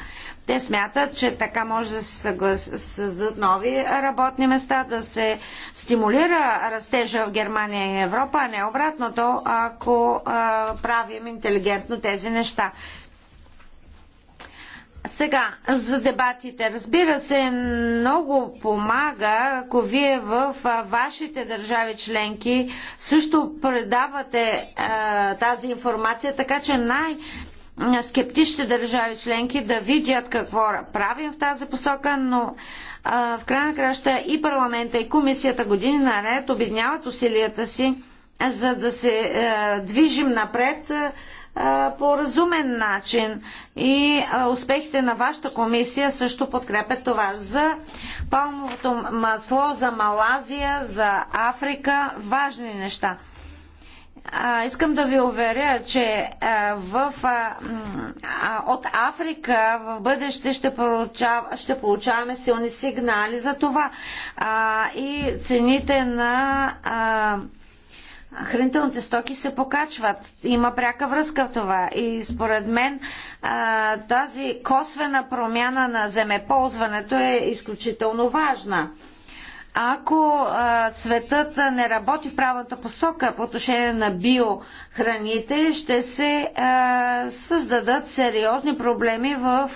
Те смятат, че така може да се създадат нови работни места, да се стимулира растежа в Германия и Европа, а не обратното, ако а, правим интелигентно тези неща. Сега, за дебатите. Разбира се, много помага, ако вие в вашите държави членки също предавате а, тази информация, така че най- скептичните държави членки да видят какво правим в тази посока, но а, в крайна краща и парламента, и комисията години наред обедняват усилията си, за да се а, е, движим напред а, е, е, по разумен начин. И успехите на вашата комисия също подкрепят това. За палмовото масло, за Малазия, за Африка, важни неща. А, искам да ви уверя, че а, в, а, от Африка в бъдеще ще, ще получаваме силни сигнали за това. и цените на хранителните стоки се покачват. Има пряка връзка в това. И според мен тази косвена промяна на земеползването е изключително важна ако светът не работи в правилната посока по отношение на биохраните, ще се създадат сериозни проблеми в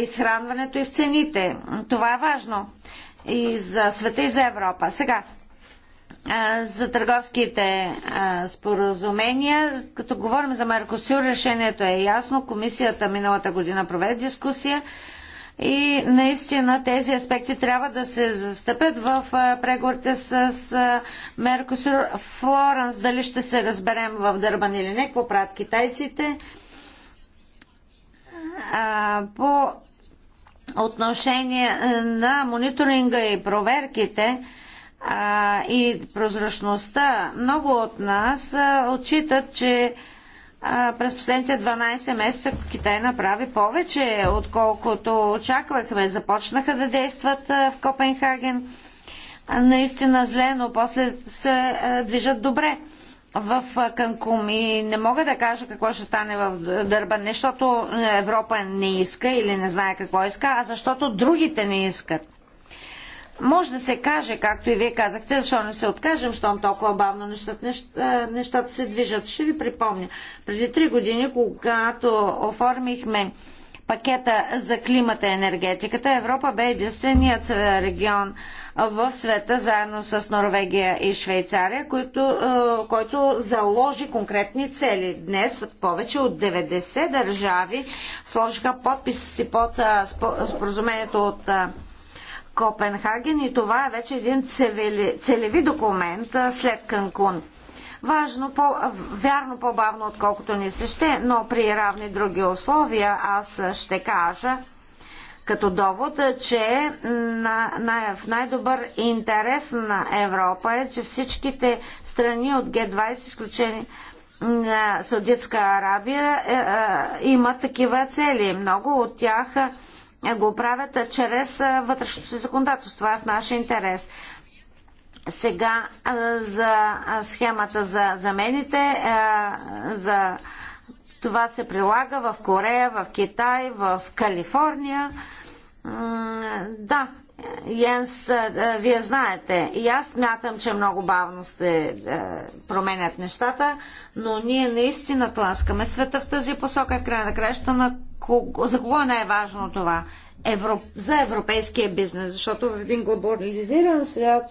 изхранването и в цените. Това е важно и за света, и за Европа. Сега, за търговските споразумения. Като говорим за Меркосюр, решението е ясно. Комисията миналата година проведе дискусия и наистина тези аспекти трябва да се застъпят в преговорите с Меркосур Флоренс. Дали ще се разберем в Дърбан или не, какво правят китайците. По отношение на мониторинга и проверките, и прозрачността. Много от нас отчитат, че през последните 12 месеца Китай направи повече, отколкото очаквахме. Започнаха да действат в Копенхаген наистина зле, но после се движат добре в Канкум и не мога да кажа какво ще стане в Дърба, не защото Европа не иска или не знае какво иска, а защото другите не искат. Може да се каже, както и вие казахте, защо не се откажем, щом толкова бавно нещата, нещата, нещата се движат. Ще ви припомня, преди три години, когато оформихме пакета за климата и енергетиката, Европа бе единственият е, регион в света, заедно с Норвегия и Швейцария, който, е, който заложи конкретни цели. Днес повече от 90 държави сложиха подписи си под е, споразумението от Копенхаген и това е вече един цели, целеви документ след Канкун. Важно, по, вярно по-бавно, отколкото ни се ще, но при равни други условия аз ще кажа като довод, че на, на, в най-добър интерес на Европа е, че всичките страни от Г-20, изключени на Саудитска Арабия, е, е, имат такива цели. Много от тях е, го правят чрез вътрешното си законодателство. Това е в наш интерес. Сега за схемата за замените, за това се прилага в Корея, в Китай, в Калифорния. Да, Йенс, вие знаете, и аз мятам, че много бавно се променят нещата, но ние наистина тласкаме света в тази посока. В края на краища на за кого е най-важно това? Евро, за европейския бизнес, защото в един глобализиран свят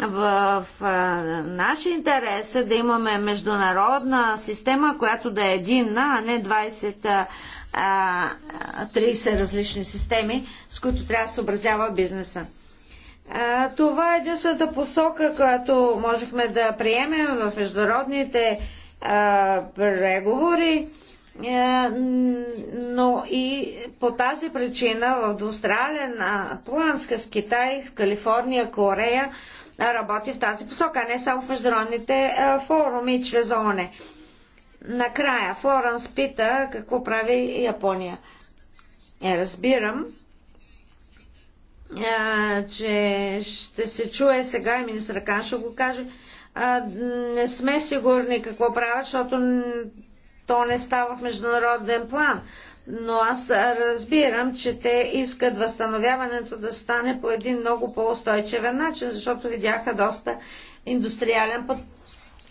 в в наш интерес е да имаме международна система, която да е единна, а не 20 а, 30 различни системи, с които трябва да се образява бизнеса. А, това е единствената посока, която можехме да приемем в международните а, преговори. Е, но и по тази причина в на план с Китай, в Калифорния, Корея работи в тази посока, а не само в международните е, форуми чрез ОНЕ. Накрая Флоренс пита какво прави Япония. Е, разбирам, е, че ще се чуе сега и министър Кан ще го каже. не сме сигурни какво правят, защото то не става в международен план. Но аз разбирам, че те искат възстановяването да стане по един много по-устойчивен начин, защото видяха доста индустриален път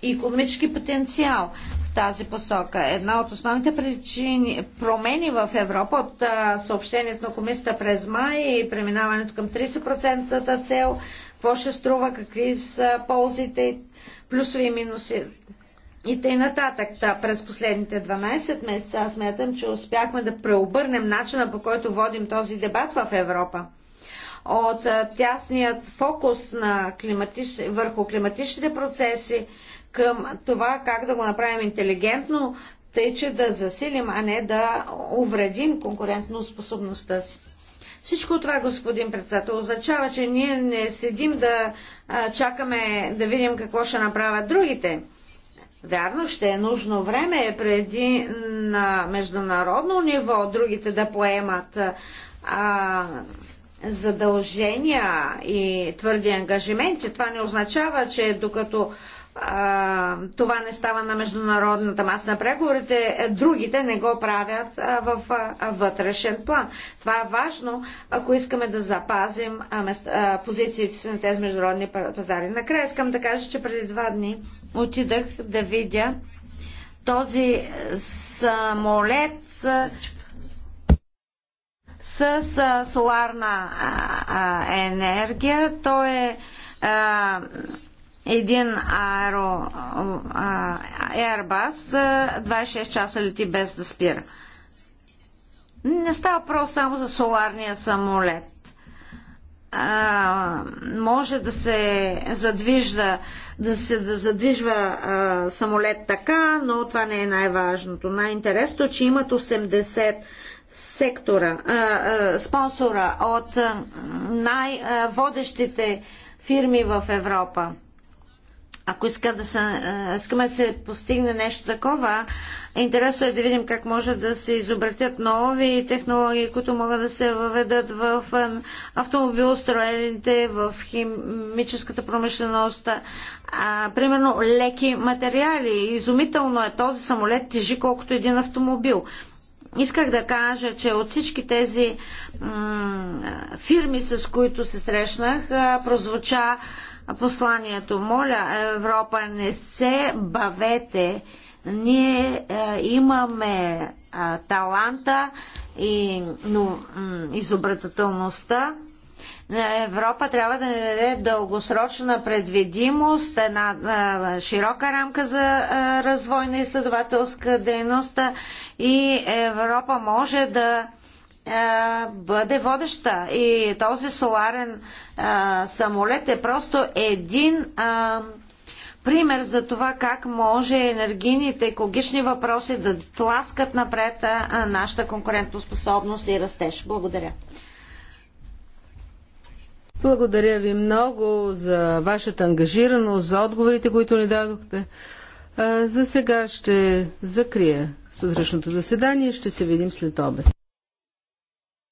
и економически потенциал в тази посока. Една от основните причини, промени в Европа от а, съобщението на комисията през май и преминаването към 30% цел, какво ще струва, какви са ползите, плюсови и минуси и тъй нататък. Та, през последните 12 месеца аз смятам, че успяхме да преобърнем начина по който водим този дебат в Европа. От тясният фокус на климатич... върху климатичните процеси към това как да го направим интелигентно, тъй че да засилим, а не да увредим конкурентно способността си. Всичко това, господин председател, означава, че ние не седим да а, чакаме да видим какво ще направят другите Вярно, ще е нужно време преди на международно ниво другите да поемат а, задължения и твърди ангажименти. Това не означава, че докато това не става на международната маса на преговорите, е, другите не го правят в вътрешен план. Това е важно, ако искаме да запазим позициите си на тези международни пазари. Накрая искам да кажа, че преди два дни отидах да видя този е, самолет с, с, с соларна а, а, енергия. Той е а, един аеро, а, Airbus 26 часа лети без да спира. Не става просто само за соларния самолет. А, може да се задвижда, да се да задвижва а, самолет така, но това не е най-важното. Най-интересното е, че имат 80 сектора, а, а, спонсора от най-водещите фирми в Европа ако иска да се, искаме да се постигне нещо такова, интересно е да видим как може да се изобретят нови технологии, които могат да се въведат в автомобилостроените, в химическата промишленост. А, примерно леки материали. Изумително е този самолет тежи колкото един автомобил. Исках да кажа, че от всички тези фирми, с които се срещнах, прозвуча посланието. Моля, Европа, не се бавете. Ние е, имаме е, таланта и но, изобретателността. Е, Европа трябва да ни даде дългосрочна предвидимост, една а, е, широка рамка за а, е, развойна изследователска дейност и Европа може да е, бъде водеща. И този соларен а, е, самолет е просто един а, е, пример за това как може енергийните екологични въпроси да тласкат напред а, нашата конкурентоспособност и растеж. Благодаря. Благодаря ви много за вашата ангажираност, за отговорите, които ни дадохте. За сега ще закрия сутрешното заседание. Ще се видим след обед.